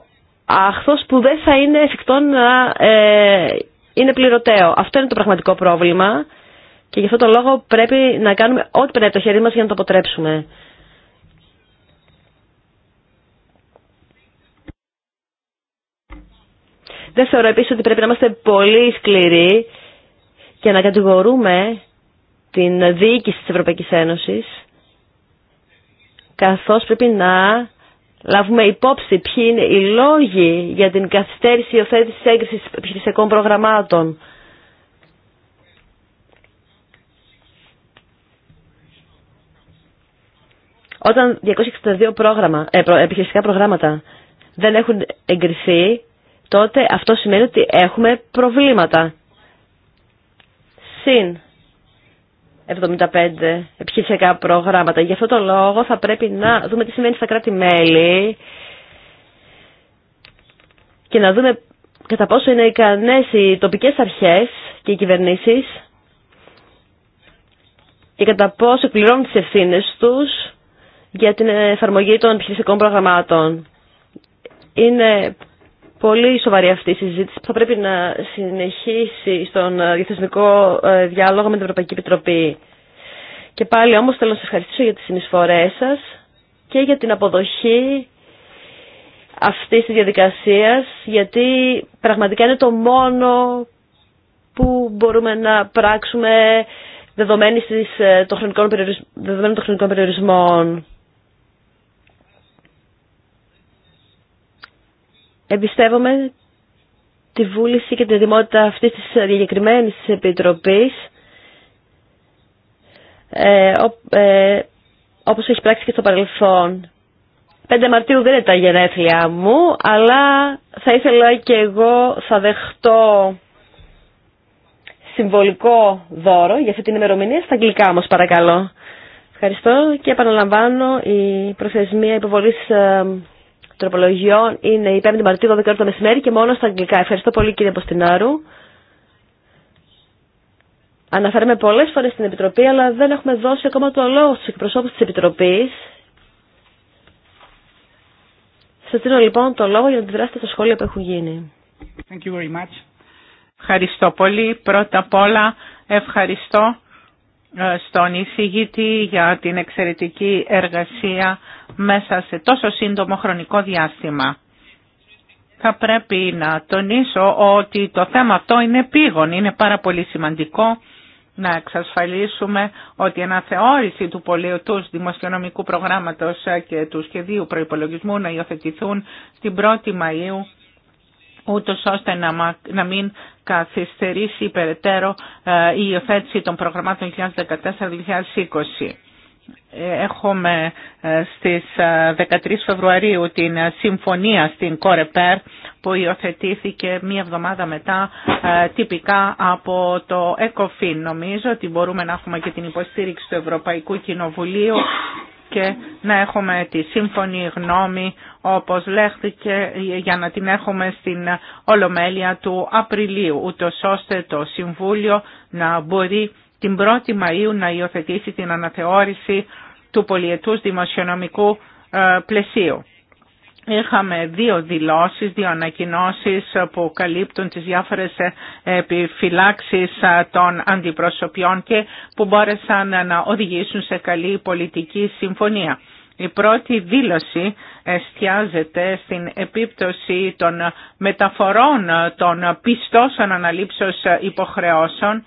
άχθος που δεν θα είναι εφικτό να ε, είναι πληρωτέο. Αυτό είναι το πραγματικό πρόβλημα και γι' αυτό το λόγο πρέπει να κάνουμε ό,τι πρέπει το χέρι μας για να το αποτρέψουμε. Δεν θεωρώ επίσης ότι πρέπει να είμαστε πολύ σκληροί και να κατηγορούμε την διοίκηση της Ευρωπαϊκής Ένωσης καθώς πρέπει να λάβουμε υπόψη ποιοι είναι οι λόγοι για την καθυστέρηση υιοθέτηση έγκρισης επιχειρησιακών προγραμμάτων. Όταν 262 πρόγραμμα, ε, επιχειρησιακά προγράμματα δεν έχουν εγκριθεί, τότε αυτό σημαίνει ότι έχουμε προβλήματα. Συν 75 επιχειρησιακά προγράμματα. Γι' αυτό το λόγο θα πρέπει να δούμε τι συμβαίνει στα κράτη-μέλη και να δούμε κατά πόσο είναι ικανές οι τοπικές αρχές και οι κυβερνήσεις και κατά πόσο πληρώνουν τις ευθύνε τους για την εφαρμογή των επιχειρησιακών προγραμμάτων. Είναι πολύ σοβαρή αυτή η συζήτηση που θα πρέπει να συνεχίσει στον ε, διεθνικό ε, διάλογο με την Ευρωπαϊκή Επιτροπή. Και πάλι όμως θέλω να σας ευχαριστήσω για τις συνεισφορές σας και για την αποδοχή αυτής της διαδικασίας γιατί πραγματικά είναι το μόνο που μπορούμε να πράξουμε ε, δεδομένων των χρονικών περιορισμών. εμπιστεύομαι τη βούληση και την δημότητα αυτής της διακεκριμένης επιτροπής ε, ε, όπως έχει πράξει και στο παρελθόν. 5 Μαρτίου δεν είναι τα γενέθλιά μου, αλλά θα ήθελα και εγώ θα δεχτώ συμβολικό δώρο για αυτή την ημερομηνία στα αγγλικά όμως παρακαλώ. Ευχαριστώ και επαναλαμβάνω η προθεσμία υποβολής ε, τροπολογιών είναι η 5η Μαρτίου 12 το μεσημέρι και μόνο στα αγγλικά. Ευχαριστώ πολύ κύριε Ποστινάρου. Αναφέραμε πολλέ φορέ στην Επιτροπή, αλλά δεν έχουμε δώσει ακόμα το λόγο στου εκπροσώπου τη Επιτροπή. Σα δίνω λοιπόν το λόγο για να αντιδράσετε στα σχόλια που έχουν γίνει. Thank you very much. Ευχαριστώ πολύ. Πρώτα απ' όλα ευχαριστώ ε, στον εισηγητή για την εξαιρετική εργασία μέσα σε τόσο σύντομο χρονικό διάστημα. Θα πρέπει να τονίσω ότι το θέμα αυτό είναι πήγον, είναι πάρα πολύ σημαντικό να εξασφαλίσουμε ότι η αναθεώρηση του πολιωτούς δημοσιονομικού προγράμματος και του σχεδίου προϋπολογισμού να υιοθετηθούν την 1η Μαΐου ούτω ώστε να μην καθυστερήσει περαιτέρω ε, η υιοθέτηση των προγραμμάτων 2014-2020. Έχουμε ε, στις 13 ε, Φεβρουαρίου την ε, συμφωνία στην Κορεπέρ που υιοθετήθηκε μία εβδομάδα μετά τυπικά από το ΕΚΟΦΗΝ. Νομίζω ότι μπορούμε να έχουμε και την υποστήριξη του Ευρωπαϊκού Κοινοβουλίου και να έχουμε τη σύμφωνη γνώμη όπως λέχθηκε για να την έχουμε στην Ολομέλεια του Απριλίου, ούτως ώστε το Συμβούλιο να μπορεί την 1η Μαΐου να υιοθετήσει την αναθεώρηση του πολιετούς δημοσιονομικού ε, πλαισίου. Είχαμε δύο δηλώσεις, δύο ανακοινώσεις που καλύπτουν τις διάφορες ε, επιφυλάξεις ε, των αντιπροσωπιών και που μπόρεσαν να οδηγήσουν σε καλή πολιτική συμφωνία. Η πρώτη δήλωση εστιάζεται στην επίπτωση των μεταφορών των πιστώσεων αναλήψεως υποχρεώσεων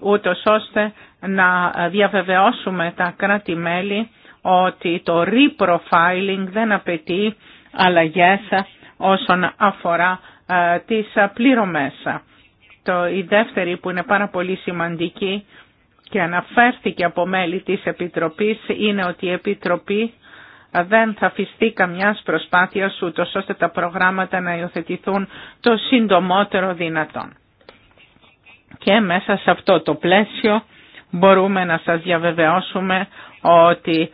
ούτω ώστε να διαβεβαιώσουμε τα κράτη-μέλη ότι το reprofiling δεν απαιτεί αλλαγές όσον αφορά ε, τις πληρωμές. Το, η δεύτερη που είναι πάρα πολύ σημαντική και αναφέρθηκε από μέλη της Επιτροπής είναι ότι η Επιτροπή ε, δεν θα αφιστεί καμιά προσπάθεια ούτως ώστε τα προγράμματα να υιοθετηθούν το συντομότερο δυνατόν και μέσα σε αυτό το πλαίσιο μπορούμε να σας διαβεβαιώσουμε ότι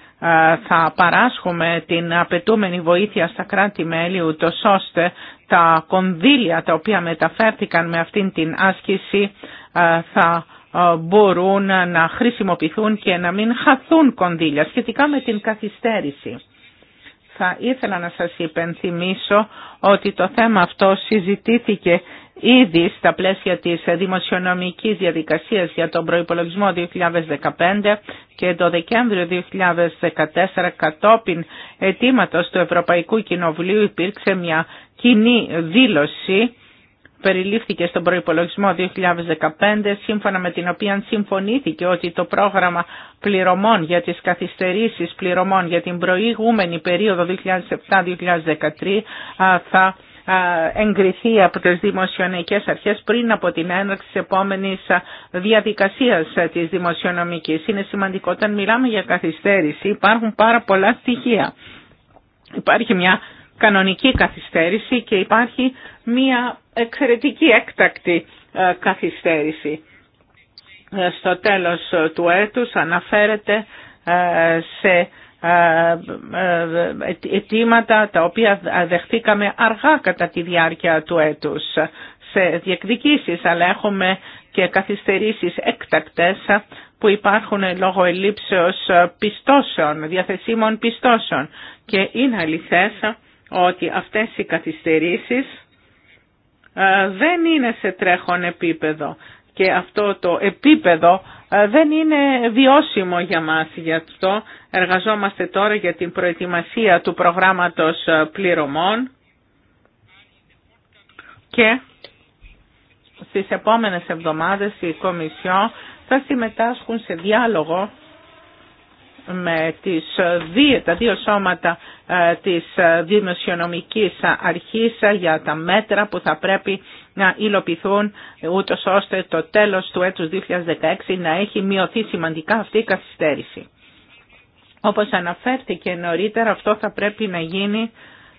θα παράσχουμε την απαιτούμενη βοήθεια στα κράτη-μέλη ούτως ώστε τα κονδύλια τα οποία μεταφέρθηκαν με αυτήν την άσκηση θα μπορούν να χρησιμοποιηθούν και να μην χαθούν κονδύλια σχετικά με την καθυστέρηση. Θα ήθελα να σας υπενθυμίσω ότι το θέμα αυτό συζητήθηκε ήδη στα πλαίσια της δημοσιονομικής διαδικασίας για τον προϋπολογισμό 2015 και το Δεκέμβριο 2014 κατόπιν αιτήματος του Ευρωπαϊκού Κοινοβουλίου υπήρξε μια κοινή δήλωση περιλήφθηκε στον προϋπολογισμό 2015 σύμφωνα με την οποία συμφωνήθηκε ότι το πρόγραμμα πληρωμών για τις καθυστερήσεις πληρωμών για την προηγούμενη περίοδο 2007-2013 θα εγκριθεί από τις δημοσιονομικές αρχές πριν από την έναρξη της επόμενης διαδικασίας ε, της δημοσιονομικής. Είναι σημαντικό όταν μιλάμε για καθυστέρηση υπάρχουν πάρα πολλά στοιχεία. Υπάρχει μια κανονική καθυστέρηση και υπάρχει μια εξαιρετική έκτακτη ε, καθυστέρηση. Ε, στο τέλος του έτους αναφέρεται ε, σε αιτήματα τα οποία δεχτήκαμε αργά κατά τη διάρκεια του έτους σε διεκδικήσεις, αλλά έχουμε και καθυστερήσεις έκτακτες που υπάρχουν λόγω ελλείψεως πιστώσεων, διαθεσίμων πιστώσεων. Και είναι αληθές ότι αυτές οι καθυστερήσεις ε, δεν είναι σε τρέχον επίπεδο και αυτό το επίπεδο ε, δεν είναι βιώσιμο για μας. Γι' αυτό εργαζόμαστε τώρα για την προετοιμασία του προγράμματος ε, πληρωμών και στις επόμενες εβδομάδες η Κομισιό θα συμμετάσχουν σε διάλογο με τις ε, δύο, τα δύο σώματα ε, της ε, δημοσιονομικής αρχής για τα μέτρα που θα πρέπει να υλοποιηθούν ούτως ώστε το τέλος του έτους 2016 να έχει μειωθεί σημαντικά αυτή η καθυστέρηση. Όπως αναφέρθηκε νωρίτερα αυτό θα πρέπει να γίνει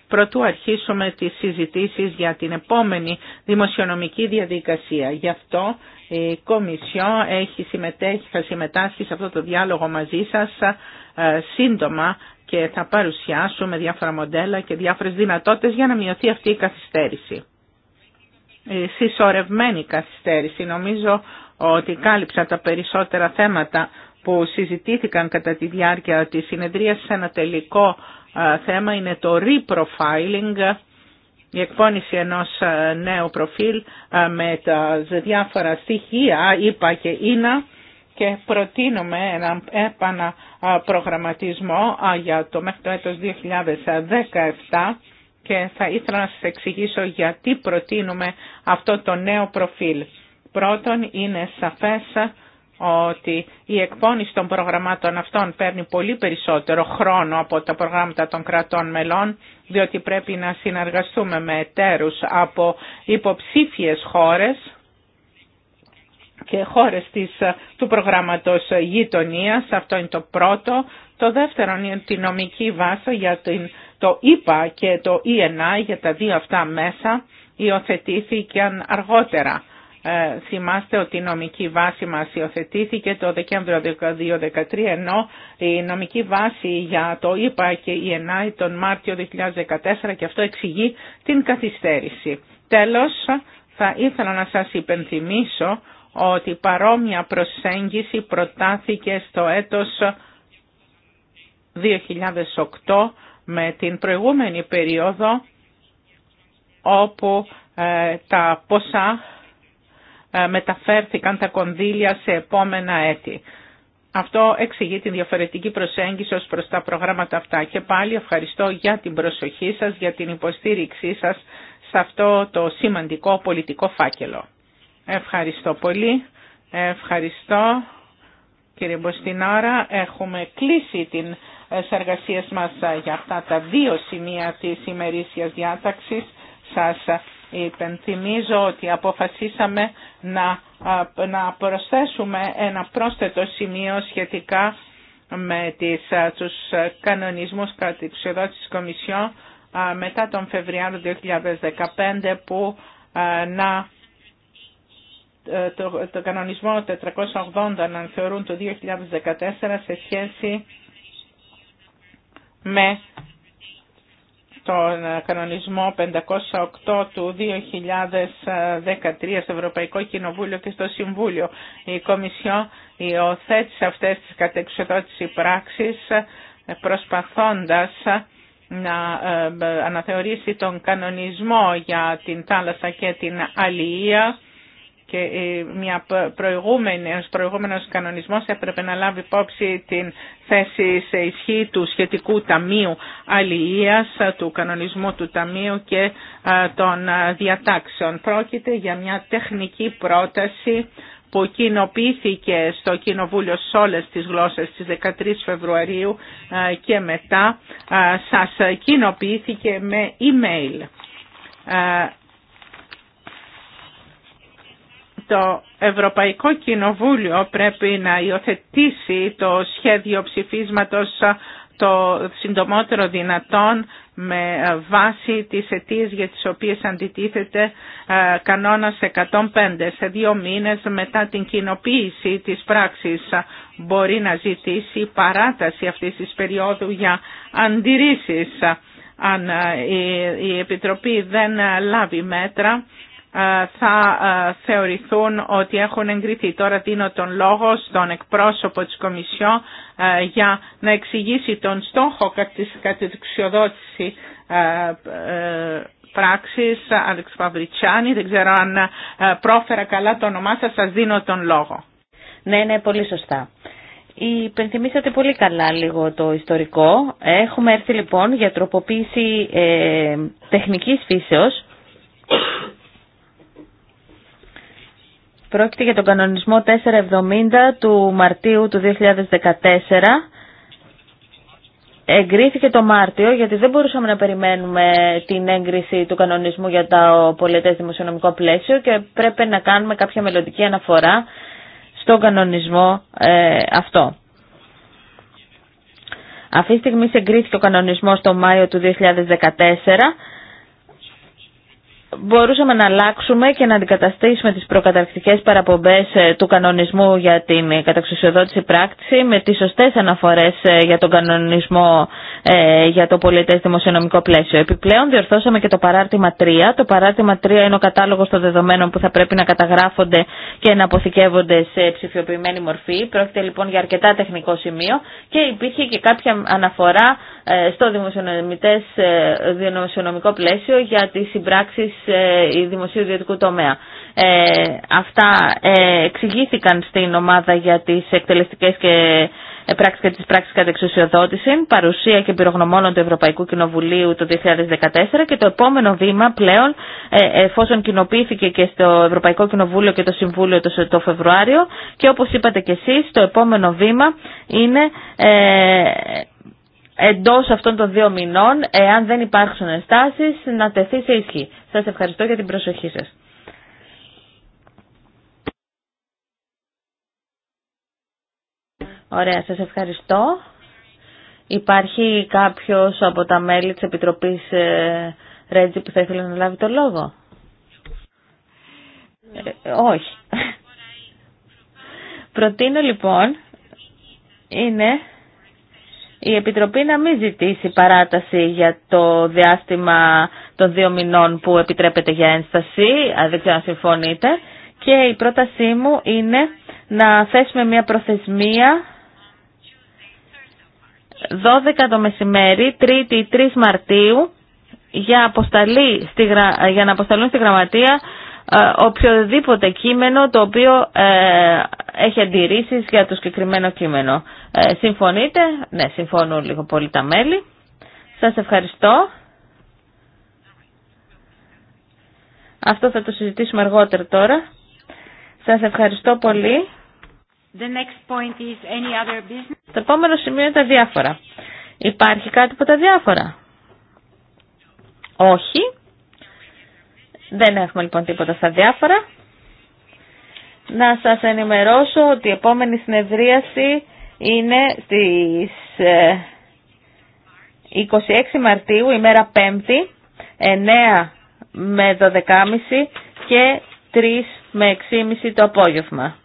πρωτού αρχίσουμε τις συζητήσεις για την επόμενη δημοσιονομική διαδικασία. Γι' αυτό η Κομισιό έχει θα συμμετάσχει σε αυτό το διάλογο μαζί σας ε, σύντομα και θα παρουσιάσουμε διάφορα μοντέλα και διάφορες δυνατότητες για να μειωθεί αυτή η καθυστέρηση. Η συσσωρευμένη καθυστέρηση. Νομίζω ότι κάλυψα τα περισσότερα θέματα που συζητήθηκαν κατά τη διάρκεια της συνεδρίας σε ένα τελικό θέμα είναι το reprofiling, η εκπόνηση ενός ε, νέου προφίλ ε, με τα διάφορα στοιχεία, είπα και είναι και προτείνουμε έναν επαναπρογραμματισμό για το μέχρι το έτος 2017 και θα ήθελα να σας εξηγήσω γιατί προτείνουμε αυτό το νέο προφίλ. Πρώτον, είναι σαφές ότι η εκπόνηση των προγραμμάτων αυτών παίρνει πολύ περισσότερο χρόνο από τα προγράμματα των κρατών μελών, διότι πρέπει να συνεργαστούμε με εταίρους από υποψήφιες χώρες και χώρες της, του προγράμματος γειτονία. Αυτό είναι το πρώτο. Το δεύτερο είναι τη νομική βάση για την, το ΙΠΑ και το ΙΕΝΑ, για τα δύο αυτά μέσα, υιοθετήθηκαν αργότερα ε, θυμάστε ότι η νομική βάση μας υιοθετήθηκε το Δεκέμβριο 2013, ενώ η νομική βάση για το ΙΠΑ και η ΕΝΑΗ τον Μάρτιο 2014 και αυτό εξηγεί την καθυστέρηση. Τέλος, θα ήθελα να σας υπενθυμίσω ότι παρόμοια προσέγγιση προτάθηκε στο έτος 2008 με την προηγούμενη περίοδο όπου ε, τα ποσά ε, μεταφέρθηκαν τα κονδύλια σε επόμενα έτη. Αυτό εξηγεί την διαφορετική προσέγγιση ως προς τα προγράμματα αυτά. Και πάλι ευχαριστώ για την προσοχή σας, για την υποστήριξή σας σε αυτό το σημαντικό πολιτικό φάκελο. Ευχαριστώ πολύ. Ευχαριστώ κύριε Μποστινάρα. Έχουμε κλείσει την εργασία μας για αυτά τα δύο σημεία της ημερήσιας διάταξης. Σας Υπενθυμίζω ότι αποφασίσαμε να, να προσθέσουμε ένα πρόσθετο σημείο σχετικά με τις, τους κανονισμούς της Κομισιόν μετά τον Φεβριάριο 2015 που να ε, το, το κανονισμό 480 να θεωρούν το 2014 σε σχέση με στον κανονισμό 508 του 2013 στο Ευρωπαϊκό Κοινοβούλιο και στο Συμβούλιο. Η Κομισιό υιοθέτησε αυτές τις κατεξοδότηση πράξεις ε, προσπαθώντας να ε, ε, αναθεωρήσει τον κανονισμό για την θάλασσα και την αλληλεία και ε, μια προηγούμενη, κανονισμό προηγούμενος κανονισμός έπρεπε να λάβει υπόψη την θέση σε ισχύ του σχετικού Ταμείου Αλληλείας, του κανονισμού του Ταμείου και των διατάξεων. Πρόκειται για μια τεχνική πρόταση που κοινοποιήθηκε στο Κοινοβούλιο σε όλες τις γλώσσες στις 13 Φεβρουαρίου και μετά σας κοινοποιήθηκε με email το Ευρωπαϊκό Κοινοβούλιο πρέπει να υιοθετήσει το σχέδιο ψηφίσματος το συντομότερο δυνατόν με βάση τις αιτίες για τις οποίες αντιτίθεται ε, κανόνας 105 σε δύο μήνες μετά την κοινοποίηση της πράξης μπορεί να ζητήσει παράταση αυτής της περίοδου για αντιρρήσεις αν ε, η Επιτροπή δεν ε, λάβει μέτρα ε, θα ε, θεωρηθούν ότι έχουν εγκριθεί. Τώρα δίνω τον λόγο στον εκπρόσωπο της Κομισιό ε, για να εξηγήσει τον στόχο της κατεξιοδότηση πράξης Αλεξ Παυριτσάνη. Δεν ξέρω αν πρόφερα καλά το όνομά σας, σας δίνω τον λόγο. Ναι, ναι, πολύ σωστά. Υπενθυμίσατε πολύ καλά λίγο το ιστορικό. Έχουμε έρθει λοιπόν για τροποποίηση ε, τεχνικής φύσεως Πρόκειται για τον κανονισμό 470 του Μαρτίου του 2014. Εγκρίθηκε το Μάρτιο γιατί δεν μπορούσαμε να περιμένουμε την έγκριση του κανονισμού για το πολιτές δημοσιονομικό πλαίσιο και πρέπει να κάνουμε κάποια μελλοντική αναφορά στον κανονισμό ε, αυτό. Αυτή τη στιγμή εγκρίθηκε ο κανονισμός το Μάιο του 2014 μπορούσαμε να αλλάξουμε και να αντικαταστήσουμε τις προκαταρκτικές παραπομπές ε, του κανονισμού για την ε, καταξουσιοδότηση πράξη με τις σωστές αναφορές ε, για τον κανονισμό για το πολιτές δημοσιονομικό πλαίσιο. Επιπλέον διορθώσαμε και το παράρτημα 3. Το παράρτημα 3 είναι ο κατάλογος των δεδομένων που θα πρέπει να καταγράφονται και να αποθηκεύονται σε ψηφιοποιημένη μορφή. Πρόκειται λοιπόν για αρκετά τεχνικό σημείο και υπήρχε και κάποια αναφορά στο δημοσιονομικό πλαίσιο για τις συμπράξεις ε, δημοσίου ιδιωτικού τομέα. Ε, αυτά ε, εξηγήθηκαν στην ομάδα για τις εκτελεστικές και πράξη και τη πράξη κατά εξουσιοδότηση, παρουσία και πυρογνωμόνων του Ευρωπαϊκού Κοινοβουλίου το 2014 και το επόμενο βήμα πλέον, εφόσον κοινοποιήθηκε και στο Ευρωπαϊκό Κοινοβούλιο και το Συμβούλιο το, το Φεβρουάριο και όπως είπατε και εσείς, το επόμενο βήμα είναι... Ε, εντός αυτών των δύο μηνών, εάν δεν υπάρξουν ενστάσεις, να τεθεί σε ισχύ. Σας ευχαριστώ για την προσοχή σας. Ωραία, σας ευχαριστώ. Υπάρχει κάποιος από τα μέλη της Επιτροπής ε, Ρέτζι που θα ήθελε να λάβει το λόγο. Ε, όχι. Προτείνω λοιπόν είναι η Επιτροπή να μην ζητήσει παράταση για το διάστημα των δύο μηνών που επιτρέπεται για ένσταση, δεν ξέρω αν συμφωνείτε. Και η πρότασή μου είναι να θέσουμε μια προθεσμία 12 το μεσημέρι, 3η 3 Μαρτίου, για, αποσταλή, για να αποσταλούν στη Γραμματεία ε, οποιοδήποτε κείμενο το οποίο ε, έχει αντιρρήσεις για το συγκεκριμένο κείμενο. Ε, συμφωνείτε? Ναι, συμφωνούν λίγο πολύ τα μέλη. Σας ευχαριστώ. Αυτό θα το συζητήσουμε αργότερα τώρα. Σας ευχαριστώ πολύ. The next point is any Το επόμενο σημείο είναι τα διάφορα. Υπάρχει κάτι από τα διάφορα. Όχι. Δεν έχουμε λοιπόν τίποτα στα διάφορα. Να σας ενημερώσω ότι η επόμενη συνεδρίαση είναι στις 26 ε, Μαρτίου, ημέρα 5η, 9 με 12.30 και 3 με 6.30 το απόγευμα.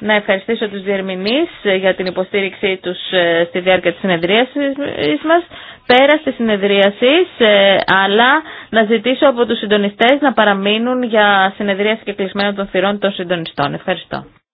Να ευχαριστήσω τους διερμηνείς για την υποστήριξή τους ε, στη διάρκεια της συνεδρίασης μας πέρα τη συνεδρίαση, αλλά να ζητήσω από τους συντονιστές να παραμείνουν για συνεδρίαση και κλεισμένο των θυρών των συντονιστών. Ευχαριστώ.